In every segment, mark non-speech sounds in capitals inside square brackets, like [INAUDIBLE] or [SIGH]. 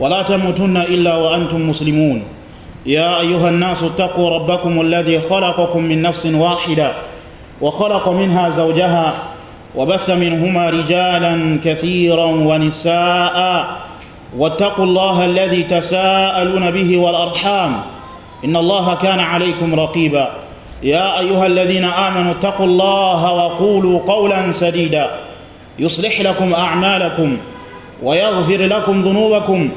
ولا تموتن الا وانتم مسلمون يا ايها الناس اتقوا ربكم الذي خلقكم من نفس واحده وخلق منها زوجها وبث منهما رجالا كثيرا ونساء واتقوا الله الذي تساءلون به والارحام ان الله كان عليكم رقيبا يا ايها الذين امنوا اتقوا الله وقولوا قولا سديدا يصلح لكم اعمالكم ويغفر لكم ذنوبكم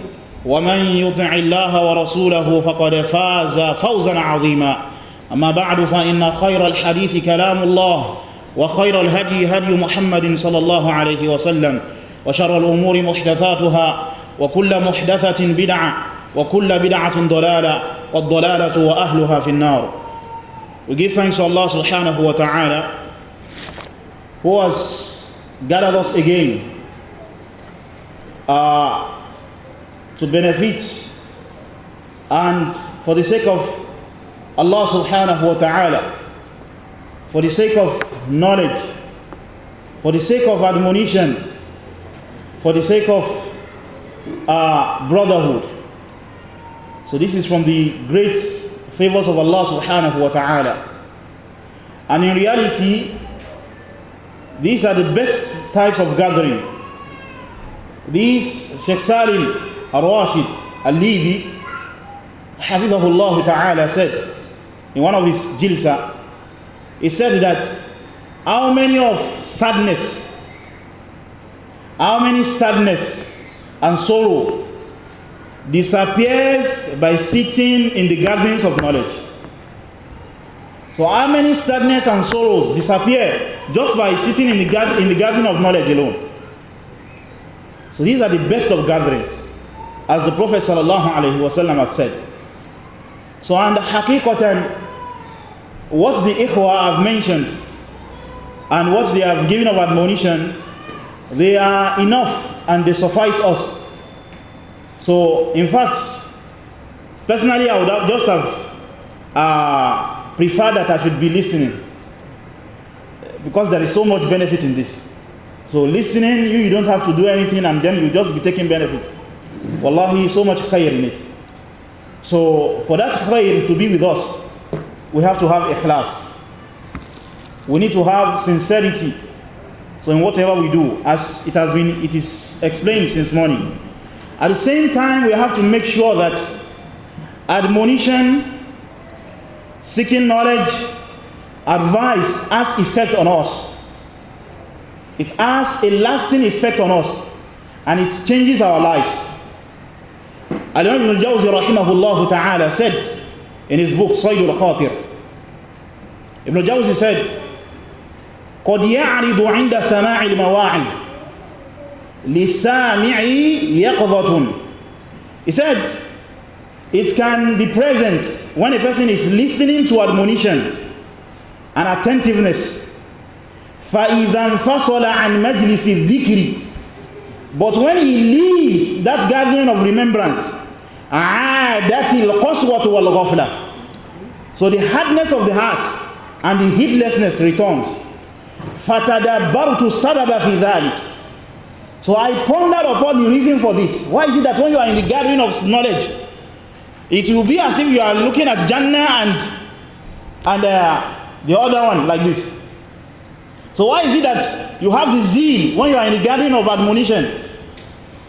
ومن يطع الله ورسوله فقد فاز فوزا عظيما أما بعد فإن خير الحديث كلام الله وخير الهدي هدي محمد صلى الله عليه وسلم وشر الأمور محدثاتها وكل محدثة بدعة وكل بدعة ضلالة والضلالة وأهلها في النار وجيف ان thanks to Allah subhanahu wa gathered us again uh, to benefit and for the sake of Allah subhanahu wa ta'ala, for the sake of knowledge, for the sake of admonition, for the sake of uh, brotherhood. So this is from the great favors of Allah subhanahu wa ta'ala. And in reality, these are the best types of gathering. These, Sheikh Salim, Ar-Rashid Al-Levi Hafidhahullah Ta'ala said in one of his jilsa he said that how many of sadness how many sadness and sorrow disappears by sitting in the gardens of knowledge so how many sadness and sorrows disappear just by sitting in the, in the garden of knowledge alone so these are the best of gatherings as the Prophet has said. So and the haqiqatan, what the ikhwa have mentioned and what they have given of admonition, they are enough and they suffice us. So in fact, personally I would have just have uh, preferred that I should be listening because there is so much benefit in this. So listening, you, you don't have to do anything and then you just be taking benefit. Wallahi, so much khair in it. So for that khair to be with us, we have to have ikhlas. We need to have sincerity. So in whatever we do, as it has been, it is explained since morning. At the same time, we have to make sure that admonition, seeking knowledge, advice has effect on us. It has a lasting effect on us and it changes our lives. Al-Imam Ibn al-Jawzi rahimahullah ta'ala said in his book Sayyidul Khatir Ibn al-Jawzi said قد يعرض عند سماع المواعظ للسامع يقظة He said it can be present when a person is listening to admonition and attentiveness فإذا انفصل عن مجلس الذكر But when he leaves that gathering of remembrance Ah, that is cause what عادة القسوة والغفلة So the hardness of the heart and the heedlessness returns. فَتَدَبَّرْتُ سَبَبَ فِي ذَلِكِ So I pondered upon the reason for this. Why is it that when you are in the gathering of knowledge, it will be as if you are looking at Jannah and, and uh, the other one like this. So why is it that you have the zeal when you are in the gathering of admonition,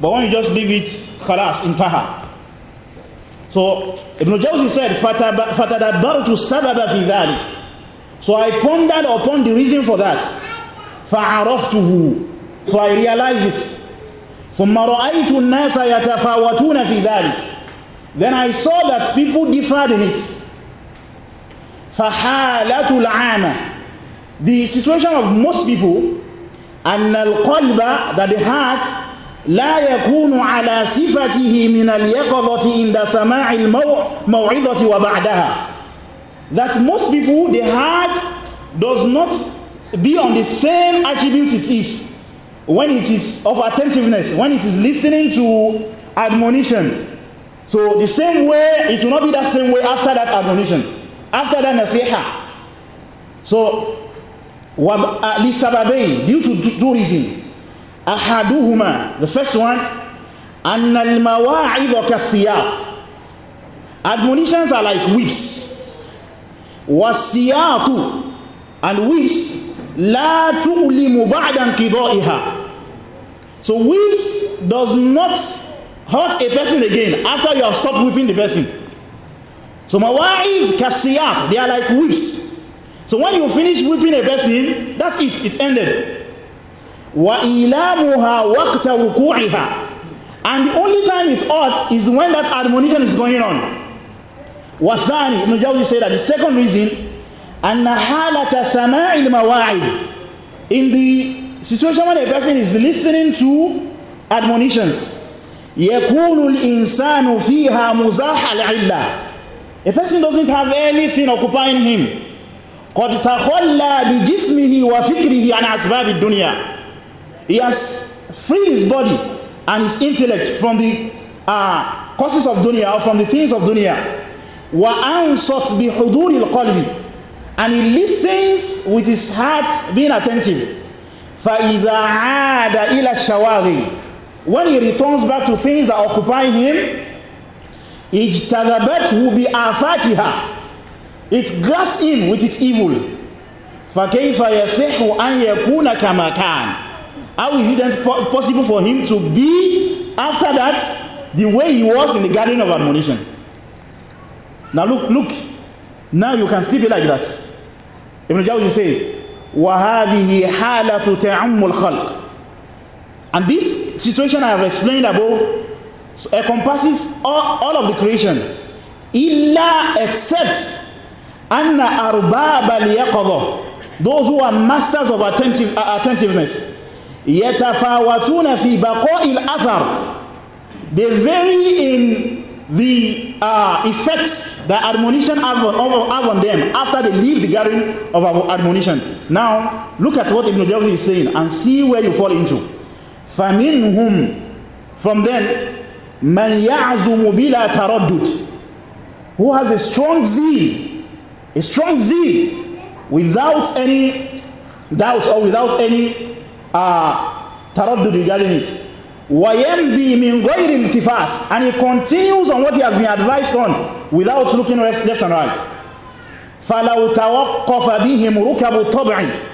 but when you just leave it, khalas, intaha, So Ibn Jawzi said, فَتَدَبَّرْتُ السَّبَبَ فِي ذَلِكَ So I pondered upon the reason for that. فَعَرَفْتُهُ So I realized it. ثُمَّ رَأَيْتُ النَّاسَ يَتَفَاوَتُونَ فِي ذَلِكَ Then I saw that people differed in it. فَحَالَةُ الْعَامَةِ The situation of most people, أَنَّ الْقَلْبَ That the heart لا يكون على صفته من اليقظة in the سماع الموعظة وبعدها that most people the heart does not be on the same attribute it is when it is of attentiveness when it is listening to admonition so the same way it will not be that same way after that admonition after that nasiha so لسببين uh, due to two reasons ahaduhuma the first one anna al-mawa'idh kasiyaq admonitions are like whips wasiyatu and whips la tu'limu ba'da inqidaiha so whips does not hurt a person again after you have stopped whipping the person so mawa'idh kasiyaq they are like whips so when you finish whipping a person that's it it's ended wa ilamuha waqta wuku'iha and the only time it hot is when that admonition is going on wasani ibn Jawzi said that the second reason anna halata sama'il mawa'id in the situation when a person is listening to admonitions yakunu al-insanu fiha muzah al-illa a person doesn't have anything occupying him qad takhalla bi jismihi wa fikrihi an asbab ad-dunya He has freed his body and his intellect from the uh, causes of dunya or from the things of dunya. وَأَنْصَتْ بِحُضُورِ الْقَلْبِ And he listens with his heart being attentive. فَإِذَا عَادَ إِلَى الشَّوَاغِي When he returns back to things that occupy him, will be بِآفَاتِهَا It grasps him with its evil. فَكَيْفَ يَصِحُ أَنْ يَكُونَ كَمَا كَانَ how is it then po possible for him to be after that the way he was in the garden of admonition now look look now you can still be like that Ibn Jawzi says وَهَذِهِ حَالَةُ تَعُمُّ الْخَلْقِ and this situation I have explained above encompasses all, all of the creation إِلَّا except أَنَّ أَرْبَابَ الْيَقَضَ those who are masters of attentive, uh, attentiveness yatafawatuna fi baqa'il athar they vary in the uh, effects that admonition have on, have on, them after they leave the gathering of admonition. Now, look at what Ibn Jawzi is saying and see where you fall into. فَمِنْهُمْ From them, مَنْ يَعْزُمُ بِلَا تَرَدُّدْ Who has a strong zeal, a strong zeal, without any doubt or without any Ah, taraddud regarding it wayemdi min ghairi iltifat and he continues on what he has been advised on without looking left and right فَلَوْ تَوَقَّفَ بِهِمْ رُكَبُ طَبْعٍ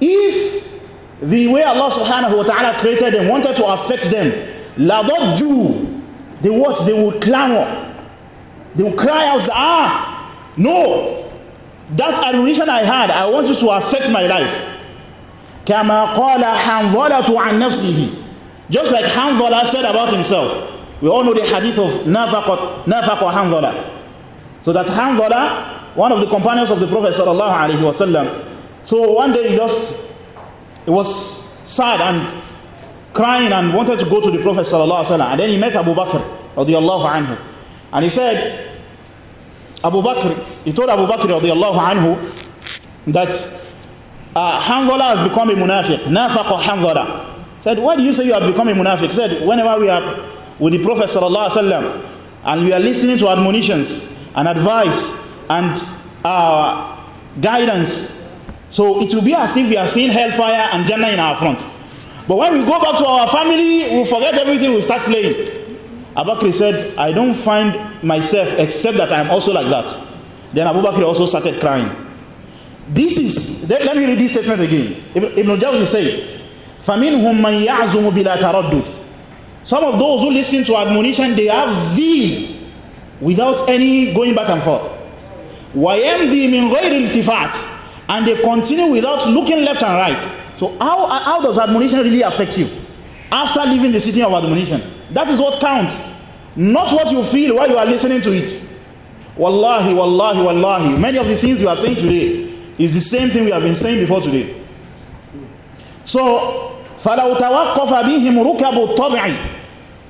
If the way Allah subhanahu wa ta'ala created them wanted to affect them, لَضَجُّ the words They would clamor. They would cry out, ah, no, that's a reason I had. I want you to affect my life. كما قال حنظلة عن نفسه just like Hanzala said about himself we all know the hadith of Nafaq Hanzala so that Hanzala one of the companions of the Prophet sallallahu alaihi wasallam so one day he just he was sad and crying and wanted to go to the Prophet sallallahu alaihi wasallam and then he met Abu Bakr radiyallahu anhu and he said Abu Bakr he told Abu Bakr radiyallahu anhu that uh, Hanzala has become a munafiq nafaqa Hanzala said why do you say you have become a munafiq said whenever we are with the Prophet sallallahu alaihi wasallam and we are listening to admonitions and advice and uh, guidance so it will be as if we are seeing hellfire and Jannah in our front but when we go back to our family we forget everything we start playing Abakri said I don't find myself except that I am also like that then Abu Bakr also started crying This is, let, let me read this statement again. Ibn Jawzi said, فَمِنْهُمْ مَنْ يَعْزُمُ بِلَا تَرَدُّدُ Some of those who listen to admonition, they have zeal without any going back and forth. وَيَمْدِي مِنْ غَيْرِ الْتِفَاتِ And they continue without looking left and right. So how, how does admonition really affect you? After leaving the city of admonition. That is what counts. Not what you feel while you are listening to it. Wallahi, wallahi, wallahi. Many of the things you are saying today, is the same thing we have been saying before today so فَلَوْ تَوَقَّفَ بِهِمْ رُكَبُ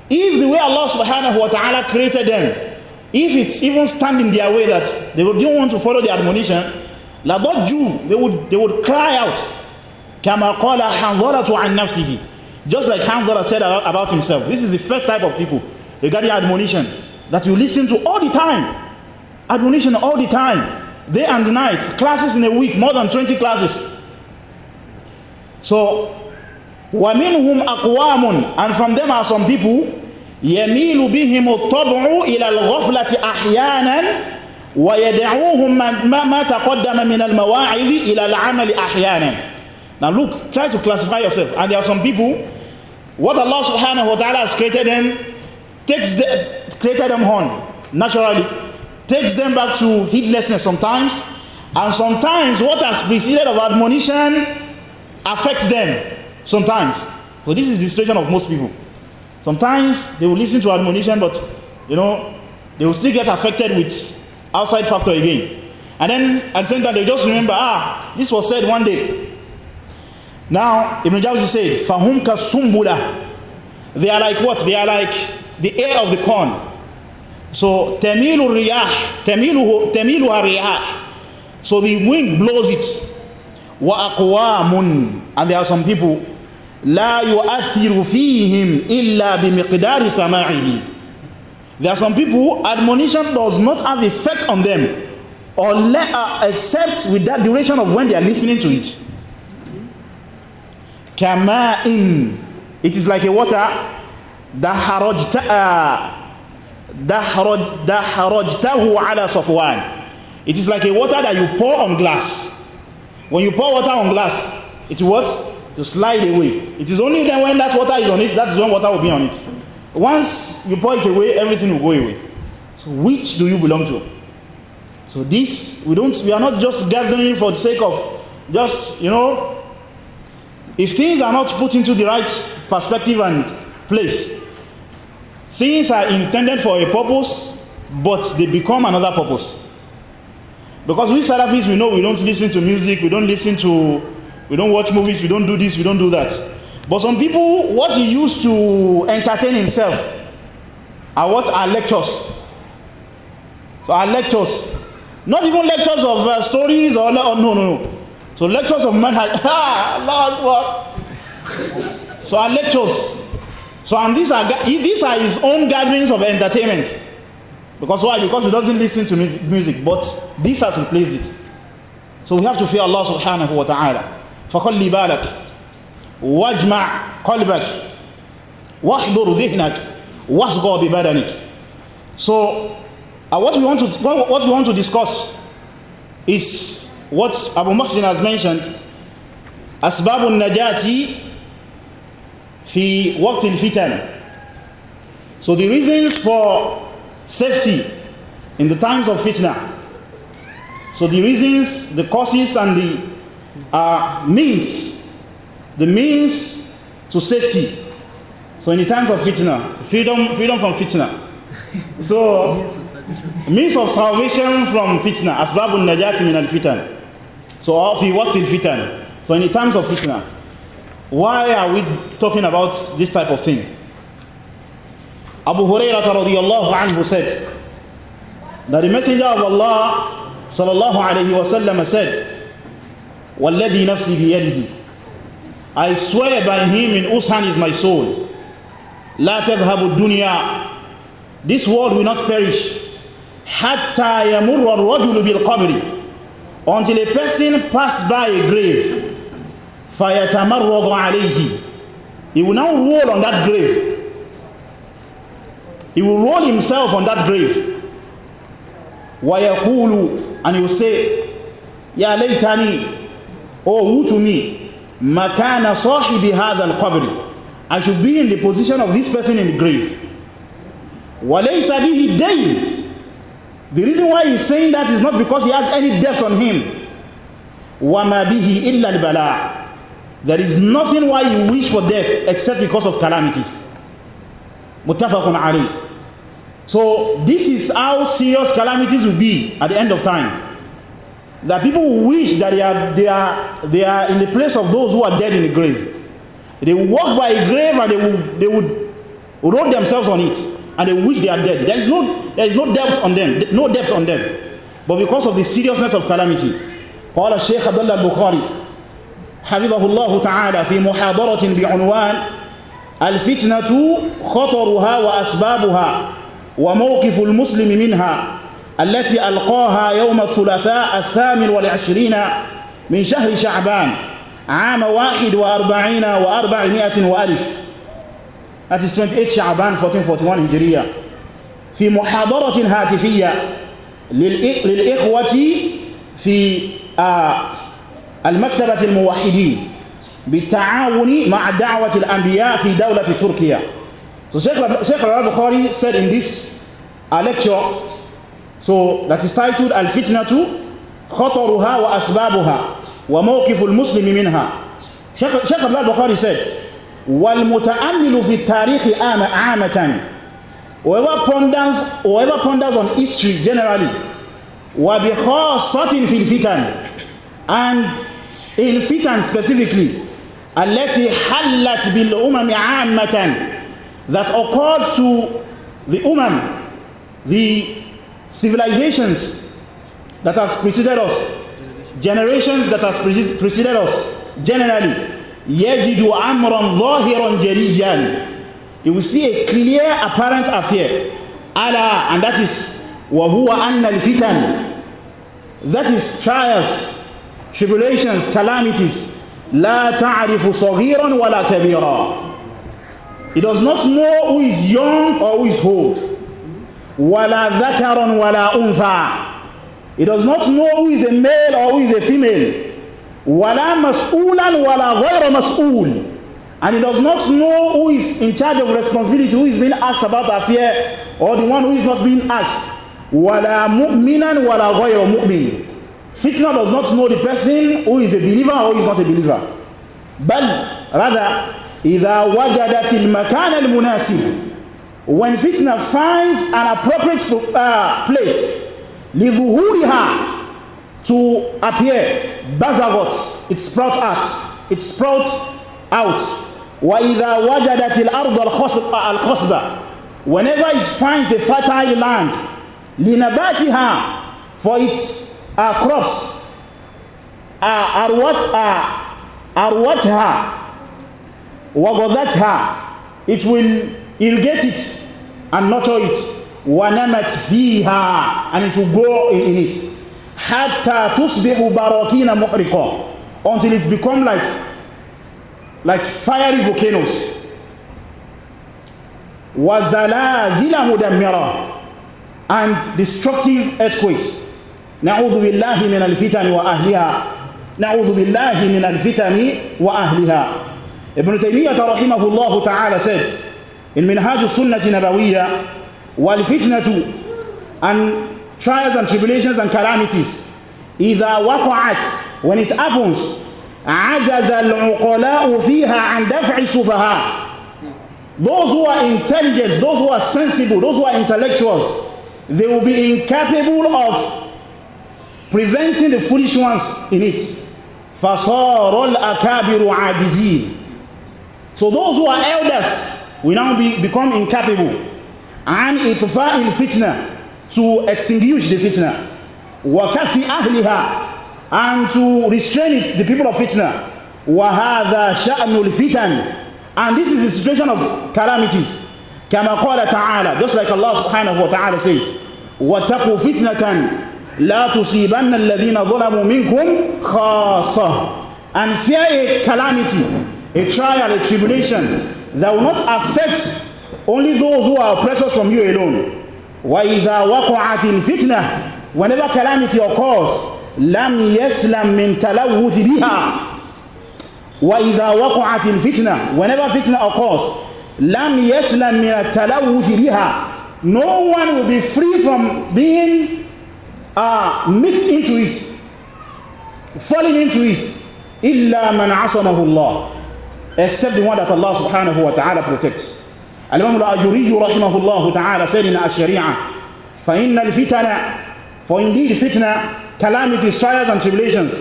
if the way Allah subhanahu wa ta'ala created them if it's even standing their way that they didn't want to follow the admonition لَضَجُّ they would, they would cry out كَمَا قَالَ حَنْظَرَةُ عَنْ نَفْسِهِ just like Hanzala said about himself this is the first type of people regarding admonition that you listen to all the time admonition all the time day and night, classes in a week, more than 20 classes. So, وَمِنْهُمْ أَقْوَامٌ And from them are some people يَمِيلُ بِهِمُ الطَّبْعُ إِلَى الْغَفْلَةِ أَحْيَانًا وَيَدَعُوهُمْ مَا تَقَدَّمَ مِنَ الْمَوَاعِذِ إِلَى الْعَمَلِ أَحْيَانًا Now look, try to classify yourself. And there are some people, what Allah subhanahu wa ta'ala has created them, takes the, created them on, naturally. takes them back to heedlessness sometimes. And sometimes what has preceded of admonition affects them sometimes. So this is the situation of most people. Sometimes they will listen to admonition, but you know, they will still get affected with outside factor again. And then at the same time, they just remember, ah, this was said one day. Now, Ibn Jawzi said, Fahumka sumbuda. They are like what? They are like the air of the corn. So tamilu riyah, tamiluhu tamiluha riyah. So the wind blows it. Wa aqwamun and there are some people la yu'athiru fihim illa bi miqdari sama'ihi. There are some people admonition does not have effect on them or uh, except with that duration of when they are listening to it. Kamain, it is like a water that harajta daharajtahu ala safwan it is like a water that you pour on glass when you pour water on glass it what to slide away it is only then when that water is on it that is when water will be on it once you pour it away everything will go away so which do you belong to so this we don't we are not just gathering for the sake of just you know if things are not put into the right perspective and place Things are intended for a purpose, but they become another purpose. Because we Salafis, we know we don't listen to music, we don't listen to, we don't watch movies, we don't do this, we don't do that. But some people, what he used to entertain himself are what are lectures. So are lectures. Not even lectures of uh, stories or, or, no, no, no. So lectures of manhaj. Ha! [LAUGHS] Ah, Allah Akbar. So are lectures. So, and these are, these are his own gatherings of entertainment. Because why? Because he doesn't listen to music, but this has replaced it. So we have to fear Allah subhanahu wa ta'ala. فَقَلِّ بَالَكَ وَاجْمَعْ قَلْبَكَ وَاحْضُرْ ذِهْنَكَ وَاسْغَى بِبَدَنِكَ So, uh, what, we want to, what we want to discuss is what Abu Muhsin has mentioned, أَسْبَابُ النَّجَاتِ worked in الفتن so the reasons for safety in the times of fitna so the reasons the causes and the uh, means the means to safety so in the times of fitna freedom freedom from fitna [LAUGHS] so means of salvation from fitna asbabun najati min al fitan so fi worked in fitan so in the times of fitna why are we talking about this type of thing? Abu Hurairah radiallahu anhu said that the Messenger of Allah sallallahu alayhi wa sallam said, وَالَّذِي نَفْسِي بِيَدِهِ I swear by him in whose hand is my soul. لَا تَذْهَبُ الدُّنْيَا This world will not perish. حَتَّى يَمُرَّ الرَّجُلُ بِالْقَبْرِ Until a person pass by a grave. fayatamarragu alayhi he will now roll on that grave he will roll himself on that grave wayaqulu and he will say ya laytani oh woe to me makana sahibi hadha al-qabr I should be in the position of this person in the grave walaysa bihi dayn the reason why he is saying that is not because he has any debt on him wama bihi illa al-bala' There is nothing why you wish for death except because of calamities. Mutafakun alayh. So this is how serious calamities will be at the end of time. That people wish that they are, they are, they are in the place of those who are dead in the grave. They walk by a grave and they would, they would roll themselves on it. And they wish they are dead. There is no, there is no depth on them. No depth on them. But because of the seriousness of calamity. قال الشيخ عبد الله البخاري حفظه الله تعالى في محاضرة بعنوان الفتنة خطرها وأسبابها وموقف المسلم منها التي ألقاها يوم الثلاثاء الثامن والعشرين من شهر شعبان عام واحد وأربعين وأربعمائة وألف That is 28 شعبان 1441 هجرية في محاضرة هاتفية للإخوة في آه, المكتبة الموحدين بالتعاون مع دعوة الأنبياء في دولة تركيا So Sheikh, Sheikh Al-Bukhari said in this a lecture so that is titled al fitna to Khataruha wa Asbabuha wa Mawkiful Muslimi Minha Sheikh, Sheikh Al-Bukhari said وَالْمُتَأَمِّلُ فِي التَّارِيخِ عَامَةً whoever ponders whoever ponders on history generally وَبِخَاصَةٍ فِي الْفِتَنِ and in fitan specifically التي حلت بالأمم عامة that occurred to the umam the civilizations that has preceded us generations that has preceded us generally yajidu amran dhahiran jaliyan you will see a clear apparent affair ala and that is wa huwa anna al-fitan that is trials tribulations calamities la ta'arifu saghiran wala kabira he does not know who is young or who is old wala dhakaran wala untha he does not know who is a male or who is a female wala mas'ulan wala ghayra mas'ul and he does not know who is in charge of responsibility who is being asked about affair or the one who is not being asked wala mu'minan wala ghayra mu'min Fitna does not know the person who is a believer or who is not a believer. But rather, إِذَا وَجَدَتِ الْمَكَانَ الْمُنَاسِبُ When fitna finds an appropriate uh, place, لِظُهُورِهَا To appear, bazagot, it sprouts out, it sprouts out. وَإِذَا وَجَدَتِ الْأَرْضَ الْخَصْبَ Whenever it finds a fertile land, لِنَبَاتِهَا For its our crops are, are what are, are what her wagodatha it will irrigate it and nurture it wanamat fiha and it will grow in, in it hatta tusbihu barakina muhriqa until it become like like fiery volcanoes wazalazila mudammira and destructive earthquakes نعوذ بالله من الفتن وأهلها نعوذ بالله من الفتن وأهلها ابن تيمية رحمه الله تعالى said in السنه النبويه sunnah Nabawiyya and trials and tribulations and calamities إذا وقعت when it happens عجز العقلاء فيها عن دفع السفهاء those who are intelligent those who are sensible those who are intellectuals they will be incapable of preventing the foolish ones in it. فَصَارَ الْأَكَابِرُ عَاجِزِينَ So those who are elders will now be, become incapable. And in fitna To extinguish the fitna. وَكَفِي أَهْلِهَا And to restrain it, the people of fitna. وَهَذَا شَأْنُ الْفِتَنِ And this is the situation of calamities. كما قال تعالى Just like Allah subhanahu wa ta'ala says وَتَقُوا فِتْنَةً لا تصيبن الذين ظلموا منكم خاصة and fear a calamity, a trial, a tribulation that will not affect only those who are oppressors from you alone. وَإِذَا وَقَعَتِ الْفِتْنَةِ Whenever calamity occurs, لَمْ يَسْلَمْ مِنْ تَلَوُّثِ بِهَا وَإِذَا وَقَعَتِ الْفِتْنَةِ Whenever fitna occurs, لَمْ يَسْلَمْ مِنْ تَلَوُّثِ بِهَا No one will be free from being are ah, mixed into it, falling into it, illa man Allah, except the one that Allah subhanahu wa ta'ala protects. Al-Imam al-Ajuri rahimahullah ta'ala said in al sharia فَإِنَّ الْفِتَنَ For indeed fitna, calamities, trials and tribulations,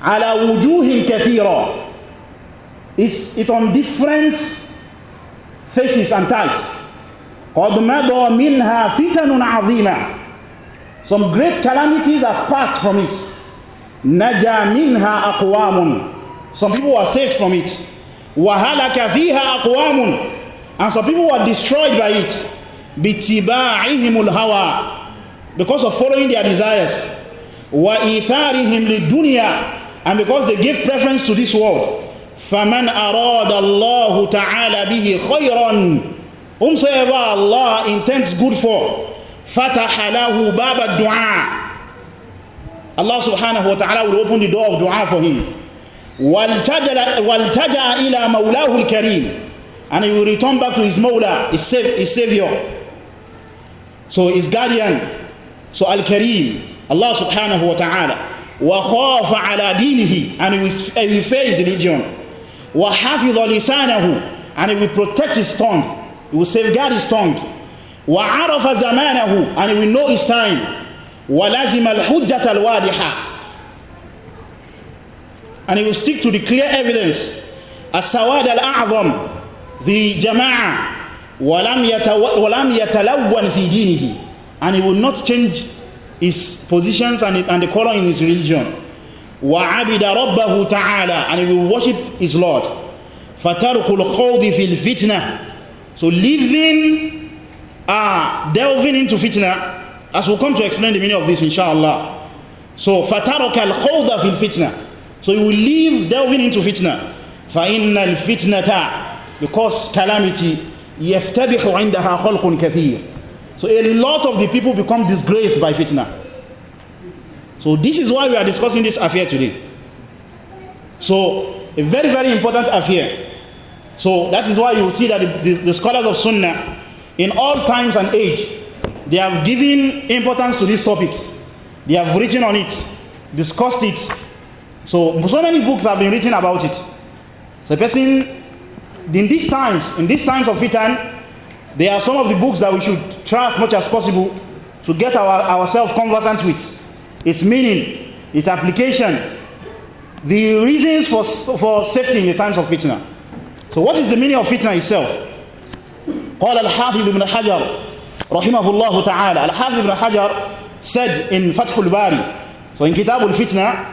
عَلَى وُجُوهٍ كَثِيرًا It's it on different faces and types. قَدْ مَدَى مِنْهَا فِتَنٌ عَظِيمًا some great calamities have passed from it. Naja minha aqwamun. Some people were saved from it. Wahalaka fiha aqwamun. And some people were destroyed by it. Bitiba'ihimul hawa. Because of following their desires. Wa itharihim lidunya. And because they give preference to this world. Faman أَرَادَ Allah تَعَالَى بِهِ خَيْرًا Whomsoever Allah intends good for, فتح له باب الدعاء Allah subhanahu wa ta'ala will open the door of dua for him والتجا إلى مولاه الكريم and he will return back to his mawla his, sav his savior so his guardian so al-karim Allah subhanahu wa ta'ala wa and he will, face religion وحافظ لسانه and he will protect his tongue he will safeguard his tongue and he will know his time and he will stick to the clear evidence al الأعظم the jama'a and he will not change his positions and, and the color in his religion and he will worship his Lord so living uh, delving into fitna as we'll come to explain the meaning of this inshallah so فَتَرَكَ الْخَوْضَ فِي الْفِتْنَةِ so you will leave delving into fitna فَإِنَّ الْفِتْنَةَ because calamity يَفْتَدِحُ عِنْدَهَا خَلْقٌ كَثِيرٌ so a lot of the people become disgraced by fitna so this is why we are discussing this affair today so a very very important affair so that is why you see that the, the, the scholars of sunnah In all times and age, they have given importance to this topic. They have written on it, discussed it. So, so many books have been written about it. So, person, in these times, in these times of fitan, there are some of the books that we should try as much as possible to get our, ourselves conversant with. Its meaning, its application, the reasons for, for safety in the times of fitna. So, what is the meaning of fitna itself? قال الحافظ ابن حجر رحمه الله تعالى الحافظ ابن حجر said in فتح الباري bari so in كتاب al-Fitna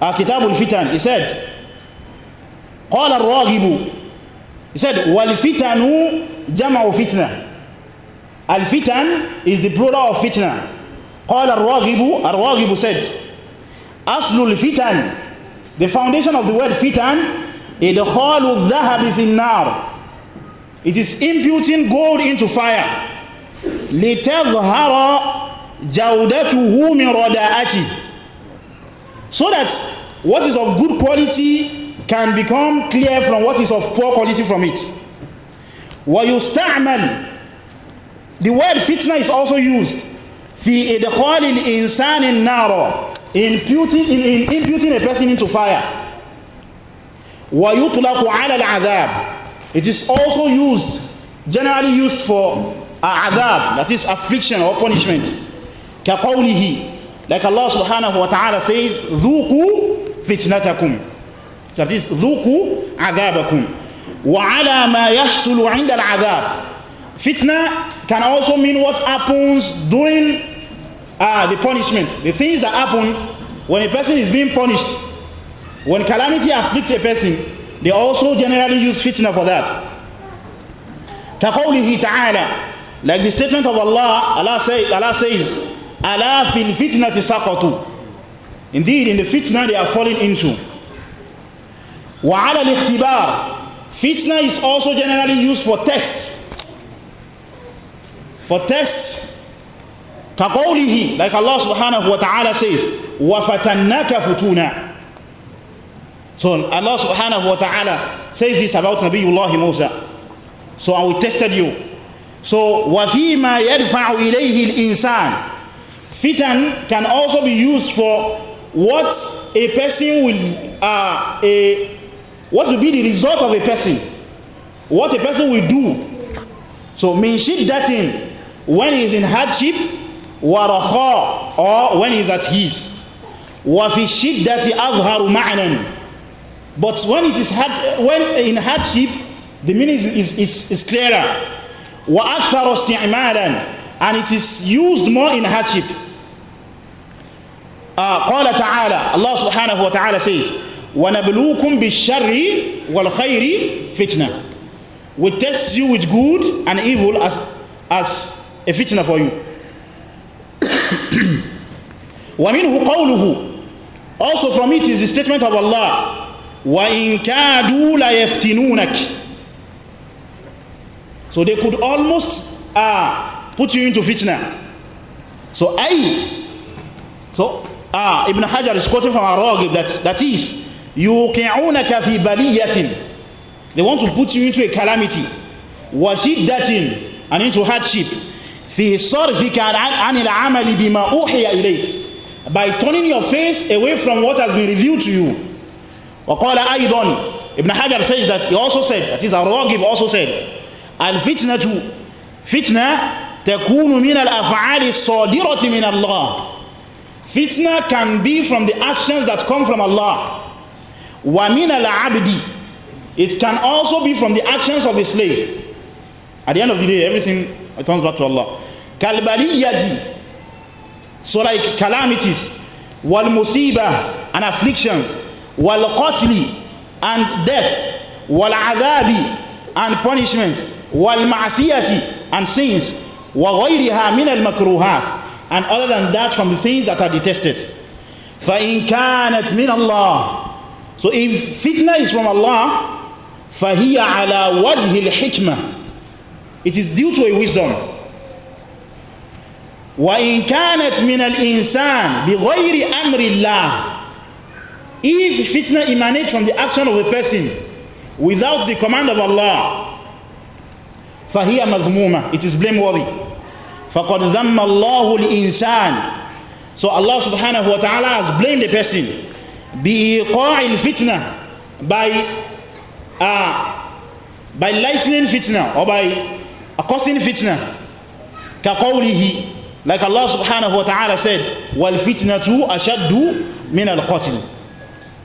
uh, Kitab al he said قال الراغب he said والفتن جمع فتنة الفتن is the plural of فتنة قال الراغب الراغب said أصل الفتن the foundation of the word فتن إدخال الذهب في النار it is imputing gold into fire لِتَظْهَرَ جَوْدَتُهُ مِنْ رَدَاءَتِ so that what is of good quality can become clear from what is of poor quality from it وَيُسْتَعْمَلُ the word fitna is also used في إدخال الإنسان النار imputing, in, in imputing a person into fire وَيُطْلَقُ عَلَى الْعَذَابِ It is also used, generally used for uh, adab, that is affliction or punishment. Like Allah subhanahu wa ta'ala says, ذُوقُوا فِتْنَتَكُمْ That is, ذُوقُوا عَذَابَكُمْ وَعَلَى مَا يَحْصُلُ عِنْدَ الْعَذَابِ Fitna can also mean what happens during uh, the punishment. The things that happen when a person is being punished. When calamity afflicts a person, they also generally use fitna for that. كقوله تعالى like the statement of Allah Allah, say, Allah says ألا في الفتنة سقطوا indeed in the fitna they are falling into وعلى الاختبار fitna is also generally used for tests for tests كقوله like Allah subhanahu wa ta'ala says وفتناك فتونا So Allah subhanahu wa ta'ala says this about Nabiullah Musa. So I will tested you. So وَفِيمَا يَدْفَعُ إِلَيْهِ insan Fitan can also be used for what a person will uh, a, what will be the result of a person what a person will do so min shiddatin when he is in hardship wa or when he is at ease, wa fi shiddati azharu ma'nan But when it is hard, when in hardship, the meaning is, is, is, is clearer. وَأَكْثَرُ اسْتِعْمَالًا And it is used more in hardship. Uh, قال تعالى Allah subhanahu wa ta'ala says وَنَبْلُوكُمْ بِالشَّرِّ وَالْخَيْرِ fitnah." We test you with good and evil as, as a fitna for you. وَمِنْهُ [COUGHS] قَوْلُهُ Also from it is the statement of Allah wa in kadu la yaftinunaki so they could almost uh, put you into fitna so I so uh, Ibn Hajar is quoting from Ar-Raghib that, that is yuqi'unaka fi baliyatin they want to put you into a calamity wa shiddatin and into hardship fi sarfika anil amali bima uhiya ilayk by turning your face away from what has been revealed to you وقال أيضا Ibn Hajar says that he also said that is Ar-Raghib also said al-fitnatu fitna takunu min al-af'ali sadirati min can be from the actions that come from Allah wa min al-abdi it can also be from the actions of the slave at the end of the day everything turns back to Allah kalbaliyati so like calamities wal musiba and afflictions والقتل and death والعذاب and punishment والمعصية and sins وغيرها من makruhat and other than that from the things that are detested فإن كانت من الله so if fitna is from Allah فهي على وجه الحكمة it is due to a wisdom وإن كانت من الإنسان بغير أمر الله if fitna emanates from the action of a person without the command of Allah, فَهِيَ مَذْمُومَةً It is blameworthy. فَقَدْ ذَمَّ اللَّهُ الْإِنسَانِ So Allah subhanahu wa ta'ala has blamed the person بِإِقَاعِ الْفِتْنَةِ by, uh, by lightening fitna or by causing fitna كَقَوْلِهِ Like Allah subhanahu wa ta'ala said وَالْفِتْنَةُ أَشَدُّ مِنَ الْقَتْلِ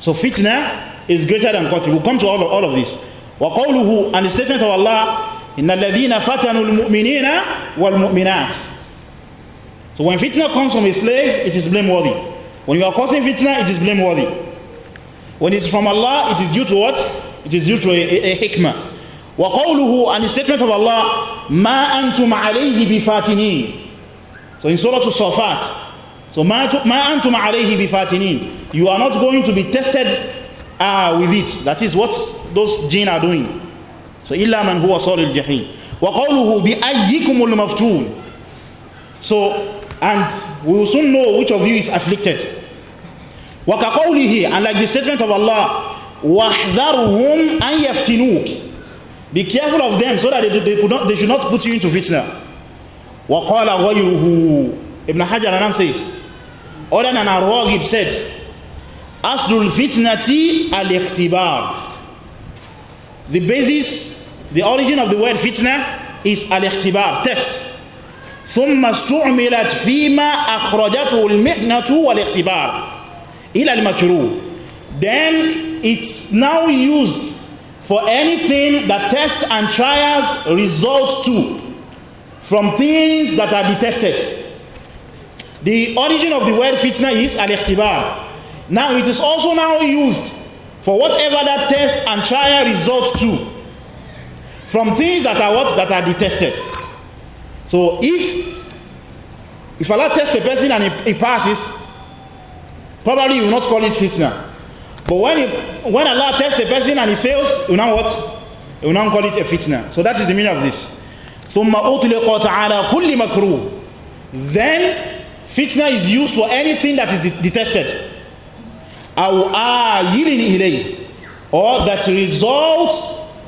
so fitna is greater than qatl. We'll come to all of, all of this. وَقَوْلُهُ And the statement of Allah, إِنَّ الَّذِينَ فَتَنُوا الْمُؤْمِنِينَ وَالْمُؤْمِنَاتِ So when fitna comes from a slave, it is blameworthy. When you are causing fitna, it is blameworthy. When it's from Allah, it is due to what? It is due to a, a, a hikmah. وقوله and the statement of Allah ما أنتم عليه بفاتنين so in Surah Al-Safat So ma antum alayhi fatinin. You are not going to be tested uh, with it. That is what those jinn are doing. So illa man huwa salil jahim. Wa qawluhu bi ayyikumul maftun. So and we will soon know which of you is afflicted. Wa ka qawlihi and like the statement of Allah wahdharuhum an yaftinuk. Be careful of them so that they, they, could not, they should not put you into fitna. Wa qala ghayruhu Ibn Hajar and says Other than Ar-Raghib said, Aslul fitnati al-ikhtibar. The basis, the origin of the word fitna is al-ikhtibar, test. ثم استعملت فيما أخرجته المحنة والاختبار إلى المكروه then it's now used for anything that tests and trials result to from things that are detested The origin of the word fitna is al-ikhtibar. Now it is also now used for whatever that test and trial results to from things that are what that are detested. So if if Allah tests a person and he, passes, probably you will not call it fitna. But when he, when Allah tests a person and he fails, you now what? You now call it a fitna. So that is the meaning of this. ثم أطلق على كل مكروه. Then Fitna is used for anything that is detested. Ah, or that results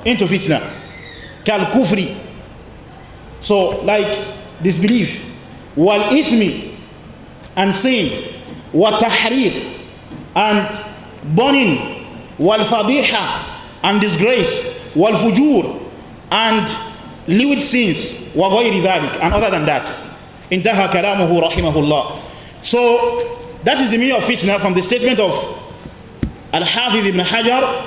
into fitna كالكفر so like disbelief والإثم and sin والتحريق and burning والفضيحة and disgrace wal fujur, and livid sins وغير ذلك and other than that انتهى كلامه رحمه الله so that is the meaning of fitna from the statement of Al-Hafidh ibn Hajar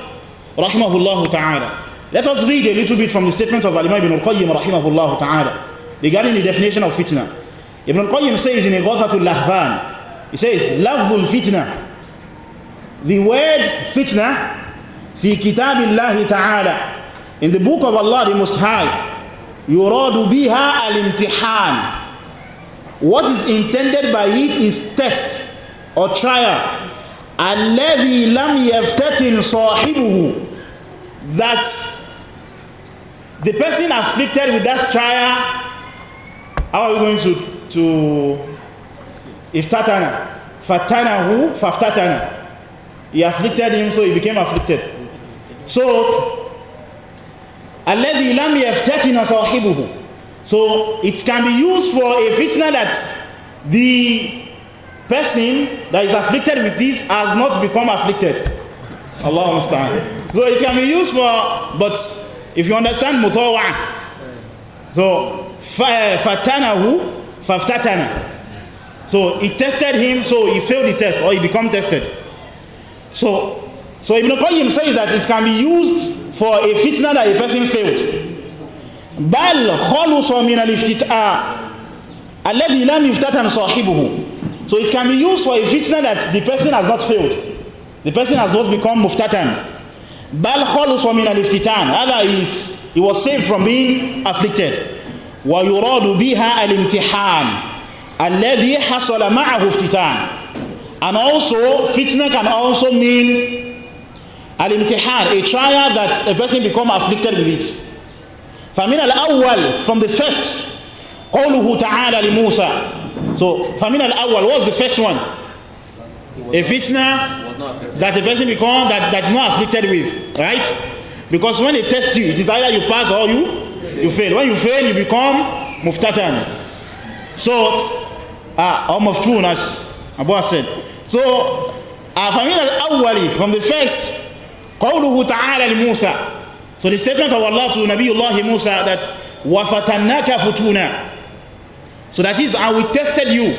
rahimahullah ta'ala let us read a little bit from the statement of Al-Imam ibn al ta'ala regarding the definition of fitna Ibn al says in Ighathatul Lahfan he says lafzul fitna the word fitna fi kitabillahi ta'ala in the book of Allah the Most High yuradu biha al-imtihan what is intended by it is test or trial الذي لم يفتتن صاحبه that the person afflicted with that trial how are we going to to iftatana hu, faftatana he afflicted him so he became afflicted so الذي لم يفتتن صاحبه So it can be used for a fitna that the person that is afflicted with this has not become afflicted. Allah understand. So it can be used for, but if you understand mutawa, so fatanahu faftatana. So he tested him, so he failed the test or he become tested. So, so Ibn Qayyim says that it can be used for a fitna that a person failed. bal khalusa min al-iftita alladhi lam iftatan sahibuhu so it can be used for a fitna that the person has not failed the person has not become muftatan bal khalusa min al-iftitan other is he was saved from being afflicted wa yuradu biha al-imtihan alladhi hasala ma'ahu iftitan and also fitna can also mean alimtihan, a trial that a person become afflicted with it فمن الأول from the first قوله تعالى لموسى so فمن الأول what's the first one a fitna that a person become that, that is not afflicted with right because when they test you it is either you pass or you fail. you fail when you fail you become muftatan so ah uh, almost as Abu said so uh, فمن الأول from the first قوله تعالى لموسى So the statement of Allah to Nabiullah Musa that وَفَتَنَّكَ futuna, So that is, and we tested you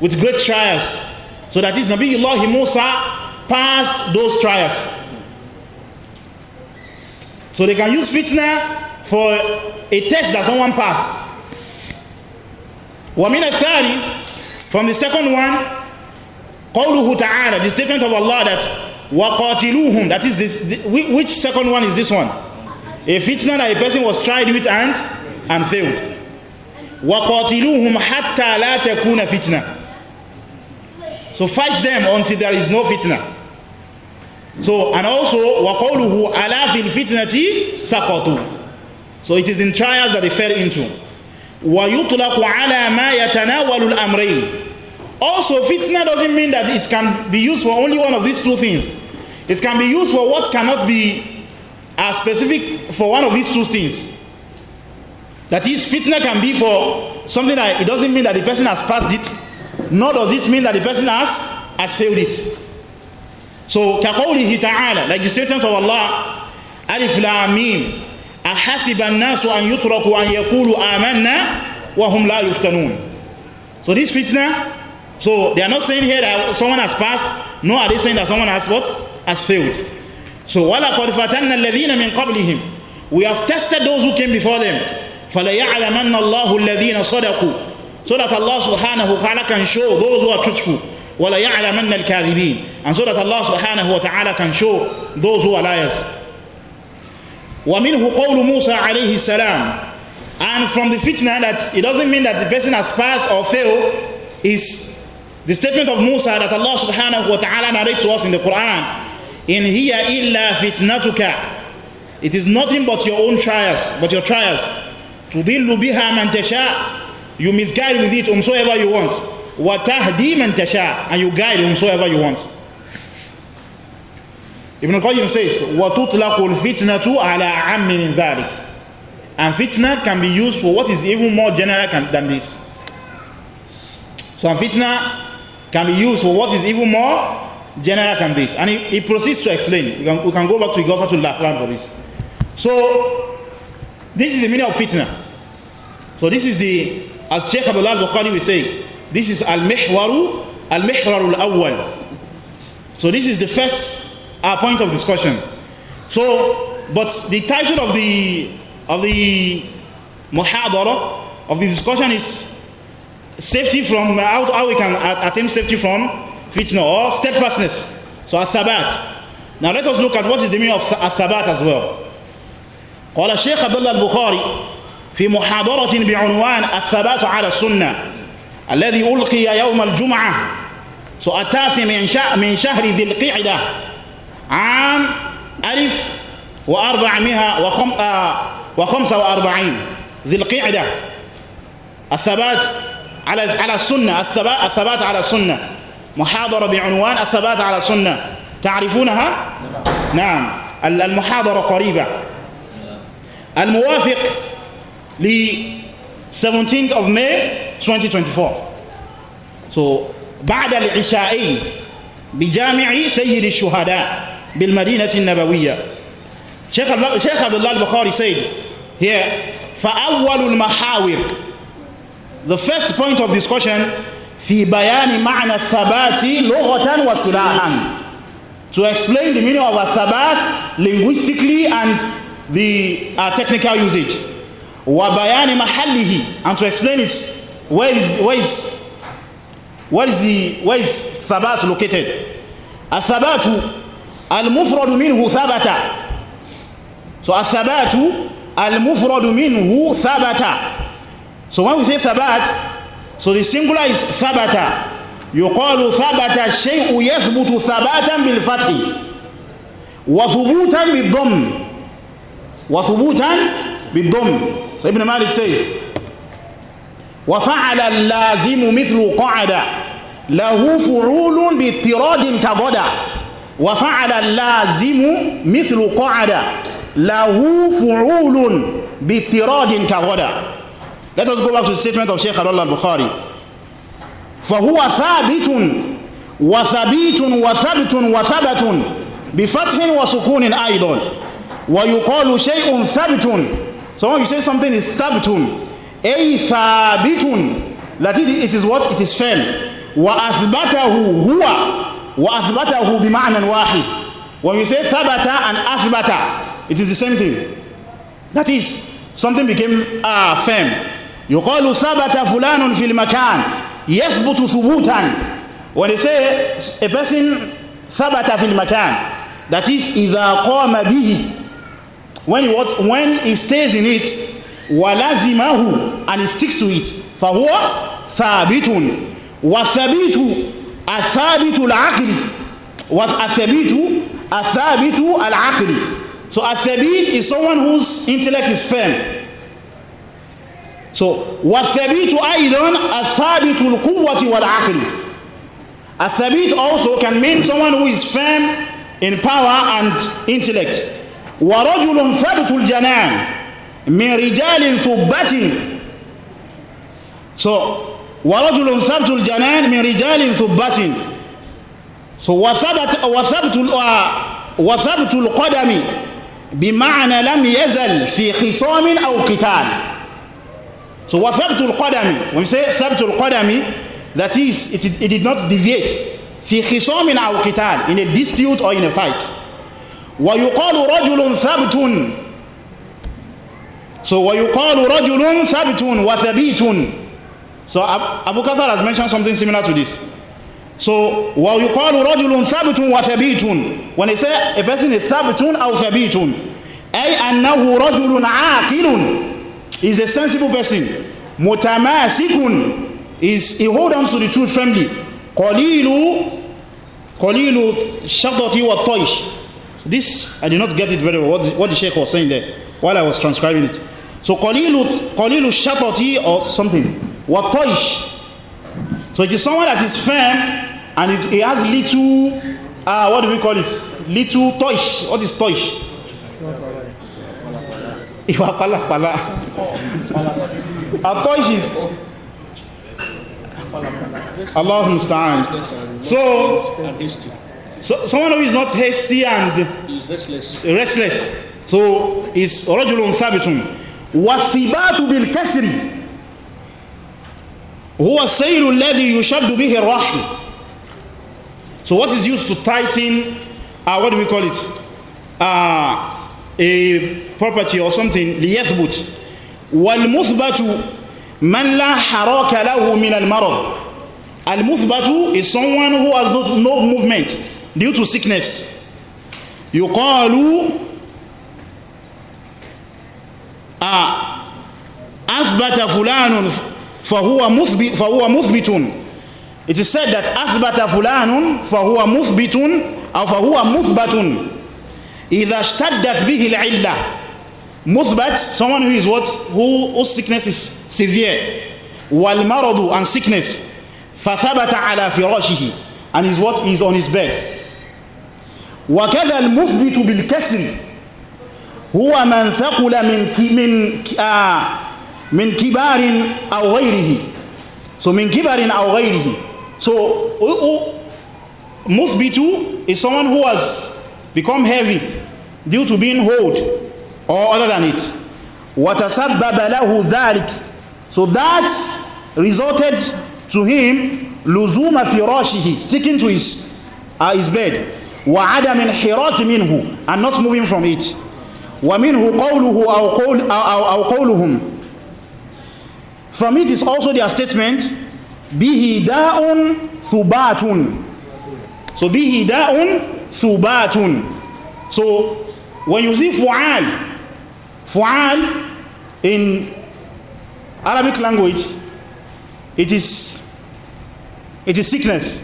with great trials. So that is, Nabiullah Musa passed those trials. So they can use fitna for a test that someone passed. وَمِنَ thari From the second one, قَوْلُهُ تَعَالَى The statement of Allah that wa qatiluhum That is, this, which second one is this one? a fitna that a person was tried with and and failed وَقَاتِلُوهُمْ حَتَّى لَا تَكُونَ فِتْنَةً So fight them until there is no fitna. So, and also, وَقَوْلُهُ أَلَا فِي الْفِتْنَةِ سَقَطُوا So it is in trials that they fell into. وَيُطْلَقُ عَلَى مَا يَتَنَاوَلُ الْأَمْرَيْنِ Also, fitna doesn't mean that it can be used for only one of these two things. It can be used for what cannot be are specific for one of these two things. That is, fitna can be for something that it doesn't mean that the person has passed it, nor does it mean that the person has, has failed it. So, كَقَوْلِهِ تَعَالَى Like the statement of Allah, أَلِفْ لَامِيمِ أَحَسِبَ النَّاسُ أَنْ يُتْرَكُوا أَنْ يَقُولُوا آمَنَّا وَهُمْ لَا يُفْتَنُونَ So this fitna, so they are not saying here that someone has passed, nor are they saying that someone has what? Has failed. So وَلَقَدْ فَتَنَّ الَّذِينَ مِنْ قَبْلِهِمْ We have tested those who came before them. فَلَيَعْلَمَنَّ اللَّهُ الَّذِينَ صَدَقُوا So that Allah subhanahu wa ta'ala can show those who are truthful. وَلَيَعْلَمَنَّ الْكَاذِبِينَ And so that Allah subhanahu wa ta'ala can show those who are liars. وَمِنْهُ قَوْلُ مُوسَى عَلَيْهِ السَّلَامِ And from the fitna that it doesn't mean that the person has passed or failed is the statement of Musa that Allah subhanahu wa ta'ala narrates to us in the Quran in hiya illa fitnatuka it is nothing but your own trials but your trials to be biha man tasha you misguide with it whomsoever you want wa tahdi man tasha and you guide whomsoever you want Ibn al-Qayyim says وَتُطْلَقُ الْفِتْنَةُ عَلَىٰ عَمٍّ مِّن ذَلِكَ and fitna can be used for what is even more general can, than this so fitna can be used for what is even more general than this. And he, he proceeds to explain. We can, we can go back to Igor to Lapland for this. So, this is the meaning of fitna. So, this is the, as Sheikh Abdullah al Bukhari will say, this is al mihwaru, al mihwaru al awwal. So, this is the first uh, point of discussion. So, but the title of the of the muhadara of the discussion is safety from how, how we can attain safety from fitna or steadfastness. So athabat. Now let us look at what is the meaning of athabat as well. قال الشيخ عبد الله البخاري في محاضرة بعنوان الثبات على السنة الذي ألقي يوم الجمعة سؤتاس من من شهر ذي القعدة عام ألف وأربعمائة وخم آه، وخمسة وأربعين ذي القعدة الثبات على على السنة الثبات الثبات على السنة محاضرة بعنوان الثبات على السنة تعرفونها؟ نعم المحاضرة قريبة الموافق ل 17th of May 2024 so بعد العشاءين بجامع سيد الشهداء بالمدينة النبوية شيخ شيخ عبد الله البخاري سيد here فأول المحاور the first point of discussion fi bayani ma'na thabati lughatan wa silahan to explain the meaning of a thabat linguistically and the uh, technical usage wa bayani mahallihi and to explain it where is where is where is the where is thabat located الثبات المفرد منه ثبت so الثبات المفرد منه ثبت so when we say thabat So the singular is thabata. يقال ثبت الشيء يثبت ثباتا بالفتح وثبوتا بالضم وثبوتا بالضم so Ibn Malik says وفعل اللازم مثل قعد له فعول باضطراد كغدا وفعل اللازم مثل قعد له فعول باضطراد كغدا Let us go back to the statement of Shaykh Al Bukhari. فهو ثابت وَثَابِتٌ وَثَابِتٌ وَثَابِتٌ بفتح وسكون أيضا ويقال شيء ثَابِتٌ. so when you say something is ثابِتٌ, أي ثابت that it, it is what it is firm وأثبته هو وأثبته بمعنى واحد when you say ثبت and أثبت it is the same thing that is something became uh, firm يقال ثبت فلان في المكان يثبت ثبوتا when they say a person ثبت في المكان that is إذا قام به when he, what, when he stays in it walazimahu and he sticks to it فهو ثابت والثبيت الثابت العقل والثبيت الثابت العقل so a thabit is someone whose intellect is firm so والثبيت أيضا الثابت القوة والعقل a thabit also can mean someone who is firm in power and intellect ورجل ثبت الجنان من رجال ثبت so ورجل ثبت الجنان من رجال ثبت so وثبت وثبت آه، وثبت القدم بمعنى لم يزل في خصام أو قتال So wa thabtul qadami, when you say thabtul qadami, that is, it, it did not deviate. في خصام أو قتال, in a dispute or in a fight. Wa yuqalu رجل ثبت So wa ويقال رجل ثبت وثبيت So Abu Kathar has mentioned something similar to this. So wa ويقال رجل ثبت وثبيت When they say a person is ثبت أو ثبيت ay أنه رجل عاقل is a sensible person mutamasikun is he hold on to the truth firmly qalilu qalilu shadati wa taish this i did not get it very well what the, what the sheikh was saying there while i was transcribing it so qalilu qalilu shadati or something wa taish so it is someone that is firm and it, it has little uh, what do we call it little toish what is toish ìwà pálapàla I thought she's Allah musta'an. So, so someone who is not hasty and restless. restless. So is رجل ثابت والثبات بالكسر هو السيل الذي يشد به الرحل So what is used to tighten uh, what do we call it? Uh, a property or something ليثبت والمثبت من لا حراك له من المرض المثبت is someone who has no movement due to sickness يقال آه، أثبت فلان فهو مثبت فهو مثبت it is said that أثبت فلان فهو مثبت أو فهو مثبت إذا اشتدت به العلة Musbat, someone who is what? Who, whose sickness is severe. Walmaradu, and sickness. فَثَبَتَ عَلَى فِرَاشِهِ And is what is on his bed. وَكَذَا الْمُثْبِتُ بِالْكَسْرِ هُوَ مَنْ ثَقُلَ مِنْ, من, من كِبَارٍ أَوْ غَيْرِهِ So, مِنْ كِبَارٍ أَوْ غَيْرِهِ So, uh, uh, is someone who has become heavy due to being old or other than it وَتَسَبَّبَ لَهُ ذَلِكِ so that resulted to him لُزُومَ فِرَاشِهِ sticking to his, uh, his bed وَعَدَمِ الْحِرَاكِ مِنْهُ and not moving from it وَمِنْهُ قَوْلُهُ أَوْ, قول أو, أو قَوْلُهُمْ from it is also their statement bihi da'un thubatun so bihi da'un thubatun so when you see fu'al Fu'al in Arabic language, it is it is sickness.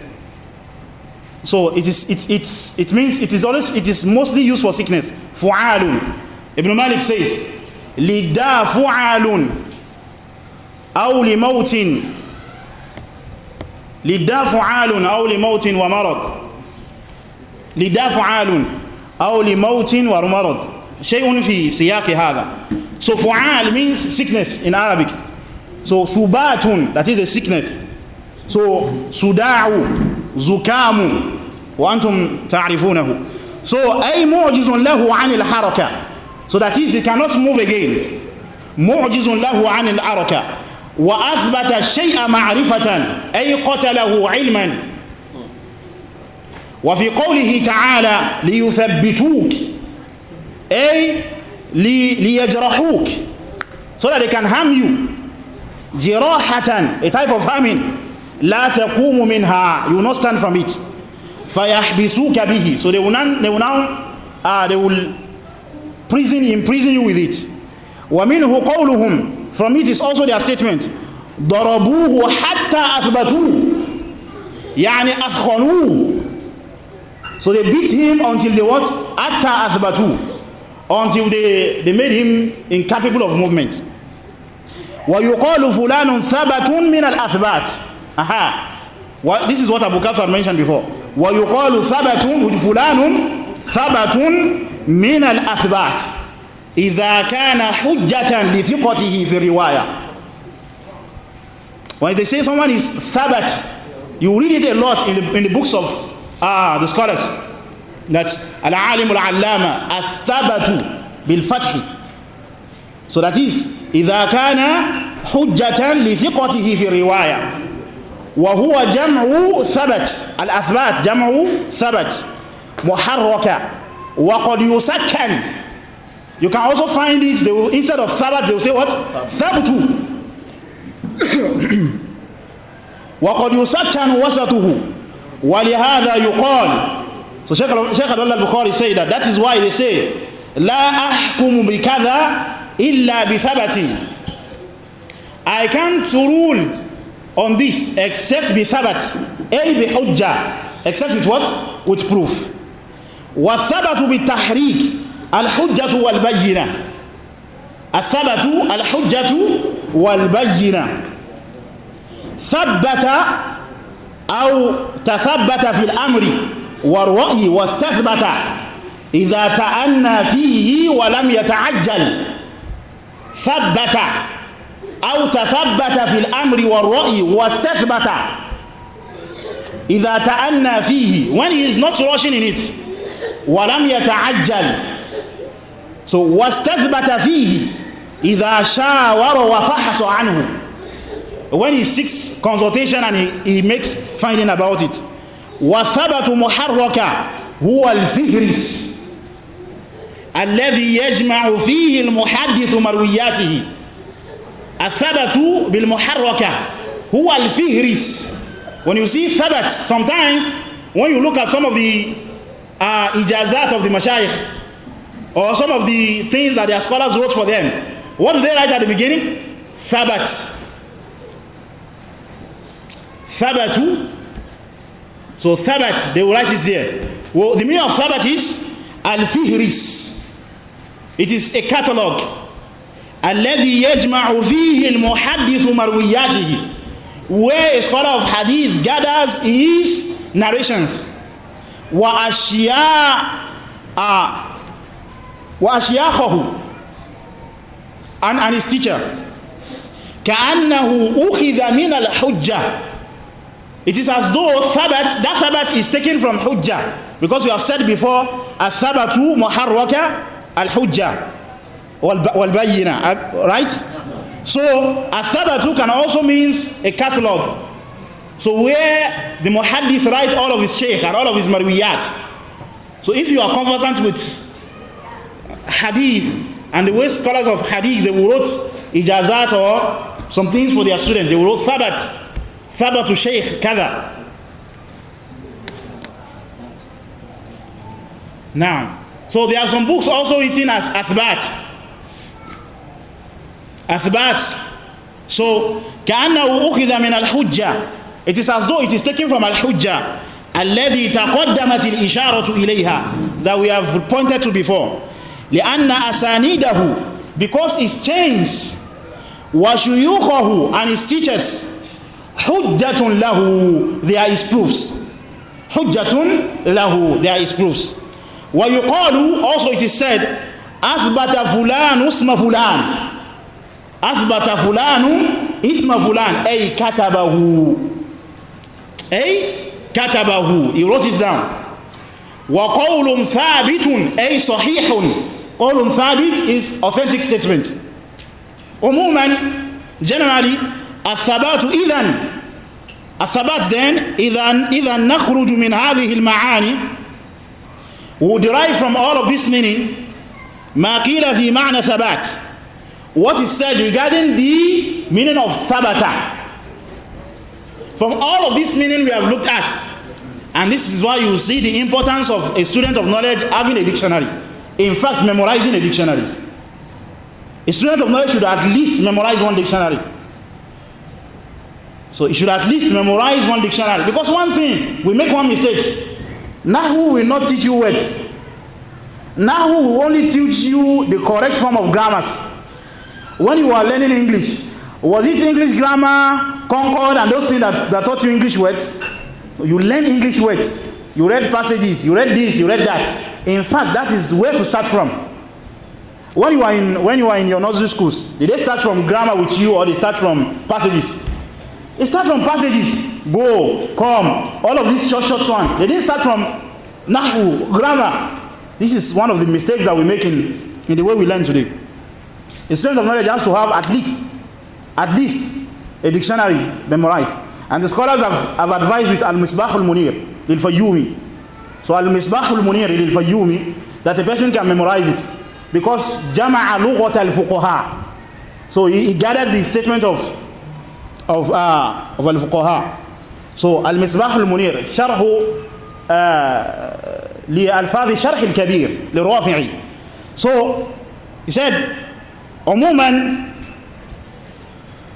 So it is it, it, it means it is always it is mostly used for sickness. Fu'alun. Ibn Malik says, Lida fu'alun. أو لموت لدا فعال أو لموت ومرض لدا فعال أو لموت ومرض شيء في سياق هذا so فعال means sickness in Arabic so subatun that is a sickness so suda'u zukamu وأنتم تعرفونه so أي معجز lahu عن الحركة haraka so that is he cannot move again معجز lahu عن الحركة haraka wa معرفة أي قتله علما 'ilman وفي قوله تعالى ليثبتوك أي لي ليجرحوك so that they can harm you جراحة a type of harming لا تقوم منها you will not stand from it فيحبسوك به so they will now, they will, now uh, they will prison imprison you with it ومنه قولهم from it is also their statement ضربوه حتى أثبتوه يعني أثخنوه so they beat him until they what حتى أثبتوه until they, they made him incapable of movement وَيُقَالُ فُلَانٌ ثَبَتٌ مِنَ الْأَثْبَاتِ Aha. What, this is what Abu Kathar mentioned before. وَيُقَالُ ثَبَتٌ فُلَانٌ ثَبَتٌ مِنَ الْأَثْبَاتِ إِذَا كَانَ حُجَّةً لِثِقَتِهِ فِي الرِّوَايَةِ When they say someone is thabat, you read it a lot in the, in the books of uh, the scholars. that al-alim al-allama athabatu bil fath so that is idha kana hujjatan li thiqatihi fi riwaya wa huwa jam'u thabat al-athbat jam'u thabat muharraka wa qad yusakkan you can also find it they will, instead of thabat they will say what thabatu wa qad yusakkan wasatuhu ولهذا يقال So Sheikh, Abdullah Al Bukhari say that that is why they say, La ahkumu bi kadha illa bi thabati. I can't rule on this except bi thabat, ay bi hujja, except with what? With proof. Wa thabatu bi tahrik, al hujjatu wal bayyina. Al thabatu al hujjatu wal bayyina. Thabbata أو تثبت في الأمر والرأي واستثبت إذا تأنى فيه ولم يتعجل ثبت أو تثبت في الأمر والرأي واستثبت إذا تأنى فيه when he is not rushing in it ولم يتعجل so واستثبت فيه إذا شاور وفحص عنه when he seeks consultation and he, he makes finding about it وثبت محركة هو الفهرس الذي يجمع فيه المحدث مروياته الثبت بالمحركة هو الفهرس when you see thabat sometimes when you look at some of the uh, ijazat of the mashayikh or some of the things that their scholars wrote for them what do they write at the beginning thabat thabatu So thabat, they will write it there. Well, the meaning of thabat is al-fihris. It is a catalog. الذي يجمع فيه المحدث مروياته where a scholar of hadith gathers his narrations Wa wa ashiya وأشياخه and, and his teacher كأنه أخذ من الحجة it is as though thabat, that thabat is taken from hujjah because we have said before athabatu muharraka al-hujjah wal-bayyina uh, right so athabatu can also means a catalog so where the muhaddith write all of his sheikh and all of his marwiyat so if you are conversant with hadith and the way scholars of hadith they wrote ijazat or some things for their students they wrote thabat ثبت الشيخ كذا Now, so there are some books also written as Athbat. Athbat. So, كأنه أخذ من الحجة. It is as though it is taken from الحجة. الذي تقدمت الإشارة إليها that we have pointed to before. لأن أسانيده because his chains وشيوخه and his teachers hujjatun lahu there is proofs hujjatun lahu there is proofs wa yuqalu also it is said athbata fulanu isma fulan athbata fulanu isma fulan ay katabahu ay katabahu he wrote it down wa qawlun thabitun ay sahihun qawlun thabit is authentic statement umuman generally الثبات إذن الثبات then إذن, إذن نخرج من هذه المعاني we derive from all of this meaning ما قيل في معنى ثبات what is said regarding the meaning of ثبت from all of this meaning we have looked at and this is why you see the importance of a student of knowledge having a dictionary in fact memorizing a dictionary a student of knowledge should at least memorize one dictionary So you should at least memorize one dictionary. Because one thing, we make one mistake. Nahu will not teach you words. Nahu will only teach you the correct form of grammars. When you are learning English, was it English grammar, concord, and those things that, that taught you English words? You learn English words. You read passages, you read this, you read that. In fact, that is where to start from. When you are in, when you are in your nursery schools, did they start from grammar with you or they start from passages? It starts from passages. Go, come. All of these short, short ones. They didn't start from Nahu, grammar. This is one of the mistakes that we make in, in the way we learn today. A student of knowledge has to have at least, at least a dictionary memorized. And the scholars have, have advised with Al-Misbah al-Munir, Lil-Fayyumi. So Al-Misbah al-Munir, Lil-Fayyumi, that a person can memorize it. Because Jama'a al-fuqaha. So he, he gathered the statement of of, uh, of al-fuqaha. So al-Misbah al-Munir, sharhu uh, لألفاظ شرح الكبير للرافعي. So he said, عموما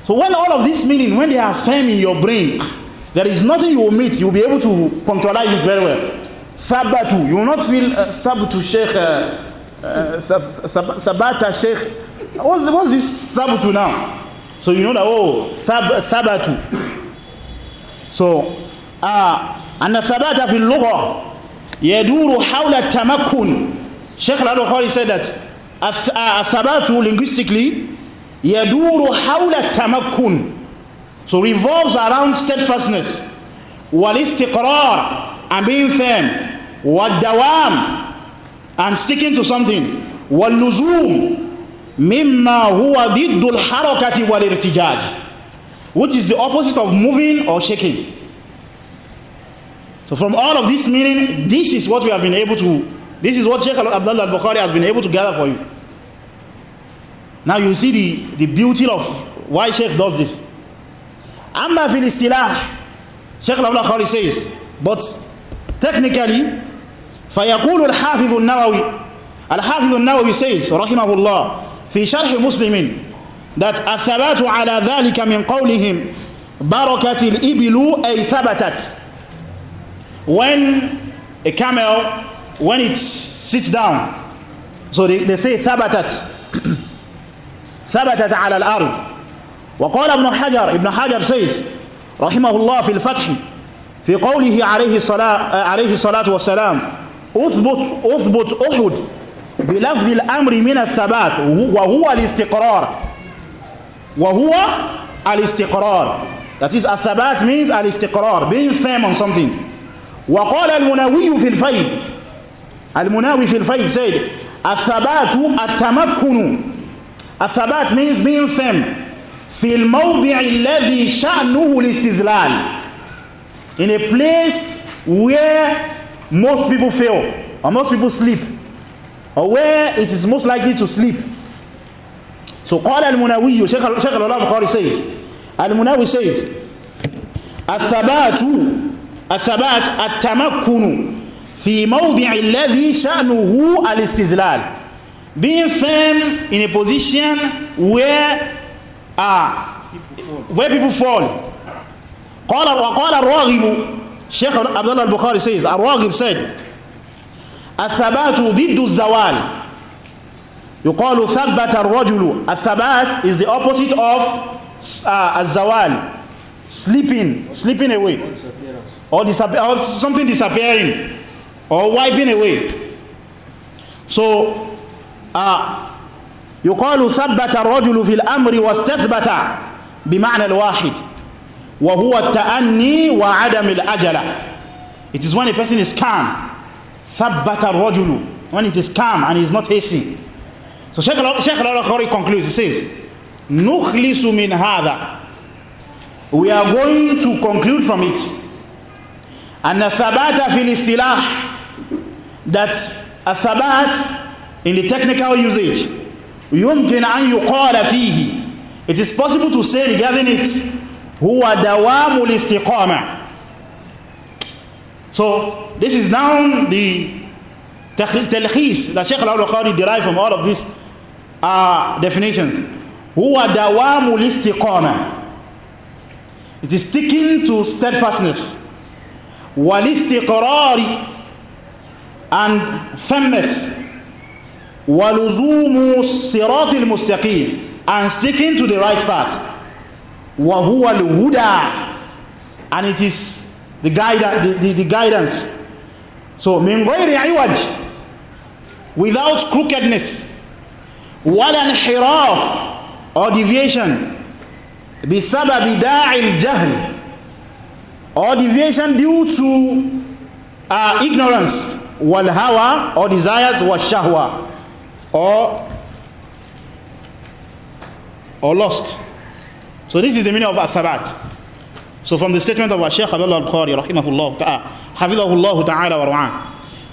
so when all of this meaning, when they are firm in your brain, there is nothing you will meet, you will be able to punctualize it very well. Sabatu, you will not feel uh, Sheikh, sabata Sheikh. What's, what's this sabatu now? So you know that oh sab- So uh ah, and the sabbat of Luga Yeduru Hawla Tamakun. Sheikh Lalo Khari said that as uh, ah, sabbatu linguistically Yaduru Hawla Tamakun. So revolves around steadfastness. Walistiqrar and being firm. Wadawam and sticking to something. Wal mimma huwa diddul harakati wal irtijaj which is the opposite of moving or shaking so from all of this meaning this is what we have been able to this is what Sheikh Abdul al-Bukhari has been able to gather for you now you see the, the beauty of why Sheikh does this amma fil istilah Sheikh Abdul al-Bukhari says but technically فيقول الحافظ النووي الحافظ nawawi says رحمه الله في شرح مسلم that الثبات على ذلك من قولهم بركة الإبل أي ثبتت when a camel when it sits down so they, they say ثبتت ثبتت على الأرض وقال ابن حجر ابن حجر says رحمه الله في الفتح في قوله عليه الصلاة, عليه الصلاة والسلام أثبت أثبت أحد بلفظ الأمر من الثبات وهو الاستقرار وهو الاستقرار that is الثبات means الاستقرار being firm on something وقال المناوي في الفيل المناوي في الفيل said الثبات التمكن الثبات means being firm في الموضع الذي شأنه الاستزلال in a place where most people fail or most people sleep or where it is most likely to sleep. So قال المنوي شيخ الأولى بخاري says المنوي says الثبات الثبات التمكن في موضع الذي شأنه الاستزلال being firm in a position where uh, where people fall قال وقال الراغب شيخ عبد الله البخاري says الراغب said الثبات ضد الزوال يقال ثبت الرجل الثبات is the opposite of uh, الزوال sleeping sleeping away or, disappear, or something disappearing or wiping away so uh, يقال ثبت الرجل في الأمر واستثبت بمعنى الواحد وهو التأني وعدم الأجل it is when a person is calm thabbata rajulu when it is calm and is not hasty so Sheikh al-Akhari concludes he says nukhlisu min hadha we are going to conclude from it anna thabata fil istilah that a thabat in the technical usage يمكن أن يقال فيه it is possible to say regarding it هو دوام الاستقامة so this is now the telkhis, that Sheikh Al-Qari derived from all of these uh, definitions. Huwa dawamul istiqama. It is sticking to steadfastness. Wal and firmness. Waluzumu siratil mustaqim and sticking to the right path. Wa huwa al-huda and it is the, guide, the, the, the guidance. So, min ghayri iwaj, without crookedness, wal inhiraf or deviation, bi da'i al-jahl or deviation due to uh, ignorance, wal hawa or desires, wal shahwa or or lost. So this is the meaning of athabat. So from the statement of our Shaykh Abdullah al-Bukhari rahimahullah ta'ala, hafidhahullah ta'ala wa ru'an.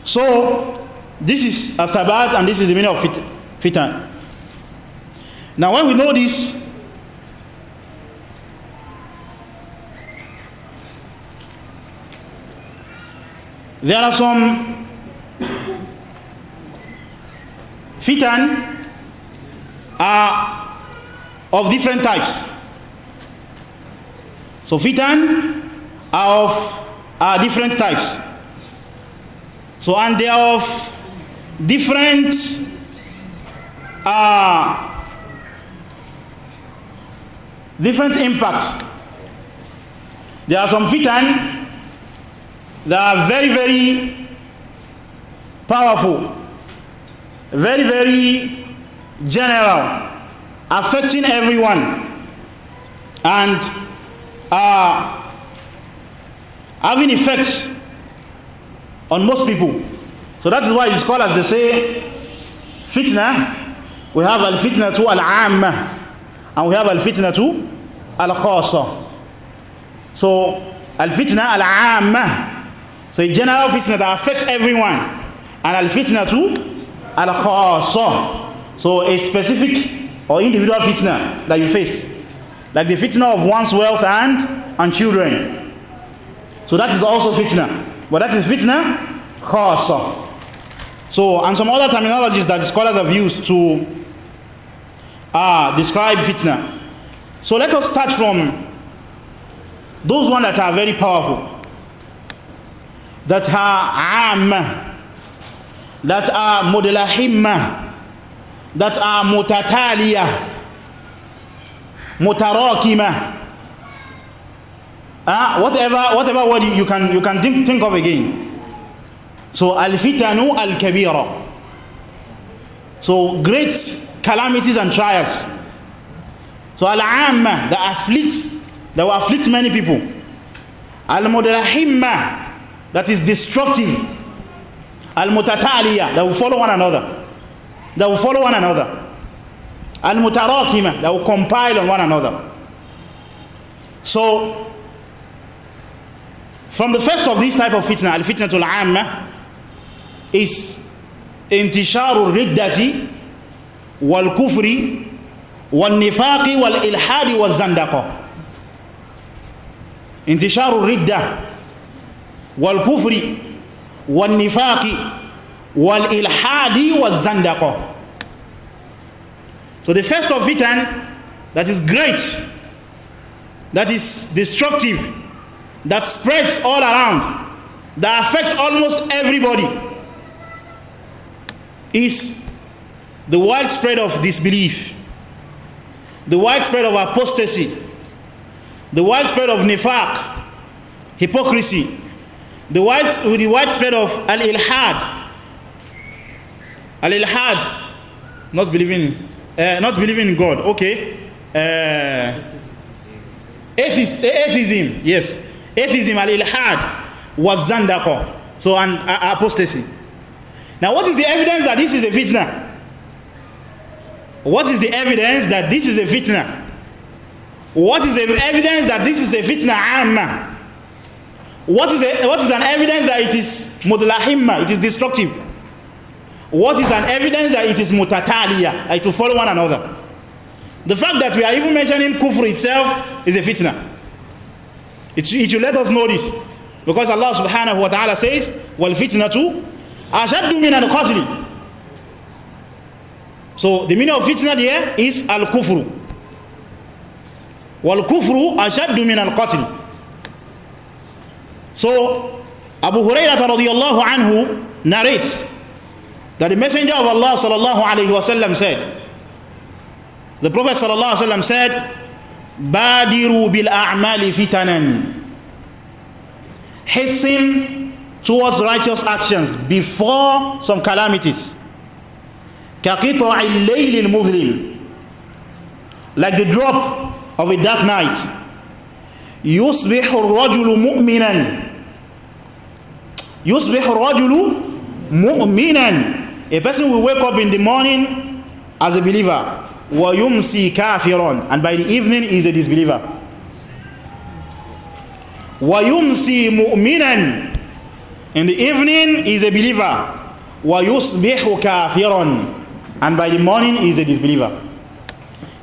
So this is a thabat and this is the meaning of fit, fitan. Now when we know this, there are some fitan are of different types. So fitan are of are different types. So and they are of different uh, different impacts. There are some fitan that are very very powerful, very very general, affecting everyone and are having effect on most people. So that is why it's called, as they say fitna, we have al-fitna to al-amma and we have al-fitna to al-khasa. So al-fitna al-amma, so a general fitna that affects everyone and al-fitna to al-khasa, so a specific or individual fitna that you face. Like the fitna of one's wealth and, and children. So that is also fitna. But that is fitna khasa. So, and some other terminologies that scholars have used to uh, describe fitna. So let us start from those ones that are very powerful, that are am, that are mudlahimma, that are mutataliya, mutarakima uh, whatever whatever word you can you can think, think of again so alfitanu alkabira. al-kabira so great calamities and trials so al-amma that afflict that will afflict many people al-mudrahimma that is destructive al-mutataliya that will follow one another that will follow one another al-mutarakima they will compile on one another so from the first of these type of fitna al-fitnatu al-amma is intisharu riddati wal kufri wal nifaqi wal ilhadi wal zandaqa intisharu ridda wal kufri wal nifaqi wal ilhadi wal zandaqa So the first of itan that is great, that is destructive, that spreads all around, that affects almost everybody, is the widespread of disbelief, the widespread of apostasy, the widespread of nifaq, hypocrisy, the, wide, the widespread of al-ilhad, al-ilhad, not believing uh, not believing in God okay uh, eh, atheism, eh, atheism yes atheism al-ilhad was zandako so an uh, apostasy now what is the evidence that this is a fitna what is the evidence that this is a fitna what is the evidence that this is a fitna amma what is a, what is an evidence that it is mudlahimma it is destructive What is an evidence that it is mutataliya, like to follow one another? The fact that we are even mentioning kufr itself is a fitna. It, it should let us know this. Because Allah subhanahu wa ta'ala says, وَالْفِتْنَةُ أَشَدُّ al الْقَتْلِ So the meaning of fitna here is al-kufru. وَالْكُفْرُ أَشَدُّ al الْقَتْلِ So Abu Hurairah radiallahu anhu narrates that the messenger of Allah sallallahu alayhi wa sallam said the prophet sallallahu alayhi wa sallam said badiru bil a'mali fitanan hasten towards righteous actions before some calamities كقطع الليل المظلم like the drop of a dark night يصبح الرجل مؤمنا يصبح rajulu mu'minan A person will wake up in the morning as a believer. وَيُمْسِي كَافِرًا And by the evening he is a disbeliever. وَيُمْسِي مُؤْمِنًا In the evening he is a believer. وَيُصْبِحُ كَافِرًا And by the morning he is a disbeliever.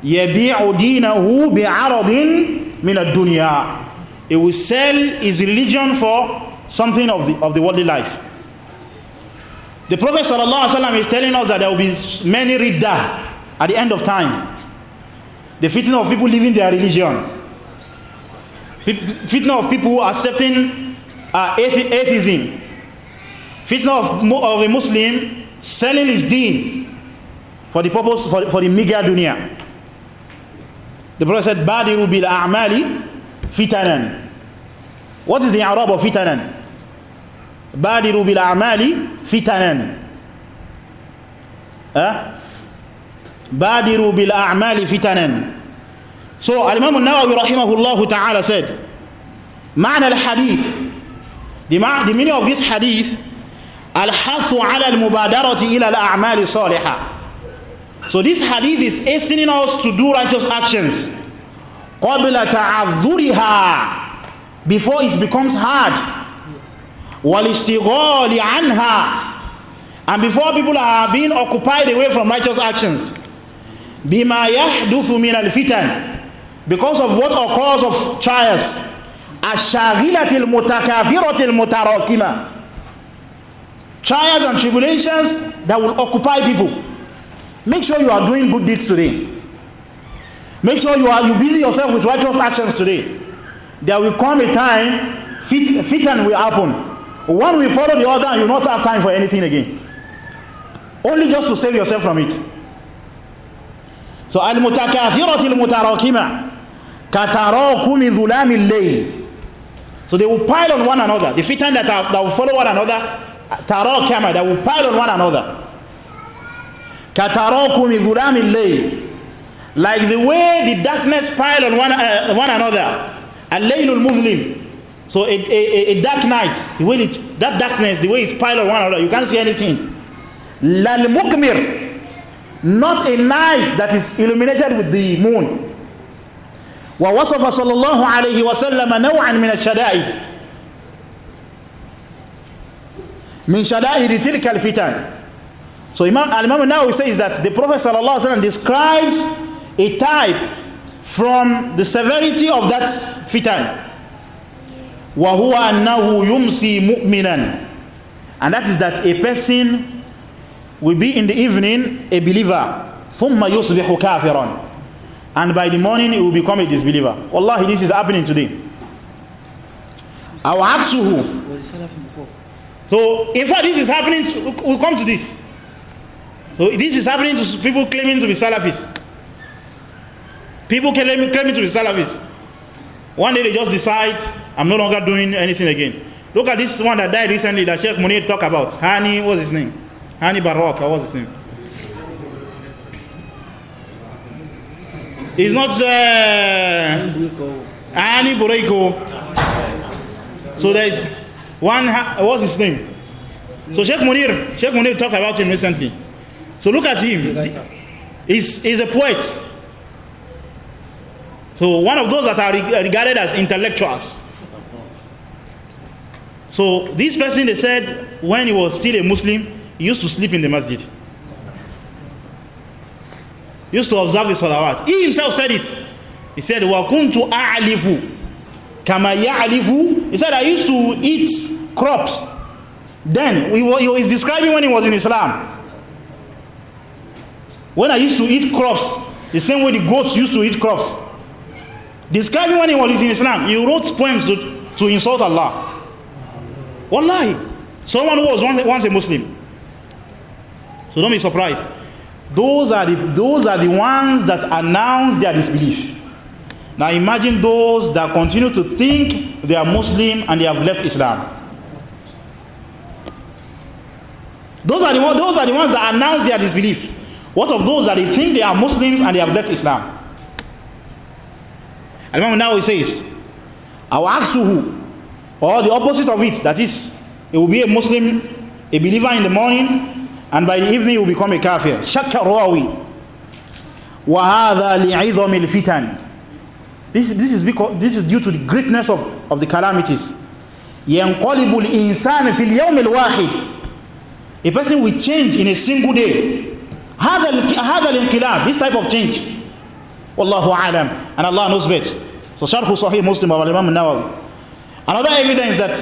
يَبِيعُ دِينَهُ بِعَرَضٍ مِنَ الدُّنْيَا He will sell his religion for something of the, of the worldly life. The Prophet sallallahu alaihi wasallam is telling us that there will be many ridda at the end of time. The fitting of people leaving their religion. Fitting of people accepting uh, atheism. Fitting of, of a Muslim selling his deen for the purpose, for, for the meager dunya. The Prophet said, will be the a'mali fitanan. What is the Arab of fitanan? بادروا بالأعمال فتنا أه؟ بادروا بالأعمال فتنا So Al-Imam al-Nawawi rahimahullah ta'ala said Ma'na al-hadith the, ma the meaning of this hadith Al-hathu ala al-mubadarati ila al-a'mali saliha So this hadith is hastening us to do righteous actions قَبْلَ تَعَذُّرِهَا Before it becomes hard walishtighali anha and before people are being occupied away from righteous actions bima yahduthu min al-fitan because of what occurs of trials ash-shaghilati al-mutakafirati al-mutarakima trials and tribulations that will occupy people make sure you are doing good deeds today make sure you are you busy yourself with righteous actions today there will come a time fit, fitan will happen One will follow the other and you will not have time for anything again. Only just to save yourself from it. So, al-mutakathirati al-mutarakima katarakumi dhulami layl. So they will pile on one another. The fitan that, are, that will follow one another, tarakama, that will pile on one another. Katarakumi dhulami layl. Like the way the darkness pile on one, uh, one another. Al-laylul muzlim. So a, a, a, dark night, the way it, that darkness, the way it's piled on one another, you can't see anything. Lal mukmir, not a night that is illuminated with the moon. ووصف صلى الله عليه وسلم نوعا من الشدائد من شدائد تلك الفتن so Imam Al-Imam he says that the Prophet sallallahu alaihi wasallam describes a type from the severity of that fitan وَهُوَ أَنَّهُ yumsi مُؤْمِنًا And that is that a person will be in the evening a believer ثُمَّ يُصْبِحُ كَافِرًا And by the morning he will become a disbeliever. Wallahi, this is happening today. Our aksuhu. So, in fact, this is happening, to, we'll come to this. So, this is happening to people claiming to be Salafis. People claiming, claiming to be Salafis. One day they just decide, I'm no longer doing anything again. Look at this one that died recently that Sheikh Munir talked about. Hani, what's his name? Hani Barak, what's his name? He's not... Uh, Hani Bureiko. So there's one... What's his name? So Sheikh Munir, Sheikh Munir talked about him recently. So look at him. He's, he's a poet. So one of those that are regarded as intellectuals. So this person, they said, when he was still a Muslim, he used to sleep in the masjid. He used to observe the salawat. He himself said it. He said, wa وَكُنْتُ alifu, كَمَا يَعْلِفُ He said, I used to eat crops. Then, he was describing when he was in Islam. When I used to eat crops, the same way the goats used to eat crops describing when he was in Islam, he wrote poems to, to insult Allah. Wallahi, someone who was once, once a Muslim. So don't be surprised. Those are, the, those are the ones that announce their disbelief. Now imagine those that continue to think they are Muslim and they have left Islam. Those are the, those are the ones that announce their disbelief. What of those that they think they are Muslims and they have left Islam? Now he says, "I will ask suhu, or the opposite of it, that is, he will be a Muslim, a believer in the morning, and by the evening he will become a kafir. Shakka rawi. وَهَذَا لِعِظَمِ الْفِتَنِ this, this, is because, this is due to the greatness of, of the calamities. يَنْقَلِبُ الْإِنسَانِ فِي الْيَوْمِ الْوَاحِدِ A person will change in a single day. هذا الانقلاب, this type of change. Wallahu alam. And Allah knows best. So Sharh Sahih Muslim of Imam Nawawi. Another evidence that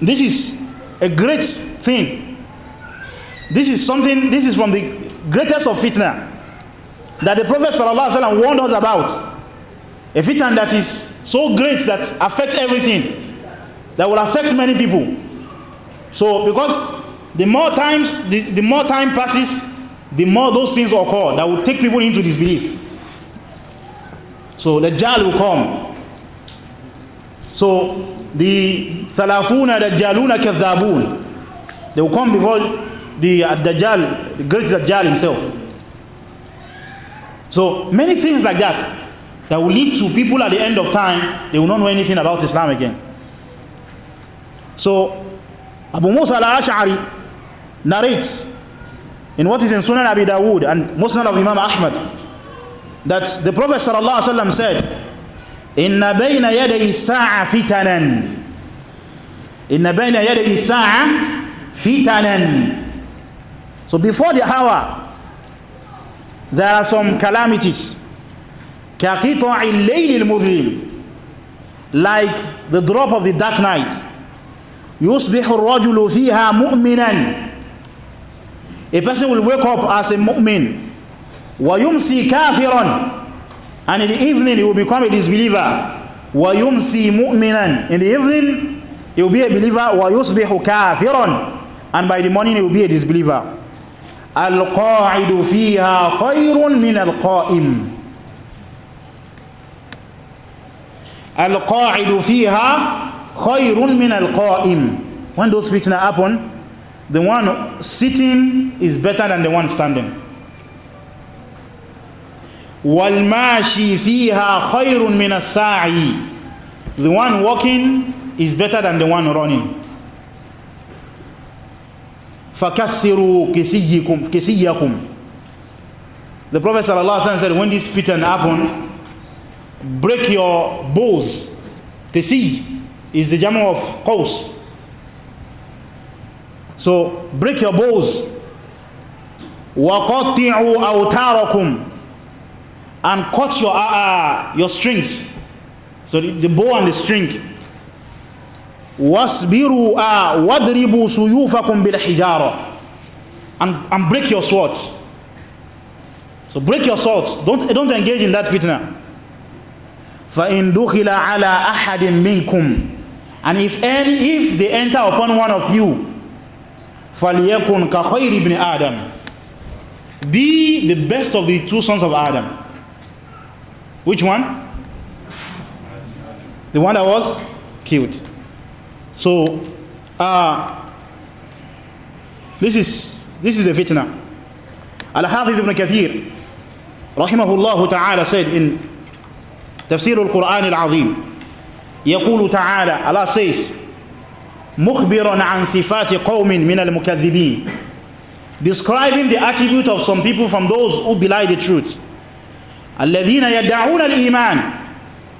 this is a great thing. This is something, this is from the greatest of fitna that the Prophet ﷺ warned us about. A fitna that is so great that affects everything, that will affect many people. So because the more times, the, the more time passes, the more those things occur that will take people into disbelief. So the Dajjal will come. So the Thalafuna Dajjaluna Kathabun, they will come before the uh, Dajjal, the great Dajjal himself. So many things like that that will lead to people at the end of time, they will not know anything about Islam again. So Abu Musa al-Ash'ari narrates in what is in Sunan Abi Dawood and Musnad of Imam Ahmad that the Prophet ﷺ said, Inna bayna yaday sa'a fitanan. Inna bayna yaday sa'a fitanan. So before the hour, there are some calamities. كَقِطَعِ al الْمُظْلِمِ Like the drop of the dark night. يُصْبِحُ الرَّجُلُ fiha mu'minan. A person will wake up as a mu'min. وَيُمْسِي كَافِرًا And in the evening, he will become a disbeliever. وَيُمْسِي مُؤْمِنًا In the evening, he will be a believer. وَيُصْبِحُ كَافِرًا And by the morning, he will be a disbeliever. الْقَاعِدُ فِيهَا خَيْرٌ مِنَ الْقَائِمِ الْقَاعِدُ فِيهَا خَيْرٌ مِنَ الْقَائِمِ When those fitna happen, the one sitting is better than the one standing. والماشي فيها خير من الساعي the one walking is better than the one running فكسروا كسيكم كسيكم the prophet sallallahu alaihi wasallam said when this fitan happen break your bows kisi is the jam of course so break your bows وقطعوا أوتاركم and cut your, uh, uh, your strings. So the, the bow and the string. وَاسْبِرُوا uh, وَادْرِبُوا bil hijara, and, and break your swords. So break your swords. Don't, don't engage in that fitna. فَإِنْ دُخِلَ عَلَىٰ أَحَدٍ مِّنْكُمْ And if any, if they enter upon one of you, فَلْيَكُنْ كَخَيْرِ ibn Adam. Be the best of the two sons of Adam. Which one? The one that was killed. So, uh, this is this is a fitna. Al-Hafiz ibn Kathir, rahimahullah ta'ala, said in Tafsir al-Quran al-Azim, يقول تعالى, Allah says, مخبرا عن صفات قوم من المكذبين describing the attribute of some people from those who belie the truth الذين يدعون الإيمان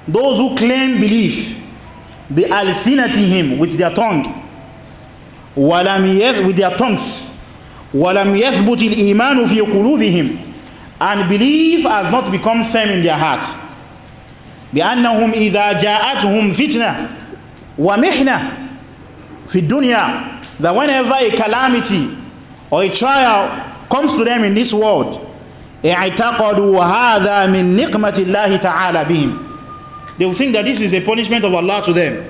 those who claim belief بألسنتهم with their tongue ولم يث... with their tongues ولم يثبت الإيمان في قلوبهم and belief has not become firm in their heart بأنهم إذا جاءتهم فتنة ومحنة في الدنيا that whenever a calamity or a trial comes to them in this world اعتقدوا هذا من نقمة الله تعالى بهم they will think that this is a punishment of Allah to them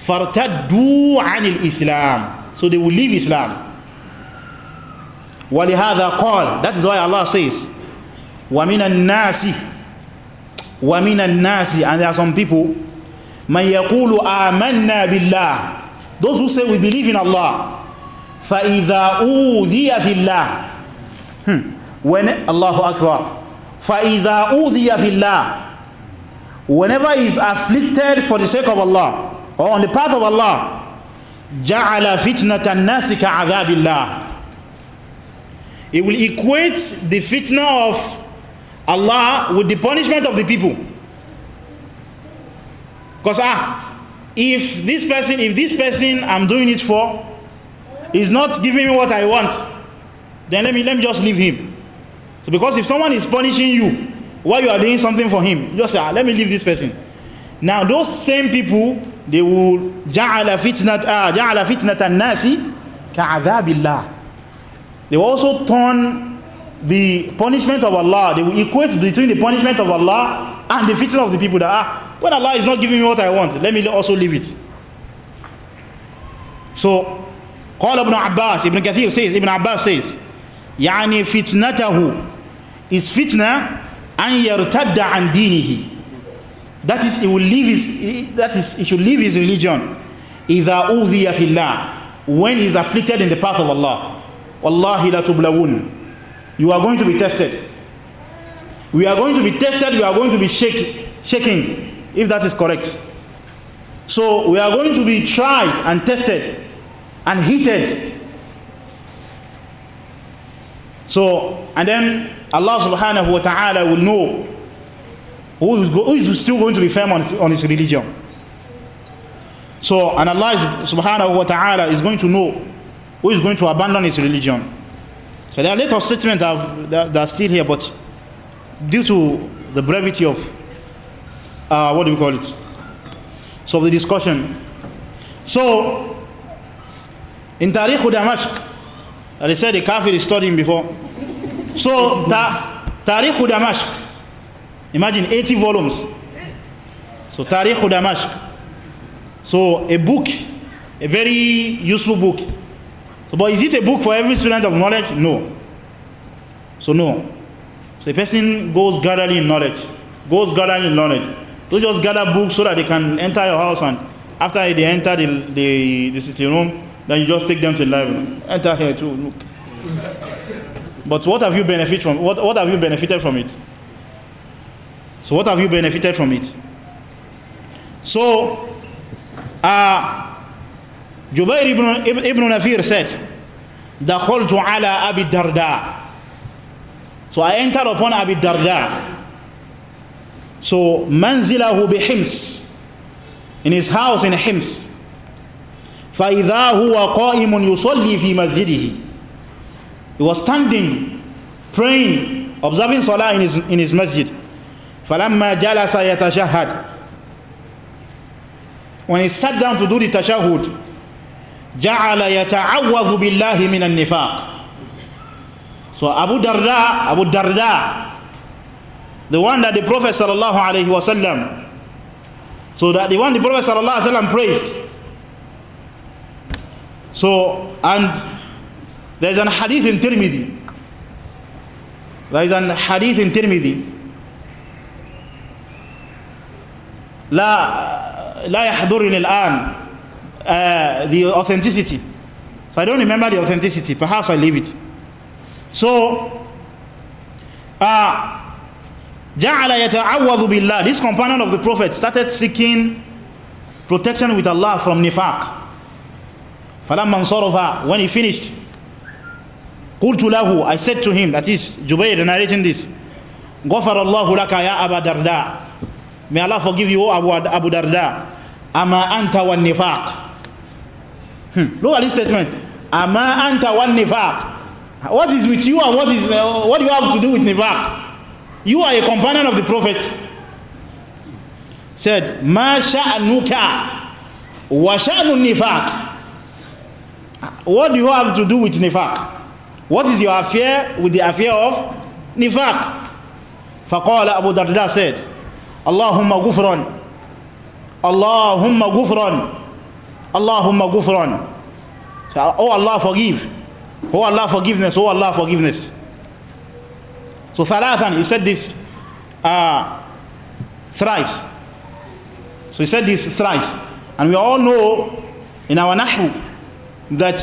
فارتدوا عن الإسلام so they will leave Islam ولهذا قال that is why Allah says ومن الناس ومن الناس and there are some people مَنْ يَقُولُ آمنا بالله. those who say we believe in Allah فإذا أُوذِيَ في الله. hmm. when Allahu Akbar فَإِذَا أُوذِيَ فِي whenever he is afflicted for the sake of Allah or on the path of Allah جَعَلَ فِتْنَةَ النَّاسِ كَعَذَابِ he will equate the fitna of Allah with the punishment of the people because ah if this person if this person I'm doing it for is not giving me what I want then let me let me just leave him So because if someone is punishing you while you are doing something for him, just say, ah, let me leave this person. Now those same people, they will جَعَلَ فِتْنَةً آه, جعل فتنة النَّاسِ كَعَذَابِ اللَّهِ They will also turn the punishment of Allah, they will equate between the punishment of Allah and the fitnah of the people that, ah, when Allah is not giving me what I want, let me also leave it. So, قال ابن عباس, Ibn Kathir says, Ibn Abbas says, يعني فتنته is fitna an yartadda an dinihi that is he will leave his that is he should leave his religion idha udhiya fillah when he is afflicted in the path of Allah wallahi la tublawun you are going to be tested we are going to be tested we are going to be shake, shaking if that is correct so we are going to be tried and tested and heated so and then Allah subhanahu wa ta'ala will know who is, go, who is still going to be firm on his, on his religion. So, and Allah is, subhanahu wa ta'ala is going to know who is going to abandon his religion. So there are a lot of statements that, are still here, but due to the brevity of, uh, what do we call it? So the discussion. So, in Tariq Damashq, they said the Kafir is studying before. so ta tarihu damashq imagine 80 volumes so tarihu damashq so a book a very useful book so but is it a book for every student of knowledge no so no so a person goes gathering in knowledge goes gathering in knowledge don't just gather books so that they can enter your house and after they enter the, the, the sitting room then you just take them to the library enter here too look But what have you benefited from? What, what have you benefited from it? So what have you benefited from it? So uh, Jubair ibn, ibn, ibn Nafir said, دَخَلْتُ عَلَىٰ Abi الدَّرْدَىٰ So I entered upon Abi Darda. So manzilahu bi Hims. In his house in Hims. فَإِذَا هُوَ قَائِمٌ يُصَلِّي فِي مَسْجِدِهِ He was standing, praying, observing salah in his, in his masjid. فَلَمَّا جَلَسَ يَتَشَهَدْ When he sat down to do the tashahud, جَعَلَ يَتَعَوَّذُ بِاللَّهِ مِنَ النِّفَاقِ So Abu Darda, Abu Darda, the one that the Prophet sallallahu alaihi wasallam, so that the one the Prophet sallallahu alaihi wasallam praised. So, and There is an hadith in Tirmidhi. There is an hadith in Tirmidhi. لا لا يحضرني الآن uh, the authenticity. So I don't remember the authenticity. Perhaps I leave it. So, جَعَلَ يَتَعَوَّذُ بِاللَّهِ This companion of the Prophet started seeking protection with Allah from nifaq. فَلَمَّا انصَرَفَ When he finished, قلت له I said to him that is Jubayr narrating this غفر الله لك يا أبا درداء May Allah forgive you O Abu, Abu Darda أما أنت والنفاق hmm. Look at this statement أما أنت والنفاق What is with you and what is uh, what do you have to do with nifaq? You are a companion of the Prophet. Said, ما شأنك وشأن النفاق What do you have to do with nifaq? What is your affair with the affair of nifaq? فقال أبو درداء said اللهم غفرا اللهم غفرا اللهم غفرا so, Oh Allah forgive Oh Allah forgiveness Oh Allah forgiveness So Farazan, he said this uh, thrice So he said this thrice and we all know in our Nahru that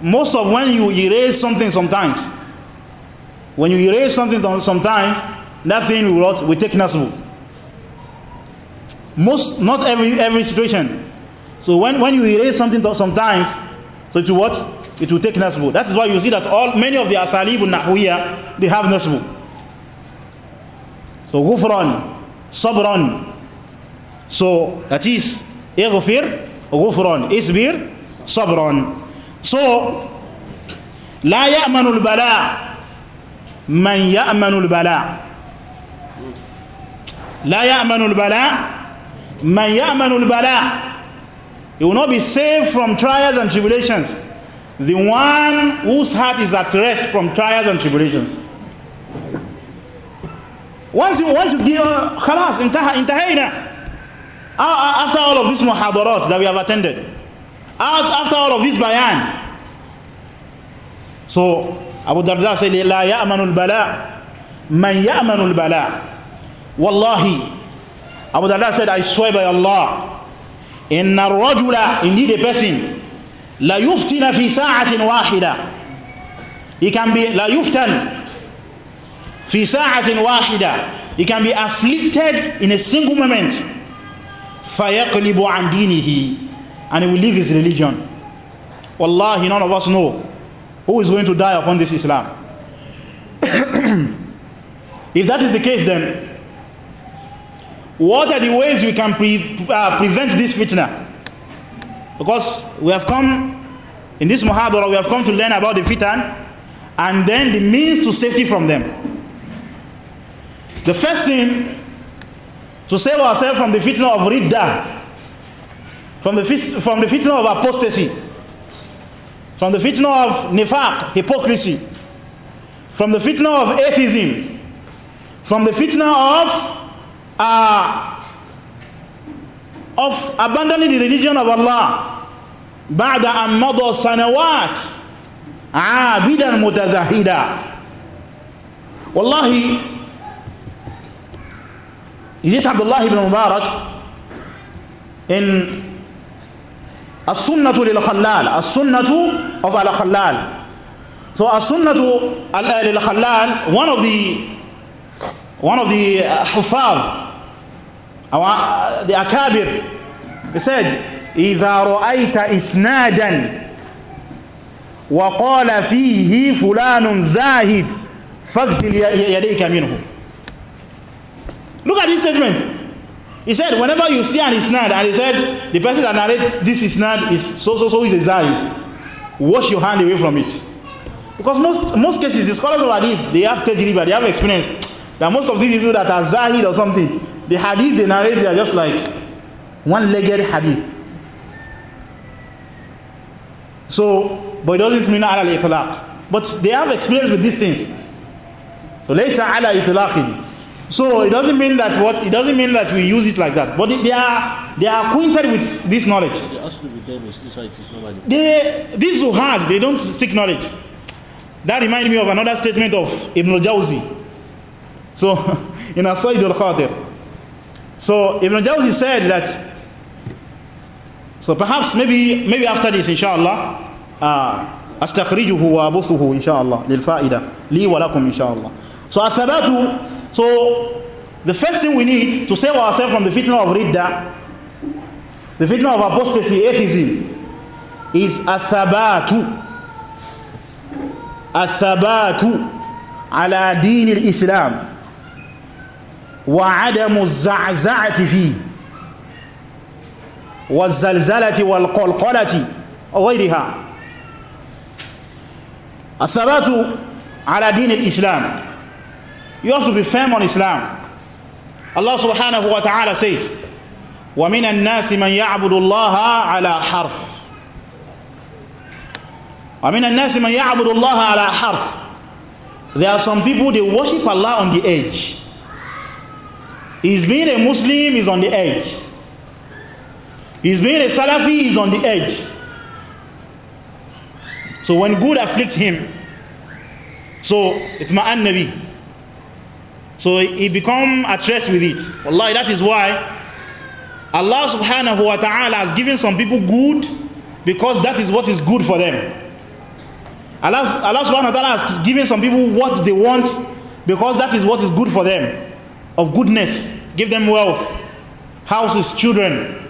most of when you erase something sometimes when you erase something sometimes that thing will, not, will take nasbu most not every every situation so when, when you erase something sometimes so to what it will take nasbu that is why you see that all many of the asalibu nahwiya they have nasbu so ghufran sabran so that is ighfir ghufran isbir sabran so la ya'manu al-bala man ya'manu al-bala la ya'manu al-bala man ya'manu al-bala he will not be saved from trials and tribulations the one whose heart is at rest from trials and tribulations once you once you give uh, khalas intaha intahayna after all of these muhadarat that we have attended after all of this bayan so Abu Darda said la ya'manu al-bala man ya'manu al-bala wallahi Abu Darda said I swear by Allah inna rajula indeed a person la yuftina fi sa'atin wahida he can be la yuftan fi sa'atin wahida he can be afflicted in a single moment fayaqlibu an dinihi and he will leave his religion. Wallahi, none of us know who is going to die upon this Islam. [CLEARS THROAT] if that is the case then, what are the ways we can pre uh, prevent this fitna? Because we have come, in this muhadara, we have come to learn about the fitan and then the means to safety from them. The first thing to save ourselves from the fitna of riddah from the, fit from the fitna of apostasy, from the fitna of nifaq, hypocrisy, from the fitna of atheism, from the fitna of, uh, of abandoning the religion of Allah, بعد أن مضى سنوات عابدا متزهدا والله is it Abdullah ibn Mubarak in as-sunnatu lil khallal as of al khallal so as-sunnatu lil khallal one of the one of the uh, hufad uh, the akabir he said إذا رأيت إسنادا وقال fihi fulanun zahid فاغسل يديك منه look at this statement He said, whenever you see an isnad, and he said, the person that narrated this isnad is so, so, so is a zaid, wash your hand away from it. Because most, most cases, the scholars of hadith, they have tajriba, they have experience. That most of these people that are zaid or something, the hadith they narrate, they are just like one-legged hadith. So, but it doesn't mean ala al-itlaq. But they have experience with these things. So, laysa ala itlaqin. So it doesn't mean that what it doesn't mean that we use it like that. But they are they are acquainted with this knowledge. The aslu with them is inside is knowledge? They this zuhad they don't seek knowledge. That reminds me of another statement of Ibn al-Jawzi. So [LAUGHS] in Asaid al-Khatir. So Ibn al-Jawzi said that. So perhaps maybe maybe after this, inshallah, uh, أستخرجه وأبثه إن شاء الله للفائدة لي ولكم إن شاء الله So asabatu, so the first thing we need to save ourselves from the fitna of ridda, the fitna of apostasy, atheism, is asabatu. Asabatu ala dini al-Islam wa adamu za'za'ati fi wa zalzalati wal qalqalati wa ghayriha. Asabatu ala dini al-Islam You have to be firm on Islam. Allah subhanahu wa ta'ala says, وَمِنَ النَّاسِ مَنْ يَعْبُدُ اللَّهَ عَلَى حَرْفٍ وَمِنَ النَّاسِ مَنْ يَعْبُدُ اللَّهَ عَلَى حَرْفٍ There are some people, they worship Allah on the edge. He's being a Muslim, he's on the edge. He's being a Salafi, he's on the edge. So when good afflicts him, so itma'an nabi, So he become at rest with it. Allah, that is why Allah subhanahu wa ta'ala has given some people good because that is what is good for them. Allah, Allah subhanahu wa ta'ala has given some people what they want because that is what is good for them of goodness. Give them wealth, houses, children.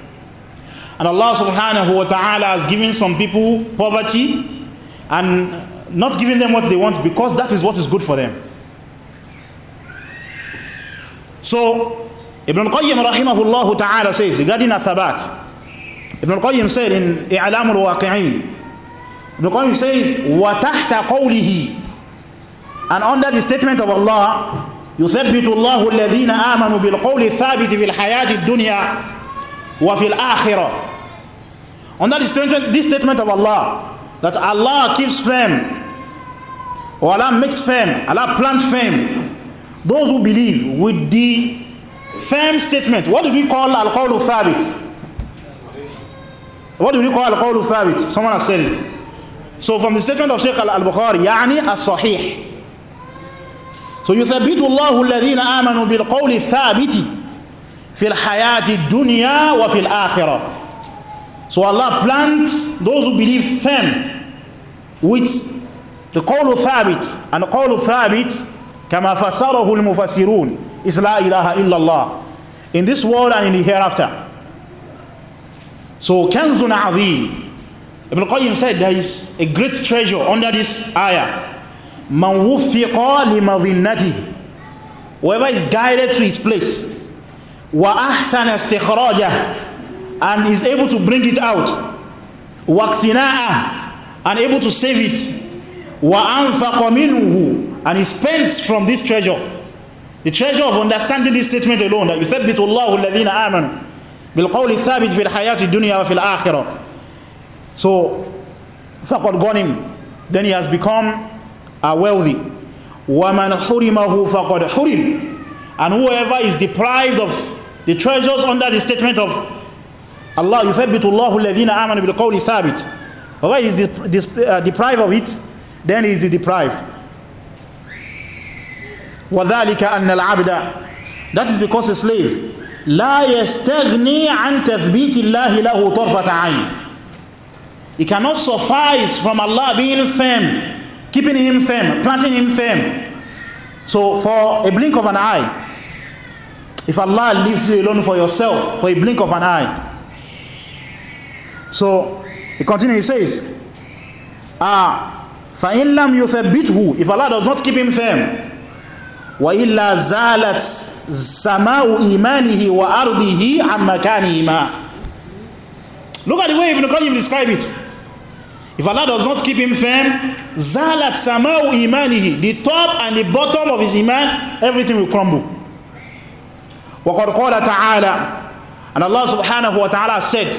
And Allah subhanahu wa ta'ala has given some people poverty and not giving them what they want because that is what is good for them. So, Ibn al-Qayyim rahimahullah ta'ala says regarding Athabat, Ibn al-Qayyim said in I'lam al-Waqi'in, Ibn al-Qayyim says, وَتَحْتَ قَوْلِهِ And under the statement of Allah, يثبت الله الذين آمنوا بالقول الثابت في الحياة الدنيا وفي الآخرة Under this statement, this statement of Allah, that Allah keeps firm, or Allah makes firm, Allah plants firm, Those who believe with the firm statement. What do we call al-qawlu thabit? What do we call al-qawlu thabit? Someone has said it. So from the statement of Sheikh al-Bukhari, يعني الصحيح. So يثبت الله الذين آمنوا بالقول الثابت في الحياة الدنيا وفي الآخرة. So Allah plants those who believe firm with the قول thabit and the thabit كما فسره المفسرون mufassirun is la ilaha illallah in this world and in the hereafter so كنز عظيم. Ibn Qayyim said there is a great treasure under this ayah man وفِقَ لِمَظِنَّتِهِ. whoever is guided to his place wa اسْتِخْرَاجَهُ. and is able to bring it out waqtina'a and able to save it wa مِنْهُ and he spends from this treasure. The treasure of understanding this statement alone that يثبت الله الذين آمنوا بالقول الثابت في الحياة الدنيا وفي الآخرة. So فقد غنم then he has become a wealthy. وَمَنْ حُرِمَهُ فَقَدْ حُرِمْ And whoever is deprived of the treasures under the statement of Allah, يُثَبِّتُ اللَّهُ الَّذِينَ آمَنُوا بِالْقَوْلِ Sabit." Whoever is uh, deprived of it, then he is deprived. وذلك أن العبد that is because a slave لا يستغني عن تثبيت الله له طرفة عين he cannot suffice from Allah being firm keeping him firm planting him firm so for a blink of an eye if Allah leaves you alone for yourself for a blink of an eye so he continues he says ah فَإِنْ لَمْ يُثَبِّتْهُ if Allah does not keep him firm وإلا زالت سماء إيمانه وأرضه عن مكانهما Look at the way Ibn Qayyim describe it. If Allah does not keep him firm, zalat samau imanihi, the top and the bottom of his iman, everything will crumble. وَقَدْ قَالَ تعالى، And Allah سبحانه وتعالى said,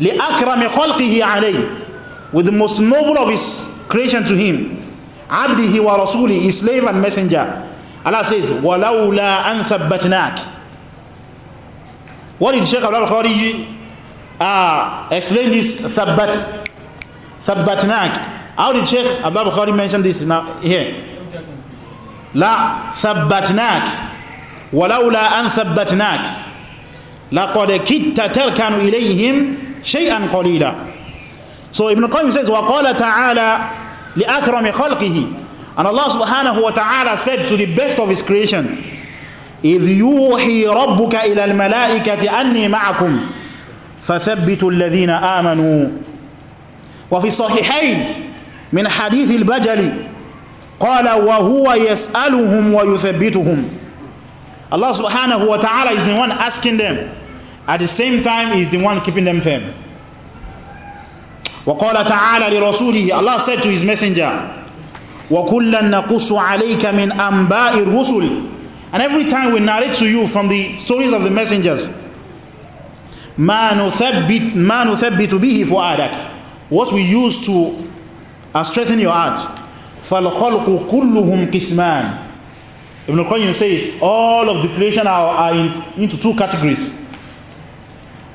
لِأَكْرَمِ خَلْقِهِ عليه، With the most noble of his creation to him, عبده ورسوله، his slave and messenger, Allah says walawla an thabbatnak what did Sheikh Abdul Khari uh, explain this thabbat thabbatnak how did Sheikh Abdul Khari mention this now here la thabbatnak walawla an thabbatnak laqad kitta tarkanu ilayhim shay'an qalila so Ibn Qayyim says wa qala ta'ala li akrami khalqihi And Allah subhanahu wa ta'ala said to the best of his creation, إِذْ يُوحِي رَبُّكَ إِلَى الْمَلَائِكَةِ أَنِّي مَعَكُمْ فَثَبِّتُوا الَّذِينَ آمَنُوا وفي الصحيحين من حديث البجل قال وهو يسألهم ويثبتهم Allah subhanahu wa ta'ala is the one asking them at the same time is the one keeping them firm وقال تعالى لرسوله Allah said to his messenger وَكُلًّا نَقُصُ عَلَيْكَ مِنْ أَنْبَاءِ الرُّسُلِ And every time we narrate to you from the stories of the messengers, مَا نُثَبِّتُ, ما نثبت بِهِ فُؤَادَكَ What we use to uh, strengthen your heart. فَالْخَلْقُ كُلُّهُمْ قِسْمَانِ Ibn al-Qayyim says, all of the creation are, are in, into two categories.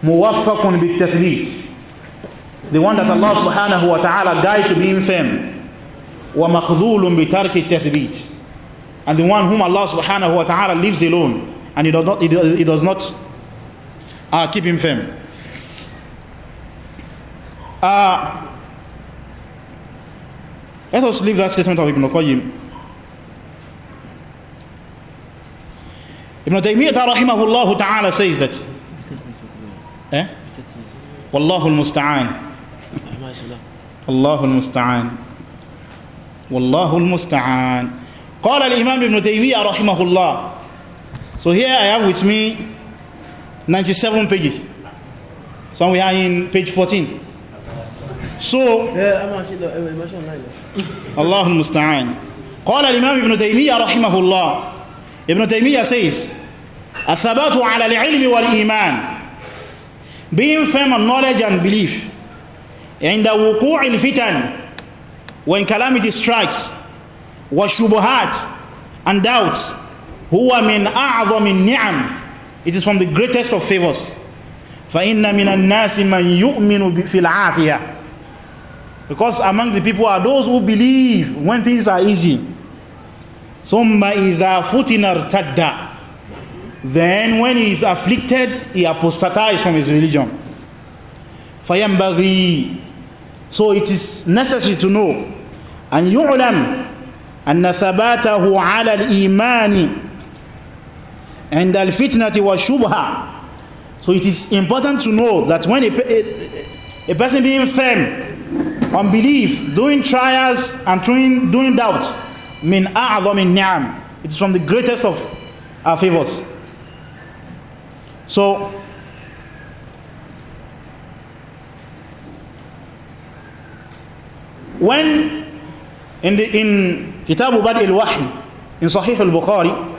مُوَفَّقٌ بِالتَّثْبِيتِ The one that Allah subhanahu wa ta'ala died to be infirm. وَمَخْذُولٌ بِتَرْكِ التَّثْبِيتِ And the one whom Allah subhanahu wa ta'ala leaves alone and he does not, he does, he does not uh, keep him firm. Uh, let us leave that statement of Ibn Qayyim. Ibn Taymiyyah rahimahullah ta'ala says that eh? Wallahu al-musta'an [LAUGHS] Allahu al-musta'an والله المستعان قال الإمام Ibn Taymiyyah الله so here I have with me 97 pages so we are in page 14 so الله المستعان قال الإمام Ibn Taymiyyah الله Ibn Taymiyyah says الثبات على العلم والإيمان being firm on knowledge and belief عند وقوع الفتن when calamity strikes heart and doubt huwa min a'zami ni'am it is from the greatest of favors فَإِنَّ مِنَ النَّاسِ مَنْ يُؤْمِنُ fil الْعَافِيَةِ because among the people are those who believe when things are easy ثُمَّ in فُتِنَ tadda. then when he is afflicted he apostatizes from his religion فَيَنْبَغِي so it is necessary to know yu'lam أن يعلم al ثباته and al عند wa shubha So it is important to know that when a, a, a person being firm on belief, doing trials and doing, doing doubt, min a'adhamin ni'am. It is from the greatest of our favors. So, when In, the, in Kitabu Bad al-Wahi, in Sahih al-Bukhari,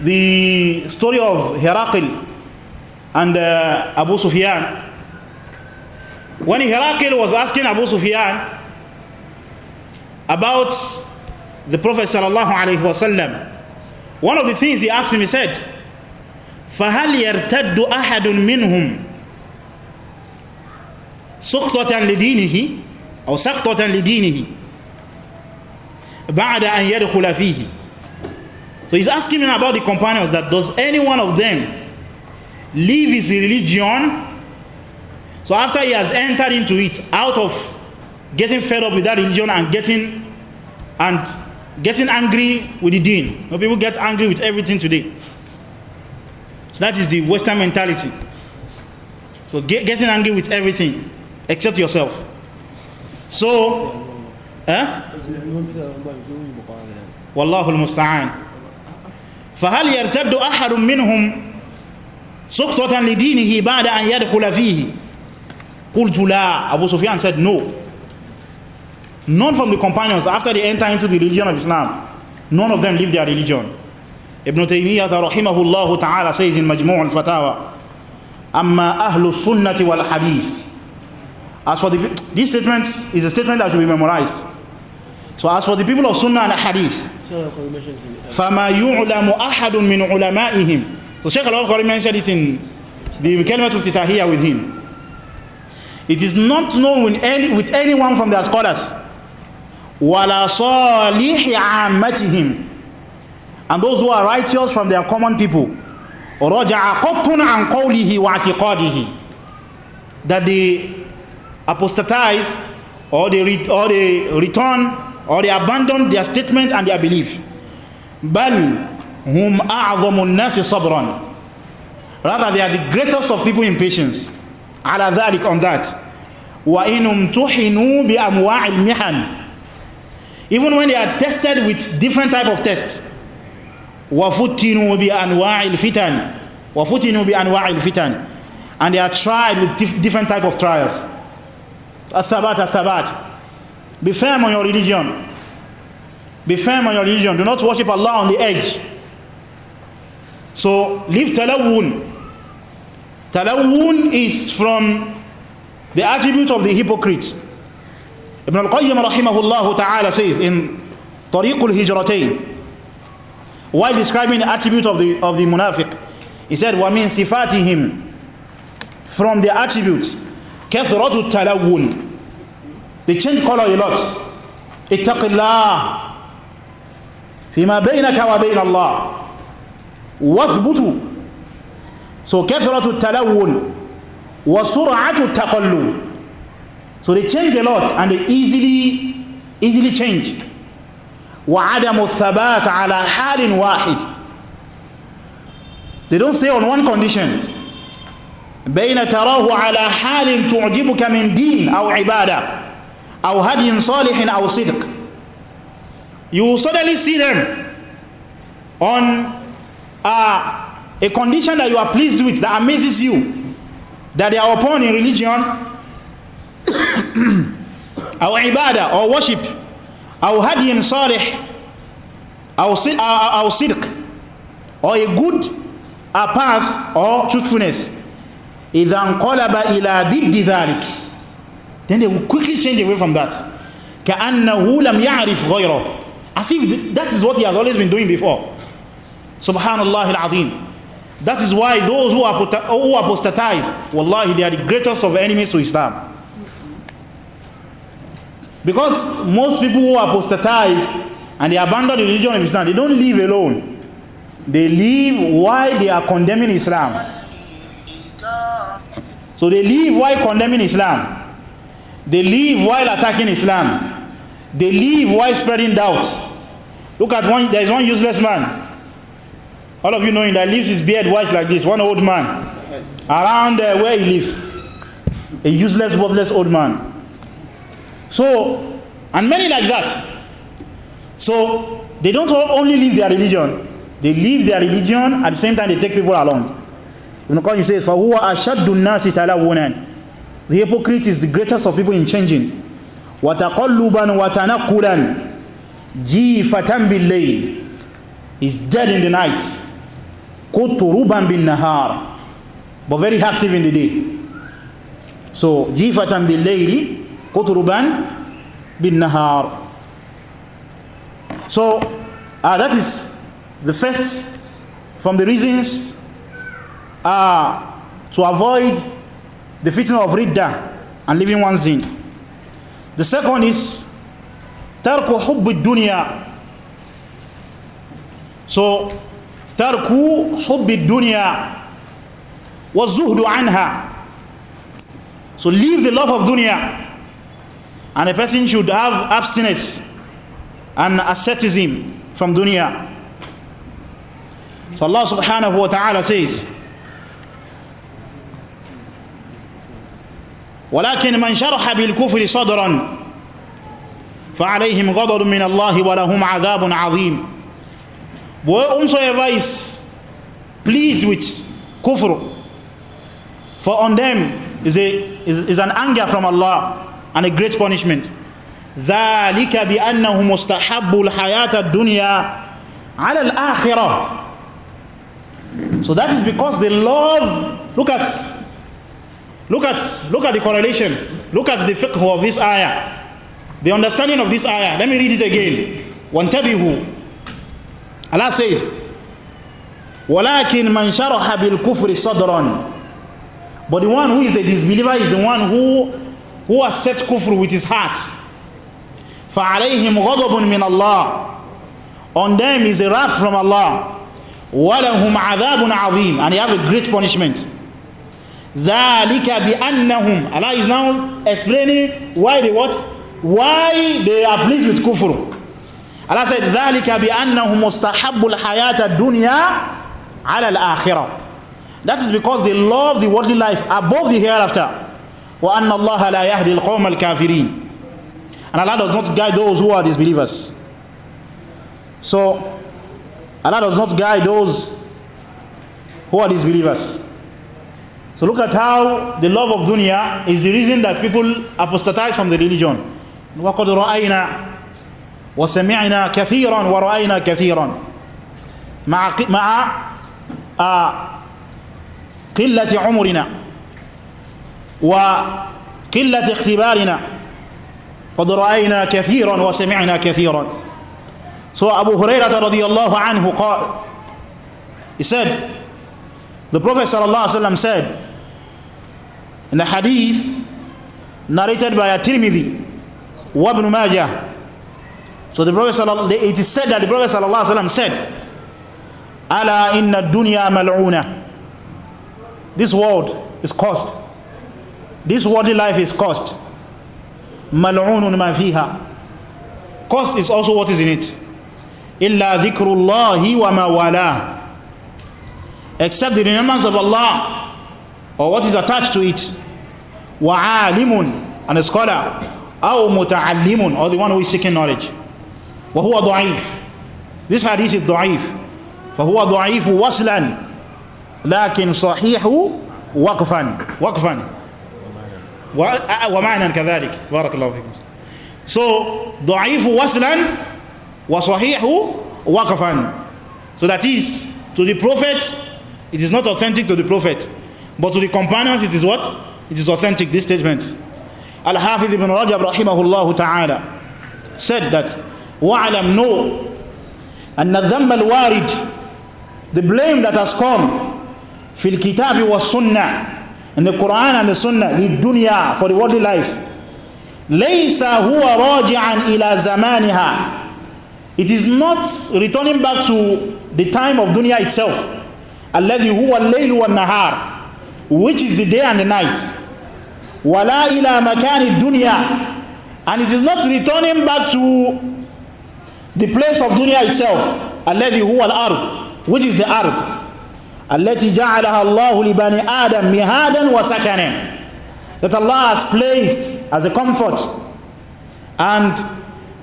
the story of Heraqil and uh, Abu Sufyan. When Heraqil was asking Abu Sufyan about the Prophet sallallahu alaihi wasallam, one of the things he asked him, he said, فَهَلْ يَرْتَدُّ أَحَدٌ مِّنْهُمْ سُخْطَةً لِدِينِهِ أو سَخْطَةً لِدِينِهِ ba'da an yadkhula fihi so he's asking him about the companions that does any one of them leave his religion so after he has entered into it out of getting fed up with that religion and getting and getting angry with the deen you people get angry with everything today so that is the western mentality so get, getting angry with everything except yourself so ها؟ والله المستعان فهل يرتد أحد منهم سخطة لدينه بعد أن يدخل فيه قلت لا ابو سفيان said no none from the companions after they enter into the religion of Islam none of them leave their religion ابن تيميه رحمه الله تعالى says in مجموع الفتاوى اما اهل السنه والحديث as for the, this statement is a statement that should be memorized So as for the people of Sunnah and Hadith, uh, فَمَا يُعْلَمُ أَحَدٌ مِّنْ عُلَمَائِهِمْ So Sheikh al Qari mentioned it in the Kalimat al-Titahiyya with him. It is not known with, any, with anyone from their scholars. وَلَا صَالِحِ عَامَّتِهِمْ And those who are righteous from their common people. رَجَعَ قَطٌ عَنْ قَوْلِهِ وَاعْتِقَادِهِ That they apostatize or they, or they return or they abandon their statement and their belief. بَلْ هُمْ أَعْظَمُ النَّاسِ صَبْرًا Rather, they are the greatest of people in patience. على ذلك on that. وَإِنُمْ تُحِنُوا بِأَمْوَاعِ الْمِحَنِ Even when they are tested with different type of tests. وَفُتِنُوا بِأَنْوَاعِ الْفِتَنِ وَفُتِنُوا بِأَنْوَاعِ الْفِتَنِ And they are tried with different type of trials. الثبات الثبات be firm on your religion. Be firm on your religion. Do not worship Allah on the edge. So leave talawun. Talawun is from the attribute of the hypocrite. Ibn al-Qayyim rahimahullah ta'ala says in Tariqul al-Hijratayn while describing the attribute of the, of the munafiq he said وَمِن him from the attribute كَثْرَةُ التَّلَوُّنِ they change color a lot. Ittaqillah. Fima baynaka wa bayna Allah. Wathbutu. So kathratu talawun. Wasura'atu taqallu. So they change a lot and they easily, easily change. Wa'adamu thabat ala halin wahid. They don't stay on one condition. بين تراه على حال تعجبك من دين أو عبادة aw hadyin salihin aw sidq you suddenly see them on uh, a condition that you are pleased with that amazes you that they are upon in religion [COUGHS] aw ibadah or worship aw hadyin salih aw uh, uh, sidq or a good a uh, path or truthfulness idha anqalaba ila diddi dhalik then they will quickly change away from that كأنه لم يعرف غيره as if that is what he has always been doing before subhanallah al-azim that is why those who, who apostatize wallahi they are the greatest of enemies to Islam because most people who apostatize and they abandon the religion of Islam they don't live alone they live while they are condemning Islam so they live while condemning Islam They live while attacking Islam. They live while spreading doubt. Look at one, there is one useless man. All of you know him that leaves his beard white like this, one old man. Around uh, where he lives. A useless, worthless old man. So, and many like that. So, they don't only leave their religion. They leave their religion, at the same time they take people along. You you know Ibn Qayyim says, فَهُوَ أَشَدُّ النَّاسِ تَلَوُّنًا The hypocrite is the greatest of people in changing. وَتَقَلُّبًا وَتَنَقُّلًا جِيفَةً بِاللَّيْلِ is dead in the night. قُطُرُبًا بِالنَّهَارِ But very active in the day. So, جِيفَةً بِاللَّيْلِ قُطُرُبًا بِالنَّهَارِ So, uh, that is the first from the reasons uh, to avoid the fitna of ridda and leaving one's in. The second is tarku hubb dunya. So tarku hubb dunya wa zuhdu anha. So leave the love of dunya and a person should have abstinence and asceticism from dunya. So Allah subhanahu wa ta'ala says ولكن من شرح بالكفر صدرا فعليهم غضب من الله ولهم عذاب عظيم whosoever is pleased with kufr for on them is, a, is, is an anger from Allah and a great punishment ذلك بأنه مستحب الحياة الدنيا على الآخرة so that is because they love look at Look at, look at the correlation. Look at the fiqh of this ayah. The understanding of this ayah. Let me read it again. وَانْتَبِهُ Allah says, وَلَكِنْ مَنْ شَرَحَ بِالْكُفْرِ صَدْرًا But the one who is the disbeliever is the one who, who has set kufr with his heart. فَعَلَيْهِمْ غَضَبٌ مِّنَ اللَّهِ On them is a wrath from Allah. وَلَهُمْ عَذَابٌ عَظِيمٌ And they have a great punishment. dhalika bi annahum Allah is now explaining why they what why they are pleased with kufr Allah said dhalika bi annahum mustahabbu al-hayata ad-dunya ala al-akhirah that is because they love the worldly life above the hereafter wa anna Allah la yahdi al-qawm al-kafirin and Allah does not guide those who are disbelievers so Allah does not guide those who are disbelievers So look at how the love of dunya is the reason that people apostatize from the religion. وَقَدْ رَأَيْنَا وَسَمِعْنَا كَثِيرًا وَرَأَيْنَا كَثِيرًا مع مع قلة عمرنا وقلة اختبارنا قد رأينا كثيرا وسمعنا كثيرا So Abu Hurairah رضي الله عنه قال He said The Prophet صلى الله عليه وسلم said in the hadith narrated by At-Tirmidhi wa Ibn Majah so the Prophet it is said that the Prophet sallallahu said ala inna dunya mal'una this world is cursed this worldly life is cursed mal'unun ma fiha cursed is also what is in it illa dhikrullahi wa ma wala except the remembrance of Allah or what is attached to it وعالم and a scholar أو متعلم or the one who is seeking knowledge وهو ضعيف this hadith is ضعيف فهو ضعيف وصلا لكن صحيح وقفا وقفا ومعنى كذلك بارك الله فيكم so ضعيف وصلا وصحيح وقفا so that is to the prophet it is not authentic to the prophet but to the companions, it is what? It is authentic, this statement. Al-Hafidh ibn Rajab rahimahullah ta'ala said that, no and أَنَّ الذَّمَّ الْوَارِدِ The blame that has come فِي was sunnah In the Quran and the Sunnah, dunya, For the worldly life. laysa huwa رَاجِعًا ila zamaniha. It is not returning back to the time of dunya itself. الَّذِي هُوَ wa-nahar." which is the day and the night. Wala ila makani dunya. And it is not returning back to the place of dunya itself. Alladhi huwa al-ard, which is the ard. Allati ja'alaha Allahu li bani Adam mihadan wa sakanan. That Allah has placed as a comfort and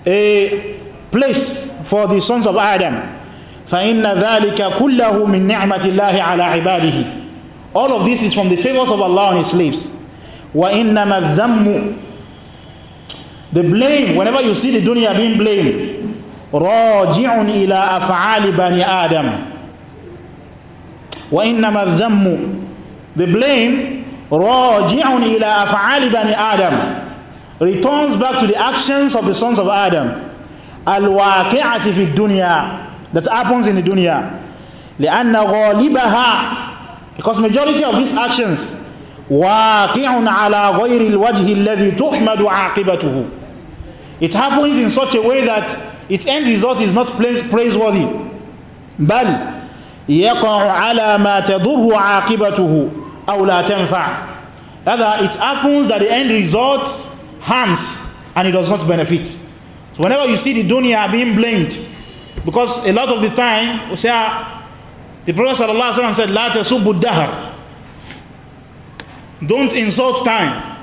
a place for the sons of Adam. فَإِنَّ ذَلِكَ كُلَّهُ مِنْ نِعْمَةِ اللَّهِ عَلَى عِبَادِهِ all of this is from the favors of Allah on his slaves the blame whenever you see the dunya being blamed راجع إلى أفعال بني the blame راجع إلى أفعال بني returns back to the actions of the sons of Adam الواقعة في الدنيا that happens in the dunya لأن غالبها because majority of these actions واقع على غير الوجه الذي تحمد عاقبته it happens in such a way that its end result is not praiseworthy بل يقع على ما تضر عاقبته أو لا تنفع rather it happens that the end result harms and it does not benefit so whenever you see the dunya being blamed because a lot of the time we say ah, The Prophet ﷺ said, La tasubbu dahr. Don't insult time.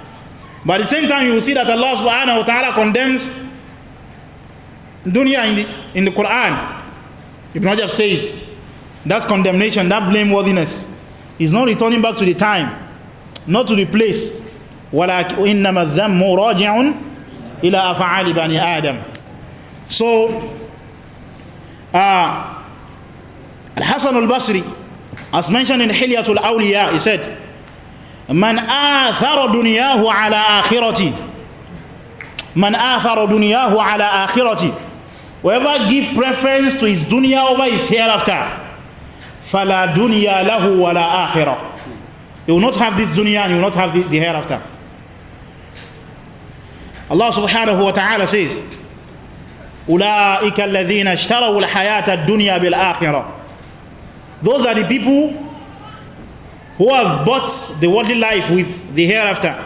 But at the same time, you will see that Allah subhanahu wa ta'ala condemns dunya in the, in the Quran. Ibn Rajab says, that condemnation, that blameworthiness is not returning back to the time, not to the place. وَإِنَّمَا الذَّمُّ رَاجِعٌ إِلَىٰ أَفَعَالِ بَنِي آدَمٍ So, uh, الحسن البصري as mentioned in Hilyatul Awliya, he said, Man athara dunyahu ala akhirati. Man athara dunyahu ala akhirati. Whoever give preference to his dunya over his hereafter, fala dunya lahu wala akhirah. He will not have this dunya and he will not have the, the hereafter. Allah subhanahu wa ta'ala says, ulaika أولئك الذين اشتروا dunya bil بالآخرة Those are the people who have bought the worldly life with the hereafter.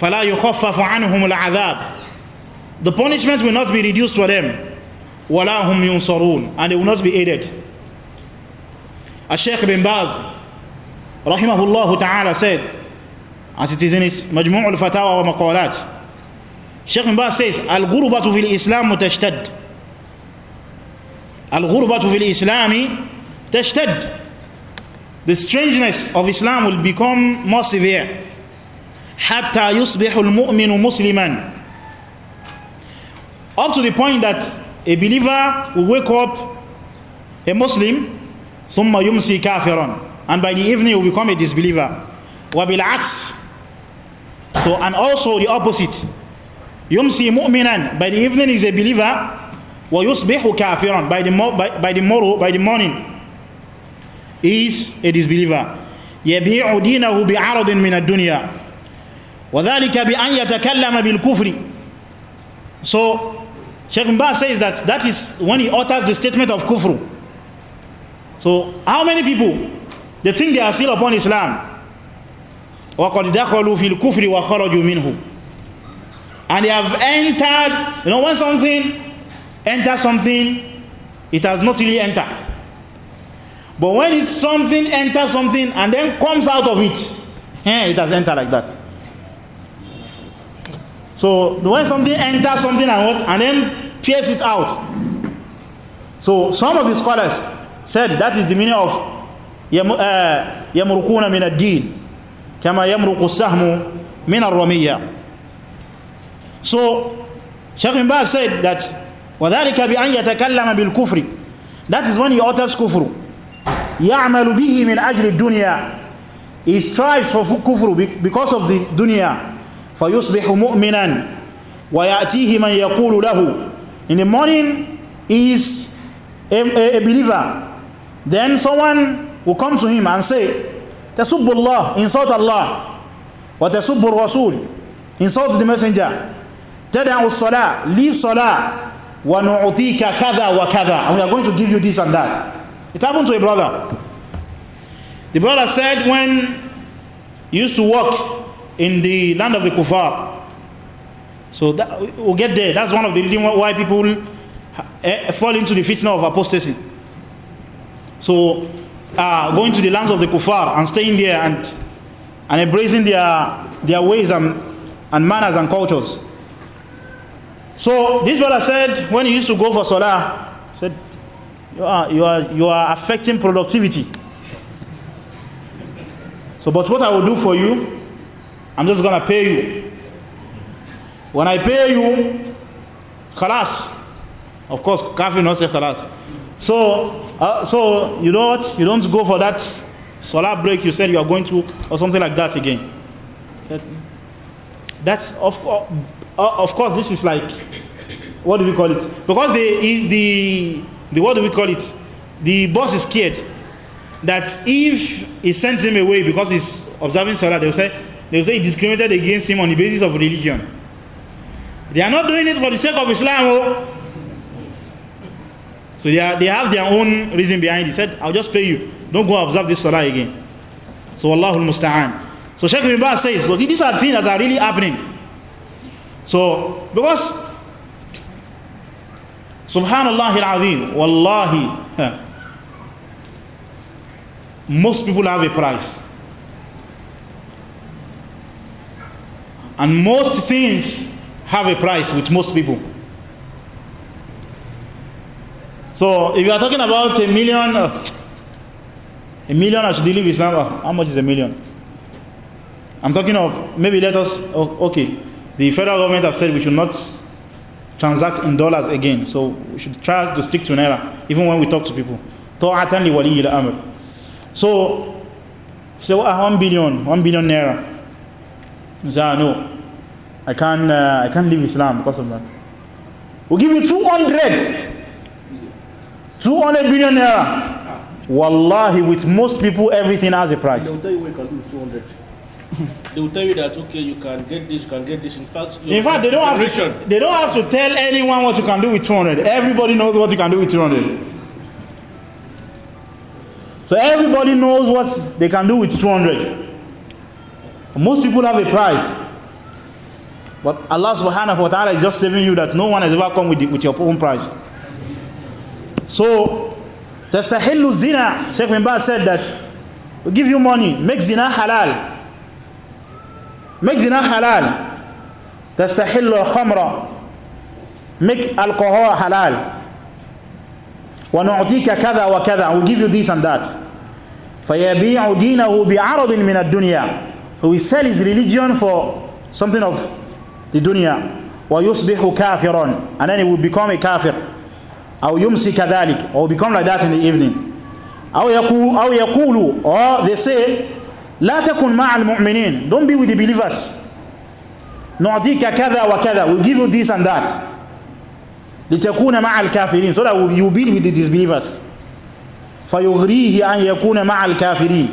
فَلَا يُخَفَّفُ عَنْهُمُ الْعَذَابِ The punishment will not be reduced for them. وَلَا هُمْ يُنصَرُونَ And they will not be aided. Al-Shaykh bin Baz, rahimahullah ta'ala said, as it is in his مجموع الفتاوى fatawa wa Maqalat, Shaykh Baz says, الْغُرْبَةُ فِي الْإِسْلَامُ تَشْتَدْ الْغُرْبَةُ فِي الْإِسْلَامِ tashtad. The strangeness of Islam will become more severe. حتى يصبح المؤمن مسلما Up to the point that a believer will wake up a Muslim ثم يمسي كافرا and by the evening he will become a disbeliever وبالعكس so and also the opposite يمسي مؤمنا by the evening is a believer ويصبح كافرا by the by, by the morrow by the morning is a disbeliever يبيع دينه بعرض من الدنيا وذلك بأن يتكلم بالكفر so Sheikh Mba says that that is when he utters the statement of kufr so how many people they think they are still upon Islam وَقَدْ دَخَلُوا فِي الْكُفْرِ وَخَرَجُوا مِنْهُ and they have entered you know when something enter something it has not really entered But when it's something enters something and then comes out of it, eh, it has entered like that. So when something enters something and what and then pierce it out. So some of the scholars said that is the meaning of uh, yamrukuna min ad-din kama yamruqu sahmu min ar-ramiyya. So Sheikh Ibn said that that is when he utters kufru يعمل به من أجل الدنيا he strives for kufru because of the dunya فيصبح مؤمنا ويأتيه من يقول له in the morning he is a, a, a believer then someone will come to him and say تسب الله insult Allah وتسب الرسول insult the messenger تدع الصلاة leave صلاة ونعطيك كذا وكذا and we are going to give you this and that it happened to a brother. The brother said when he used to work in the land of the kuffar, so that, we'll get there. That's one of the reasons why people eh, fall into the fitna of apostasy. So, uh, going to the lands of the kuffar and staying there and, and embracing their, their ways and, and manners and cultures. So, this brother said when he used to go for salah, you are, you are, you are affecting productivity. So, but what I will do for you, I'm just going to pay you. When I pay you, khalas. Of course, kafir not say khalas. So, uh, so you don't You don't go for that solar break you said you are going to, or something like that again. That's of, uh, of course, this is like, what do we call it? Because the, the the what do we call it? The boss is scared that if he sends him away because he's observing Salah, they will say, they will say he discriminated against him on the basis of religion. They are not doing it for the sake of Islam. Oh. So they, are, they have their own reason behind it. He said, I'll just pay you. Don't go observe this Salah again. So Allahul Musta'an. So Sheikh Ibn says, so these are things that are really happening. So, because Subhanallah al-Azim, Wallahi. Most people have a price. And most things have a price with most people. So if you are talking about a million, uh, a million I should deliver Islam, number. how much is a million? I'm talking of, maybe let us, okay, the federal government have said we should not transact in dollars again. So we should try to stick to naira even when we talk to people. Ta'atan li waliyi al-amr. So say what? uh, 1 billion, 1 billion naira. You say, ah, no. I can't uh, I can't leave Islam because of that. We give you 200 200 billion naira. Wallahi with most people everything has a price. they will tell you that okay, you can get this, you can get this. In fact, in fact, they don't have to, they don't have to tell anyone what you can do with 200. Everybody knows what you can do with 200. So everybody knows what they can do with 200. Most people have a price. But Allah subhanahu wa ta'ala is just saving you that no one has ever come with, the, with your own price. So, tastahillu zina, Sheikh Mimba said that, we give you money, make zina halal. ميك زنا حلال تستحل الخمر ميك alcohol حلال ونعطيك كذا وكذا we give you this and that فيبيع دينه بعرض من الدنيا who will sell his religion for something of the dunya ويصبح كافرا and then he will become a kafir أو يمسي كذلك or become like that in the evening أو يقول, أو يقول or they say لا تكن مع المؤمنين don't be with the believers نعطيك كذا وكذا we give you this and that لتكون مع الكافرين so that you be with the disbelievers فيغريه أن يكون مع الكافرين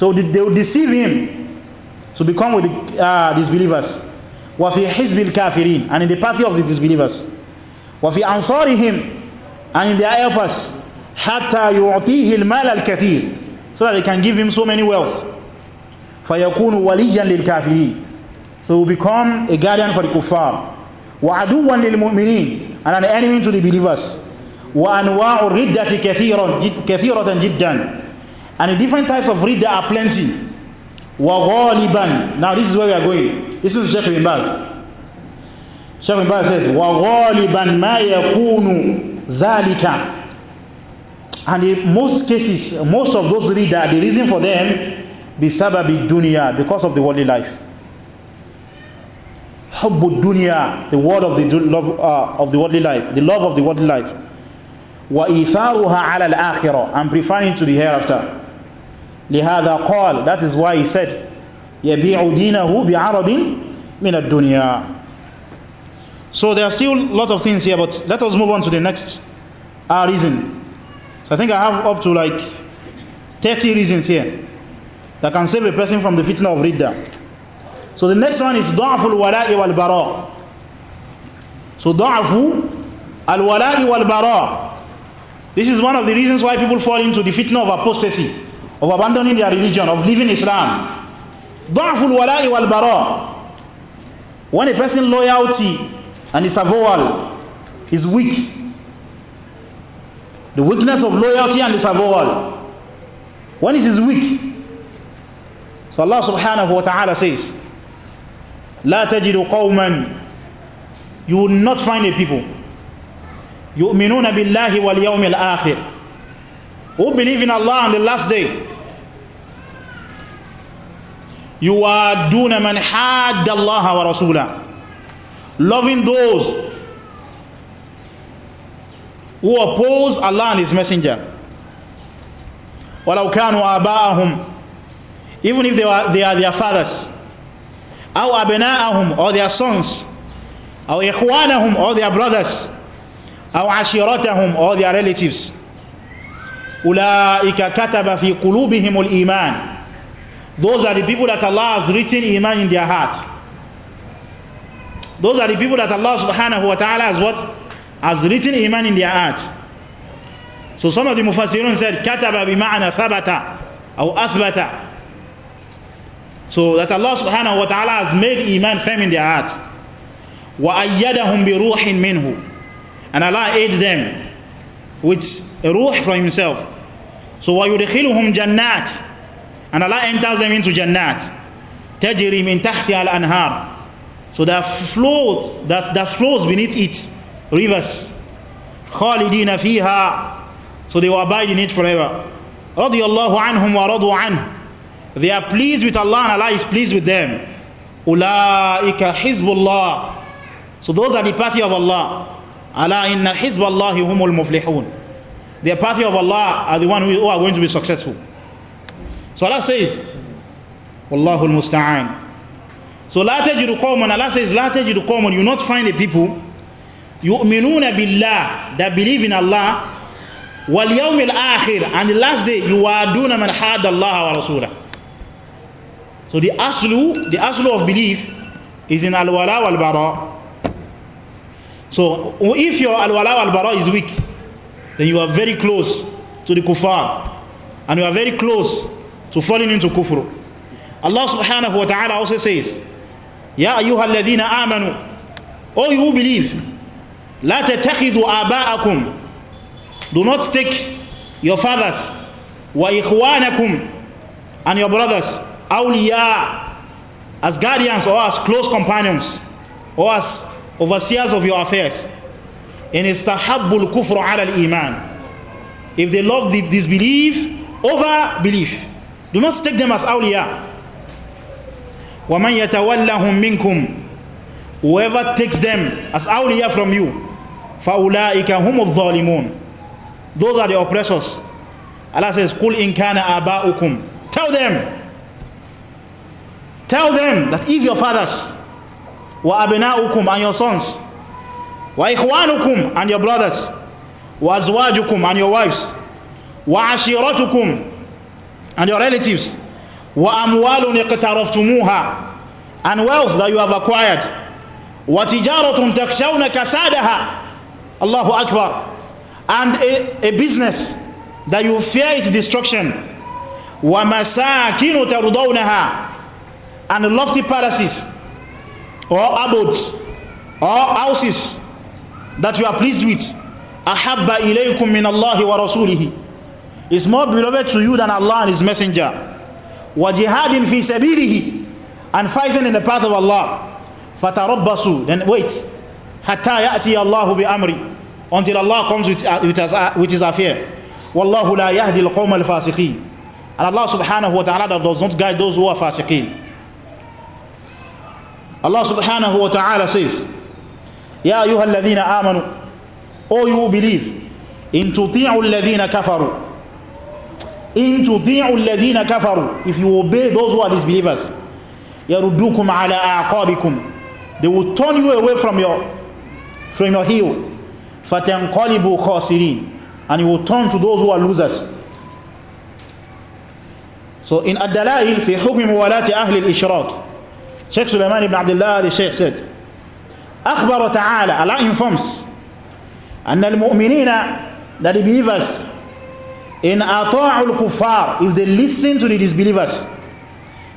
so they will deceive him to become with the uh, disbelievers وفي حزب الكافرين and in the path of the disbelievers وفي أنصارهم and in their helpers حتى يعطيه المال الكثير so that they can give him so many wealth fayakunu waliyan lil kafirin so will become a guardian for the kuffar wa aduwan lil mu'minin and an enemy to the believers wa anwa'u riddati kathiran kathiratan jiddan and different types of ridda are plenty wa ghaliban now this is where we are going this is Sheikh Ibn Baz Sheikh Ibn Baz says wa ghaliban ma yakunu dhalika and in most cases most of those ridda the reason for them bisababi dunya because of the worldly life hubbu dunya the word of the love uh, of the worldly life the love of the worldly life wa itharuha ala al-akhirah i'm preferring to the hereafter لهذا قال that is why he said يبيع دينه min من dunya. so there are still a lot of things here but let us move on to the next uh, reason so I think I have up to like 30 reasons here that can save a person from the fitna of Ridda. So the next one is Da'aful Wala'i wal Bara. So Da'afu Al Wala'i wal Bara. This is one of the reasons why people fall into the fitna of apostasy, of abandoning their religion, of leaving Islam. Da'aful Wala'i wal Bara. When a person loyalty and his avowal is weak, the weakness of loyalty and disavowal, when it is weak, So Allah subhanahu wa ta'ala says, La tajidu qawman, you will not find a people. يؤمنون بالله واليوم الآخر who believe in Allah on the last day you are دون من حاد الله ورسوله loving those who oppose Allah and His Messenger ولو كانوا آباءهم even if they, they are their fathers, أو أبناءهم or their sons, أو إخوانهم or their brothers, أو عشيرتهم or their relatives. أولئك كتب في قلوبهم الإيمان Those are the people that Allah has written Iman in their heart. Those are the people that Allah subhanahu wa ta'ala has what? Has written Iman in their heart. So some of the Mufassirun said, كتب بمعنى ثبت أو أثبت so that Allah subhanahu wa ta'ala has made Iman firm in their heart. وَأَيَّدَهُمْ بِرُوحٍ مِّنْهُ And Allah aids them with a ruh from Himself. So وَيُدْخِلُهُمْ jannat, And Allah enters them into Jannat. تَجْرِي مِنْ تَحْتِهَا anhar. So that flow that, that flows beneath it, rivers. خَالِدِينَ فِيهَا So they will abide in it forever. رضي الله عنهم ورضوا عنه they are pleased with Allah and Allah is pleased with them. Ulaika Hizbullah. So those are the party of Allah. Allah inna Hizballahi humul muflihun. The party of Allah are the one who are going to be successful. So Allah says, Wallahu al-musta'an. So la tajidu qawman, Allah says, la tajidu qawman, you not find a people, yu'minuna billah, that believe in Allah, wal yawmil and the last day, you are duna man had Allah wa so the aslu, the aslu of belief is in al-wala wal-bara. So if your al-wala wal-bara is weak, then you are very close to the kuffar. And you are very close to falling into kufru. Allah subhanahu wa ta'ala also says, Ya ayyuha alladhina amanu. Oh, you who believe. La tatakhidhu aba'akum. Do not take your fathers. Wa ikhwanakum. And your brothers awliya, as guardians or as close companions or as overseers of your affairs. And istahabbul kufru ala iman. If they love the disbelief over belief, do not take them as awliya. وَمَنْ يَتَوَلَّهُمْ مِنْكُمْ Whoever takes them as awliya from you, فَأُولَٰئِكَ هُمُ الظَّالِمُونَ Those are the oppressors. Allah says, قُلْ إِنْ كَانَ آبَاؤُكُمْ Tell them, Tell them that if your fathers, wa abnaukum and your sons, wa ikhwanukum and your brothers, wa azwajukum and your wives, wa ashiratukum and your relatives, wa amwalun iqtaraftumuha and wealth that you have acquired, wa tijaratun takshawna kasadaha, Allahu Akbar, and a, a business that you fear its destruction, wa masakinu tardawnaha, and lofty palaces or abodes or houses that you are pleased with ahabba ilaykum min Allahi wa Rasulihi. is more beloved to you than Allah and his messenger wa jihadin fi sabilihi and fighting in the path of Allah fatarabbasu then wait hatta ya'ti Allah bi amri until Allah comes with, uh, with, uh, with his affair wallahu la yahdi al-qawm al-fasiqin and Allah subhanahu wa ta'ala does not guide those who are fasiqin Allah subhanahu wa ta'ala says, Ya أيها الذين amanu, أو you believe, إن تطيعوا الذين kafaru. إن تطيعوا الذين kafaru. If you obey those who are disbelievers, يردوكم على أعقابكم They will turn you away from your from your heel. فتنقلبوا خاسرين And you will turn to those who are losers. So in الدلائل في fi hukmi أهل ahli شيخ Sulaiman ibn Abdullah al-Sheikh said, أخبر تعالى, Allah informs, أن المؤمنين, that the believers, إن أطاعوا الكفار if they listen to the disbelievers,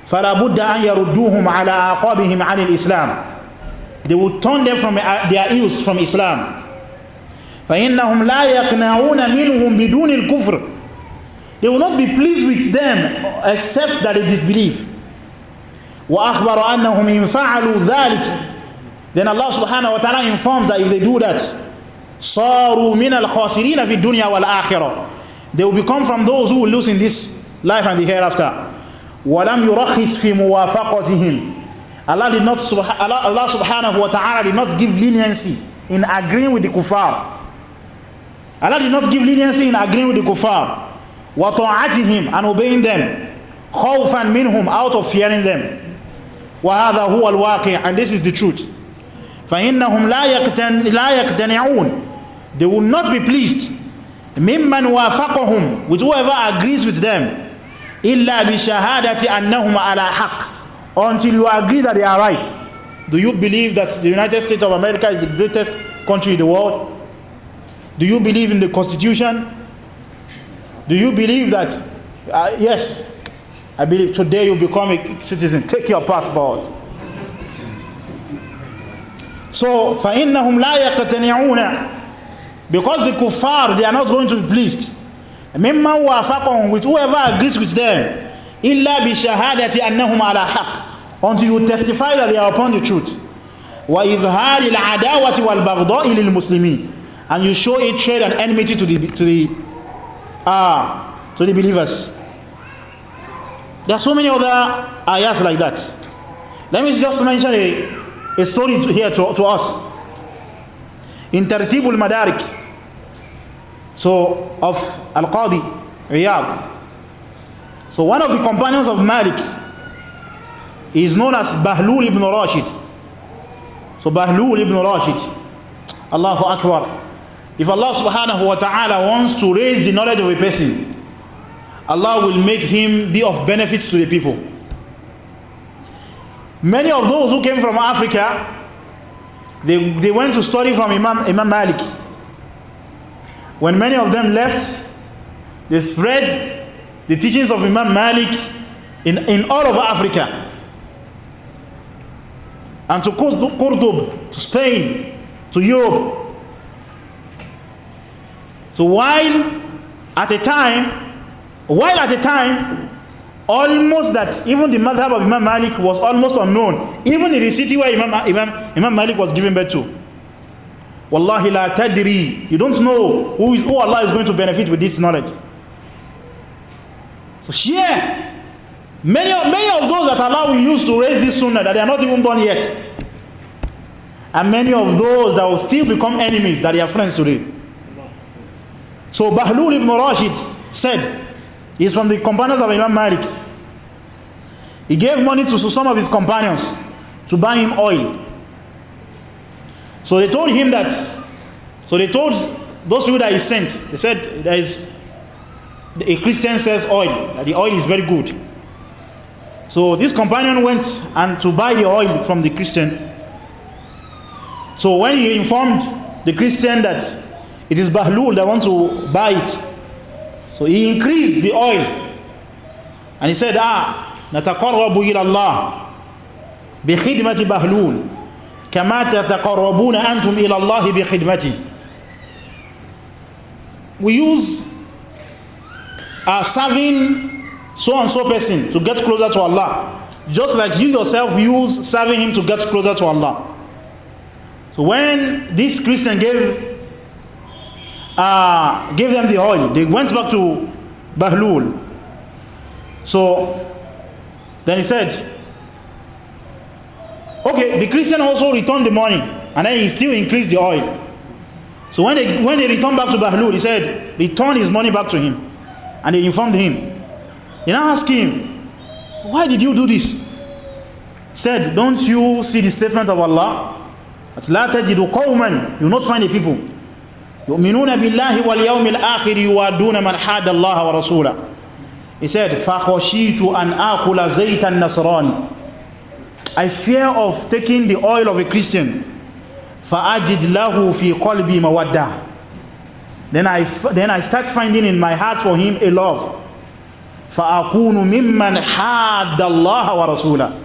فَلَا بُدَّ أَنْ يَرُدُّوهُمْ عَلَىٰ أَعْقَابِهِمْ عَنِ الْإِسْلَامِ They will turn them from their ills from Islam. فَإِنَّهُمْ لَا يَقْنَعُونَ مِنْهُمْ بِدُونِ الْكُفْرِ They will not be pleased with them except that they disbelieve. وأخبر أنهم إن فعلوا ذلك then Allah subhanahu wa ta'ala informs that if they do that صاروا من الخاسرين في الدنيا والآخرة they will become from those who will lose in this life and the hereafter ولم يرخص في موافقتهم Allah did not Allah, Allah subhanahu wa ta'ala did not give leniency in agreeing with the kuffar Allah did not give leniency in agreeing with the kuffar وطاعتهم and obeying them خوفا منهم out of fearing them وهذا هو الواقع and this is the truth فإنهم لا يقتن لا يقتنعون they will not be pleased ممن وافقهم with whoever agrees with them إلا بشهادة أنهم على حق until you agree that they are right do you believe that the United States of America is the greatest country in the world do you believe in the constitution do you believe that uh, yes I believe today you become a citizen. Take your passport. So, فَإِنَّهُمْ لَا يَقْتَنِعُونَ Because the kuffar, they are not going to be pleased. مِمَّنْ وَافَقَهُمْ With whoever agrees with them. إِلَّا بِشَهَادَةِ أَنَّهُمْ عَلَى حَقٍ Until you testify that they are upon the truth. وَإِظْهَارِ الْعَدَاوَةِ وَالْبَغْضَاءِ لِلْمُسْلِمِينَ And you show hatred and enmity to the, to the, ah, to the believers. There are so many other ayahs like that. Let me just mention a, a story to, here to, to us. In Tartibul Madarik, so of Al Qadi, Riyadh. So one of the companions of Malik is known as Bahlul ibn Rashid. So Bahlul ibn Rashid. Allahu Akbar. If Allah subhanahu wa ta'ala wants to raise the knowledge of a person, Allah will make him be of benefits to the people. Many of those who came from Africa, they, they went to study from Imam, Imam Malik. When many of them left, they spread the teachings of Imam Malik in, in all over Africa. And to Cordoba, to Spain, to Europe. So while at a time while at the time almost that even the madhab of Imam Malik was almost unknown even in the city where Imam, Imam, Imam Malik was given birth to Wallahi la tadri you don't know who, is, who Allah is going to benefit with this knowledge so share many of, many of those that Allah will use to raise this sunnah that they are not even born yet and many of those that will still become enemies that they are friends today so Bahlul ibn Rashid said He's from the companions of Imam Malik. He gave money to some of his companions to buy him oil. So they told him that. So they told those people that he sent, they said, there is a Christian sells oil, that the oil is very good. So this companion went and to buy the oil from the Christian. So when he informed the Christian that it is Bahlul that want to buy it, So he increased the oil. And he said, Ah, نتقرب إلى الله بخدمة بهلول كما تتقربون أنتم إلى الله بخدمتي We use uh, serving so and so person to get closer to Allah just like you yourself use serving him to get closer to Allah so when this Christian gave uh, gave them the oil. They went back to Bahlul. So then he said, okay, the Christian also returned the money and then he still increased the oil. So when they, when they returned back to Bahlul, he said, return his money back to him. And he informed him. He now asked him, why did you do this? said, don't you see the statement of Allah? At la tajidu qawman, you will not find a people. يؤمنون بالله واليوم الآخر يوادون من حاد الله ورسوله He said, فَخَشِيتُ أَنْ أَكُلَ زَيْتَ النَّصْرَانِ I fear of taking the oil of a Christian. فَأَجِدْ لَهُ فِي قَلْبِي مَوَدَّةً Then I, then I start finding in my heart for him a love. فَأَكُونُ مِمَّنْ حَادَ اللَّهَ وَرَسُولَهُ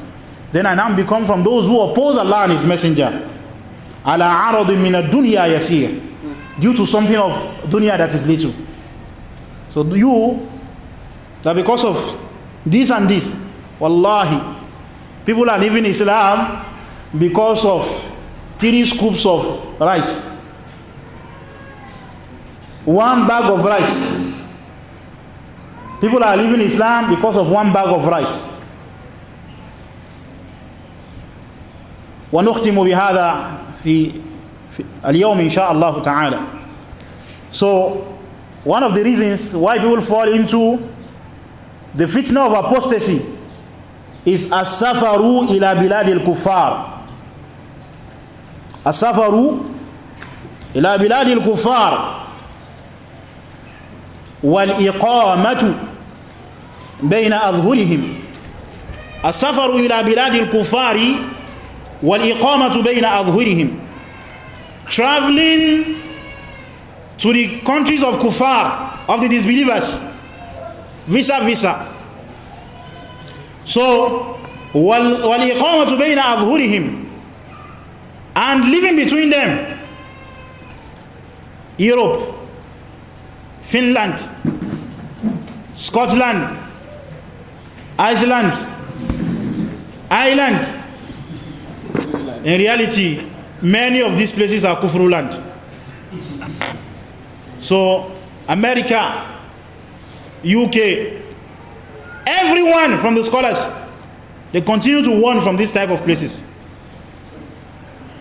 Then I now become from those who oppose Allah and His Messenger. عَلَى عَرَضٍ مِنَ الدُّنْيَا يَسِيرٍ due to something of dunya that is little. So you, that because of this and this, wallahi, people are leaving Islam because of three scoops of rice. One bag of rice. People are leaving Islam because of one bag of rice. ونختم بهذا في اليوم إن شاء الله تعالى so one of the reasons why people fall into the fitna of apostasy is asafaru ila bilad al-kuffar asafaru ila bilad al-kuffar wal والإقامة بين ila bilad al kuffari, wal والإقامة بين أظهرهم traveling to the countries of kufar, of the disbelievers, visa visa. So, وَالْإِقَامَةُ بَيْنَ أَظْهُرِهِمْ And living between them, Europe, Finland, Scotland, Iceland, Ireland, in reality, Many of these places are Kufru land. So, America, UK, everyone from the scholars, they continue to warn from these type of places.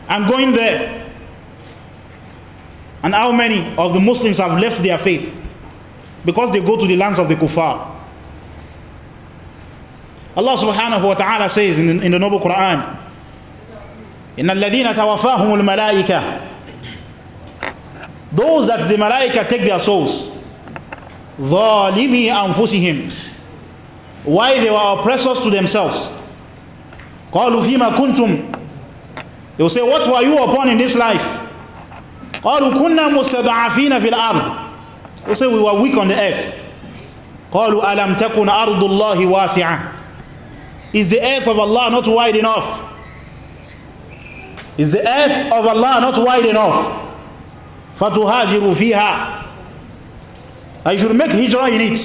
I'm going there. And how many of the Muslims have left their faith? Because they go to the lands of the kuffar. Allah subhanahu wa ta'ala says in the, in the noble Quran, إن الذين توفاهم الملائكة those that the malaika take their souls ظالمي أنفسهم why they were oppressors to themselves قالوا فيما كنتم they will say what were you upon in this life قالوا كنا مستضعفين في الأرض they will say we were weak on the earth قالوا ألم تكن أرض الله واسعة is the earth of Allah not wide enough Is the earth of Allah not wide enough? فَتُهَاجِرُوا فِيهَا I should make hijrah in it.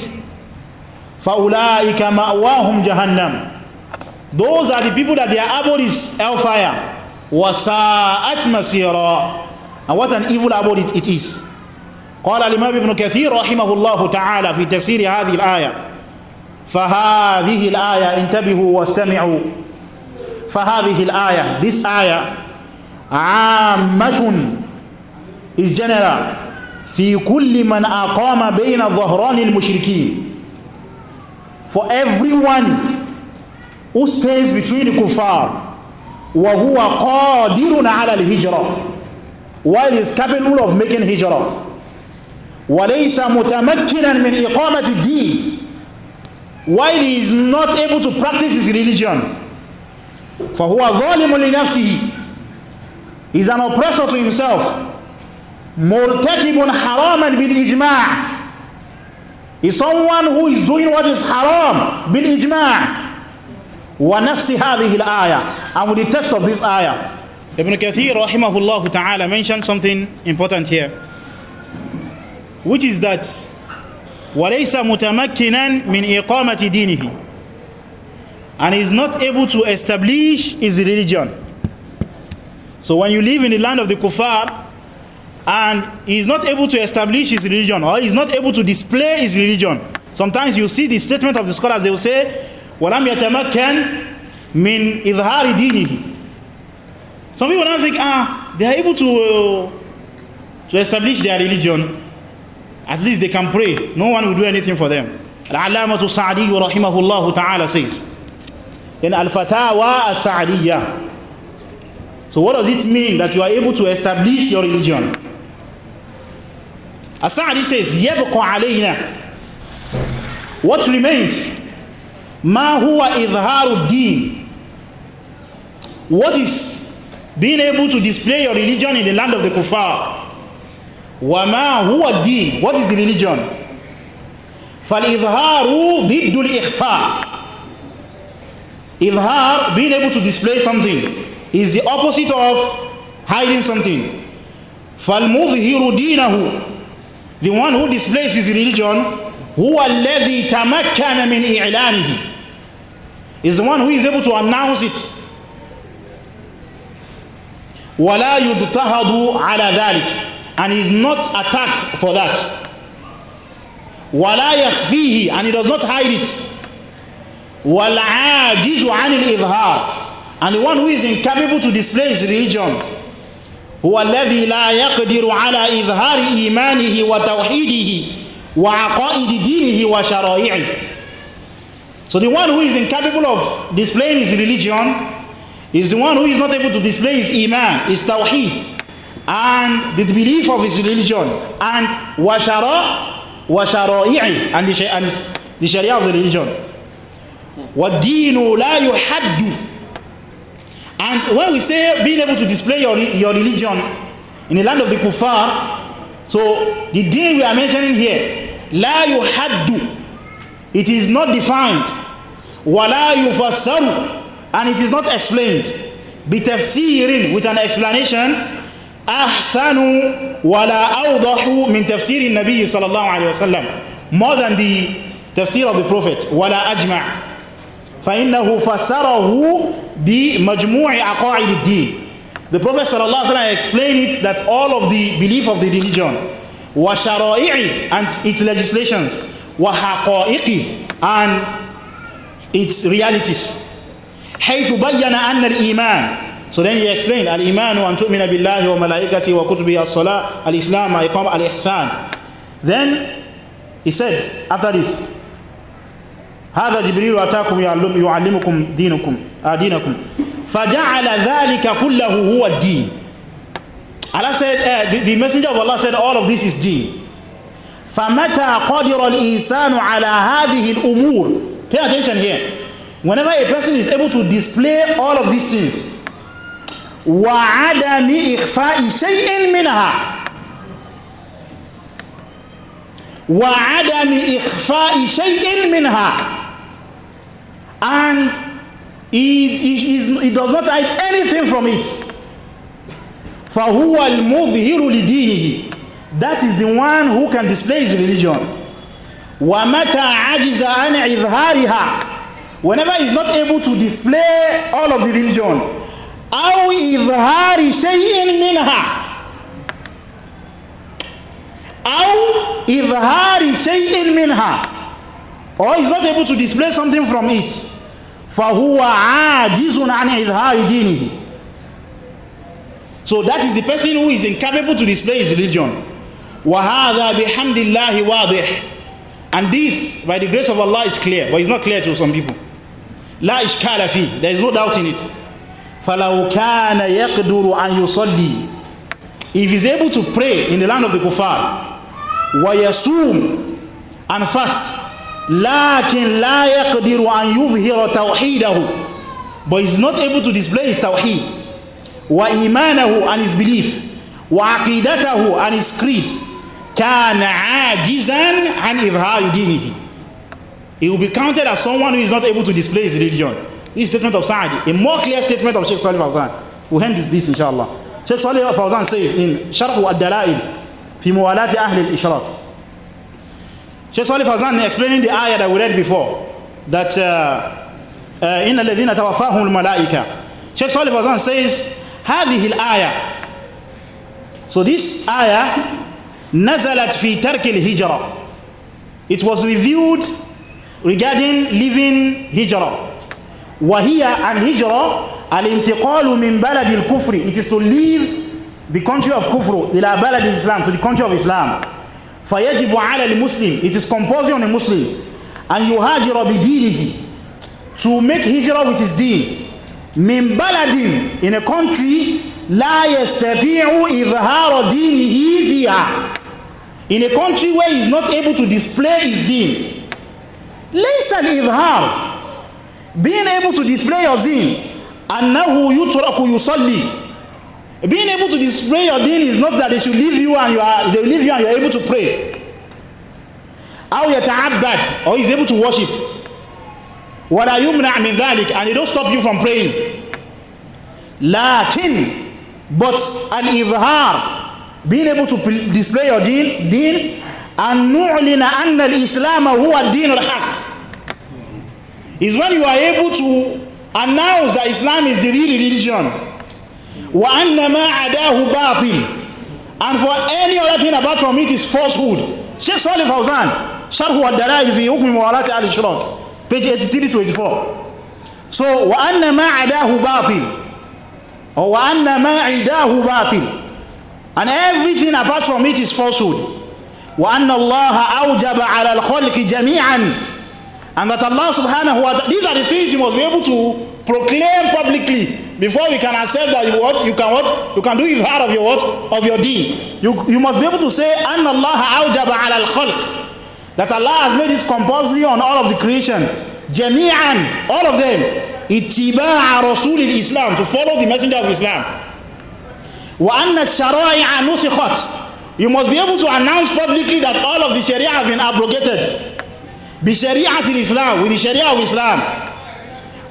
فَأُولَٰئِكَ مَأْوَاهُمْ جَهَنَّمُ Those are the people that their abode is hellfire. وَسَاءَتْ مَسِيرًا And what an evil abode it, it is. قال الإمام ابن كثير رحمه الله تعالى في تفسير هذه الآية فهذه الآية انتبهوا واستمعوا فهذه الآية this آية عامة is general في كل من أقام بين ظهران المشركين for everyone who stays between the kuffar وهو قادر على الهجرة while he is capable of making هجرة وليس متمكنا من إقامة الدين while he is not able to practice his religion فهو ظالم لنفسه He's an oppressor to himself. Murtakibun haraman bil ijma' is someone who is doing what is haram bil ijma' wa nafsi hadhihi al-ayah and with the text of this ayah Ibn Kathir rahimahullah ta'ala mentioned something important here which is that وليس متمكنا من إقامة دينه and is not able to establish his religion So when you live in the land of the kuffar and he is not able to establish his religion or he is not able to display his religion, sometimes you see the statement of the scholars, they will say, وَلَمْ يَتَمَكَّنْ مِنْ إِظْهَارِ دِينِهِ Some people don't think, ah, they are able to, uh, to establish their religion. At least they can pray. No one will do anything for them. Al-Alamatu Sa'adiyu rahimahullahu ta'ala says, in Al-Fatawa As-Sa'adiyya, So what does it mean that you are able to establish your religion? As-Sa'di says, يَبْقَ عَلَيْنَا What remains? مَا هُوَ إِظْهَارُ الدِّينِ What is being able to display your religion in the land of the kuffar? وَمَا هُوَ din. What is the religion? فَالْإِظْهَارُ ضِدُّ الْإِخْفَاءِ Izhar, being able to display something is the opposite of hiding something. فَالْمُظْهِرُ دِينَهُ The one who displays his religion هو الذي تمكن من إعلانه is the one who is able to announce it ولا على ذلك and he is not attacked for that ولا يخفيه and he does not hide it والعاجز عن الإظهار and the one who is incapable to display his religion هو الذي لا يقدر على إظهار إيمانه وتوحيده وعقائد دينه وشرائعه So the one who is incapable of displaying his religion is the one who is not able to display his iman, his tawheed, and the belief of his religion, and washara, washara'i'i, and the, and the sharia of the religion. وَالدِّينُ لَا يُحَدُّ and when we say being able to display your, your religion in the land of the kuffar, so the deen we are mentioning here, la yuhaddu, it is not defined, ولا يُفسَرُ, and it is not explained. بِتَفْسِيرٍ with an explanation, ولا أوضحُ من تفسير النبي صلى الله عليه وسلم More than the tafsir of the prophet, ولا ajma' فإنه فسره the Majmu'i Aqa'id al-Din. The Prophet wasallam explained it that all of the belief of the religion, wa shara'i'i and its legislations, wa haqa'iqi and its realities. حيث بين أن الإيمان So then he explained al iman wa wa billahi الإيمان أن تؤمن بالله وملائكته وكتبه الصلاة الإسلام al ihsan. Then he said after this هذا جبريل أتاكم يعلم يعلمكم دينكم دينكم فجعل ذلك كله هو الدين Allah said uh, the, the messenger of Allah said all of this is deen فمتى قدر الإنسان على هذه الأمور pay attention here whenever a person is able to display all of these things وعدم إخفاء شيء منها وعدم إخفاء شيء منها and he, he, he does not hide anything from it. فَهُوَ الْمُظْهِرُ لِدِينِهِ That is the one who can display his religion. وَمَتَى عَجِزَ عَنْ إِظْهَارِهَا Whenever he's not able to display all of the religion, أَوْ إِظْهَارِ شَيْءٍ مِنْهَا أَوْ إِظْهَارِ شَيْءٍ مِنْهَا or is not able to display something from it فَهُوَ عَاجِزٌ عَنِ إِظْهَارِ دِينِهِ So that is the person who is incapable to display his religion. وَهَذَا بِحَمْدِ اللَّهِ وَاضِحِ And this, by the grace of Allah, is clear. But it's not clear to some people. La إشكال فيه. There is no doubt in it. فَلَوْ كَانَ يَقْدُرُ أَنْ يُصَلِّي If he's able to pray in the land of the kuffar, وَيَسُومُ And fast, lakin la yaqdiru an yuzhira tawhidahu but he's not able to display his tawhid wa imanahu and his belief wa aqidatahu and his creed kana ajizan an izhar dinihi he will be counted as someone who is not able to display his religion this statement of Sa'adi a more clear statement of Sheikh Salih Fawzan we'll end with this inshallah Sheikh Salih Fawzan says in Sharh al-Dalail fi muwalati ahli al-ishraq Sheikh Salih Fazan explaining the ayah that we read before that in الَّذِينَ تَوَفَّاهُمُ الْمَلَائِكَةِ Sheikh Salih Fazan says هذه ayah, So this ayah نزلت في ترك hijrah. It was reviewed regarding leaving hijrah وهي and hijrah الانتقال من بلد الكفر It is to leave the country of kufr ila بلد Islam, to the country of Islam فيجب على Muslim, it is composing on a Muslim and you أن يهاجر بدينه to make hijrah with his deen من بلد in a country لا يستطيع إظهار دينه فيها in a country where he is not able to display his deen ليس الإظهار being able to display your deen أنه يترك يصلي Being able to display your deen is not that they should leave you and you are they leave you and you are able to pray. How you yet bad or is able to worship. What are you min dhalik and it don't stop you from praying. Lakin but an izhar being able to display your deen deen and nu'lina anna al-islam huwa din al-haq is when you are able to announce that Islam is the real religion wa anna ma adahu batil and for any other thing about from it is falsehood Sheikh Salih Fawzan sharh wa dalail fi hukm muwalati ahli shirak page 83 to 84 so wa anna ma adahu batil or wa anna ma idahu batil and everything apart from it is falsehood wa anna Allah awjaba ala al-khalqi jami'an and that Allah subhanahu wa ta'ala these are the things you must be able to Proclaim publicly before we can accept that you what you can what you can do is out of your what of your deen. You you must be able to say an Allah awjaba al khalq that Allah has made it compulsory on all of the creation. Jami'an, all of them. Ittiba'a Rasul Islam to follow the messenger of Islam. Wa anna shara'i'a nusikhat. You must be able to announce publicly that all of the Sharia have been abrogated. Bi shari'ati Islam with the Sharia of Islam.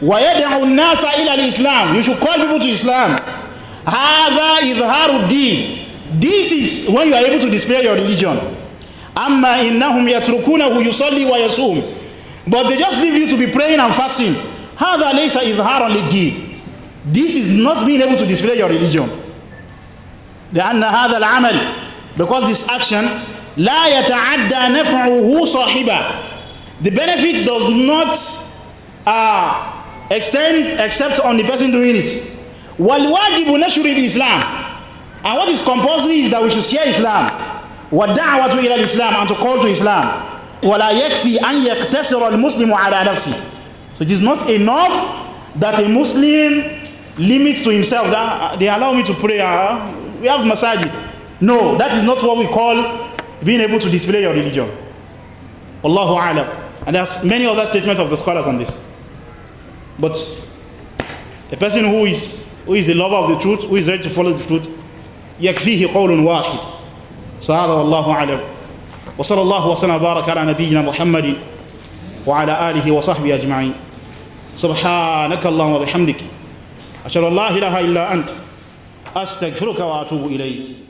ويدعو الناس إلى Islam, you should call people to Islam هذا إظهار di. this is when you are able to display your religion أما إنهم يتركونه wa ويصوم but they just leave you to be praying and fasting هذا ليس إظهارا للدين this is not being able to display your religion لأن هذا العمل because this action لا يتعدى نفعه صاحبه the benefit does not uh, extend except on the person doing it. وَالْوَاجِبُ نَشْرِ Islam. And what is compulsory is that we should share Islam. وَالدَّعْوَةُ إِلَى Islam And to call to Islam. وَلَا يَكْفِي أَنْ يَقْتَسِرَ الْمُسْلِمُ عَلَى نَفْسِهِ So it is not enough that a Muslim limits to himself that uh, they allow me to pray. Uh, we have masajid. No, that is not what we call being able to display your religion. Allahu Alam. And there's many other statements of the scholars on this. But a person who is who is a lover of the truth, who is ready to follow the truth, يكفيه قول واحد. So هذا والله وصلى الله وسلم بَارَكَ على نبينا محمد وعلى آله وصحبه أجمعين. سبحانك اللهم وبحمدك أشهد أن لا إله إلا أنت أستغفرك وأتوب إليك.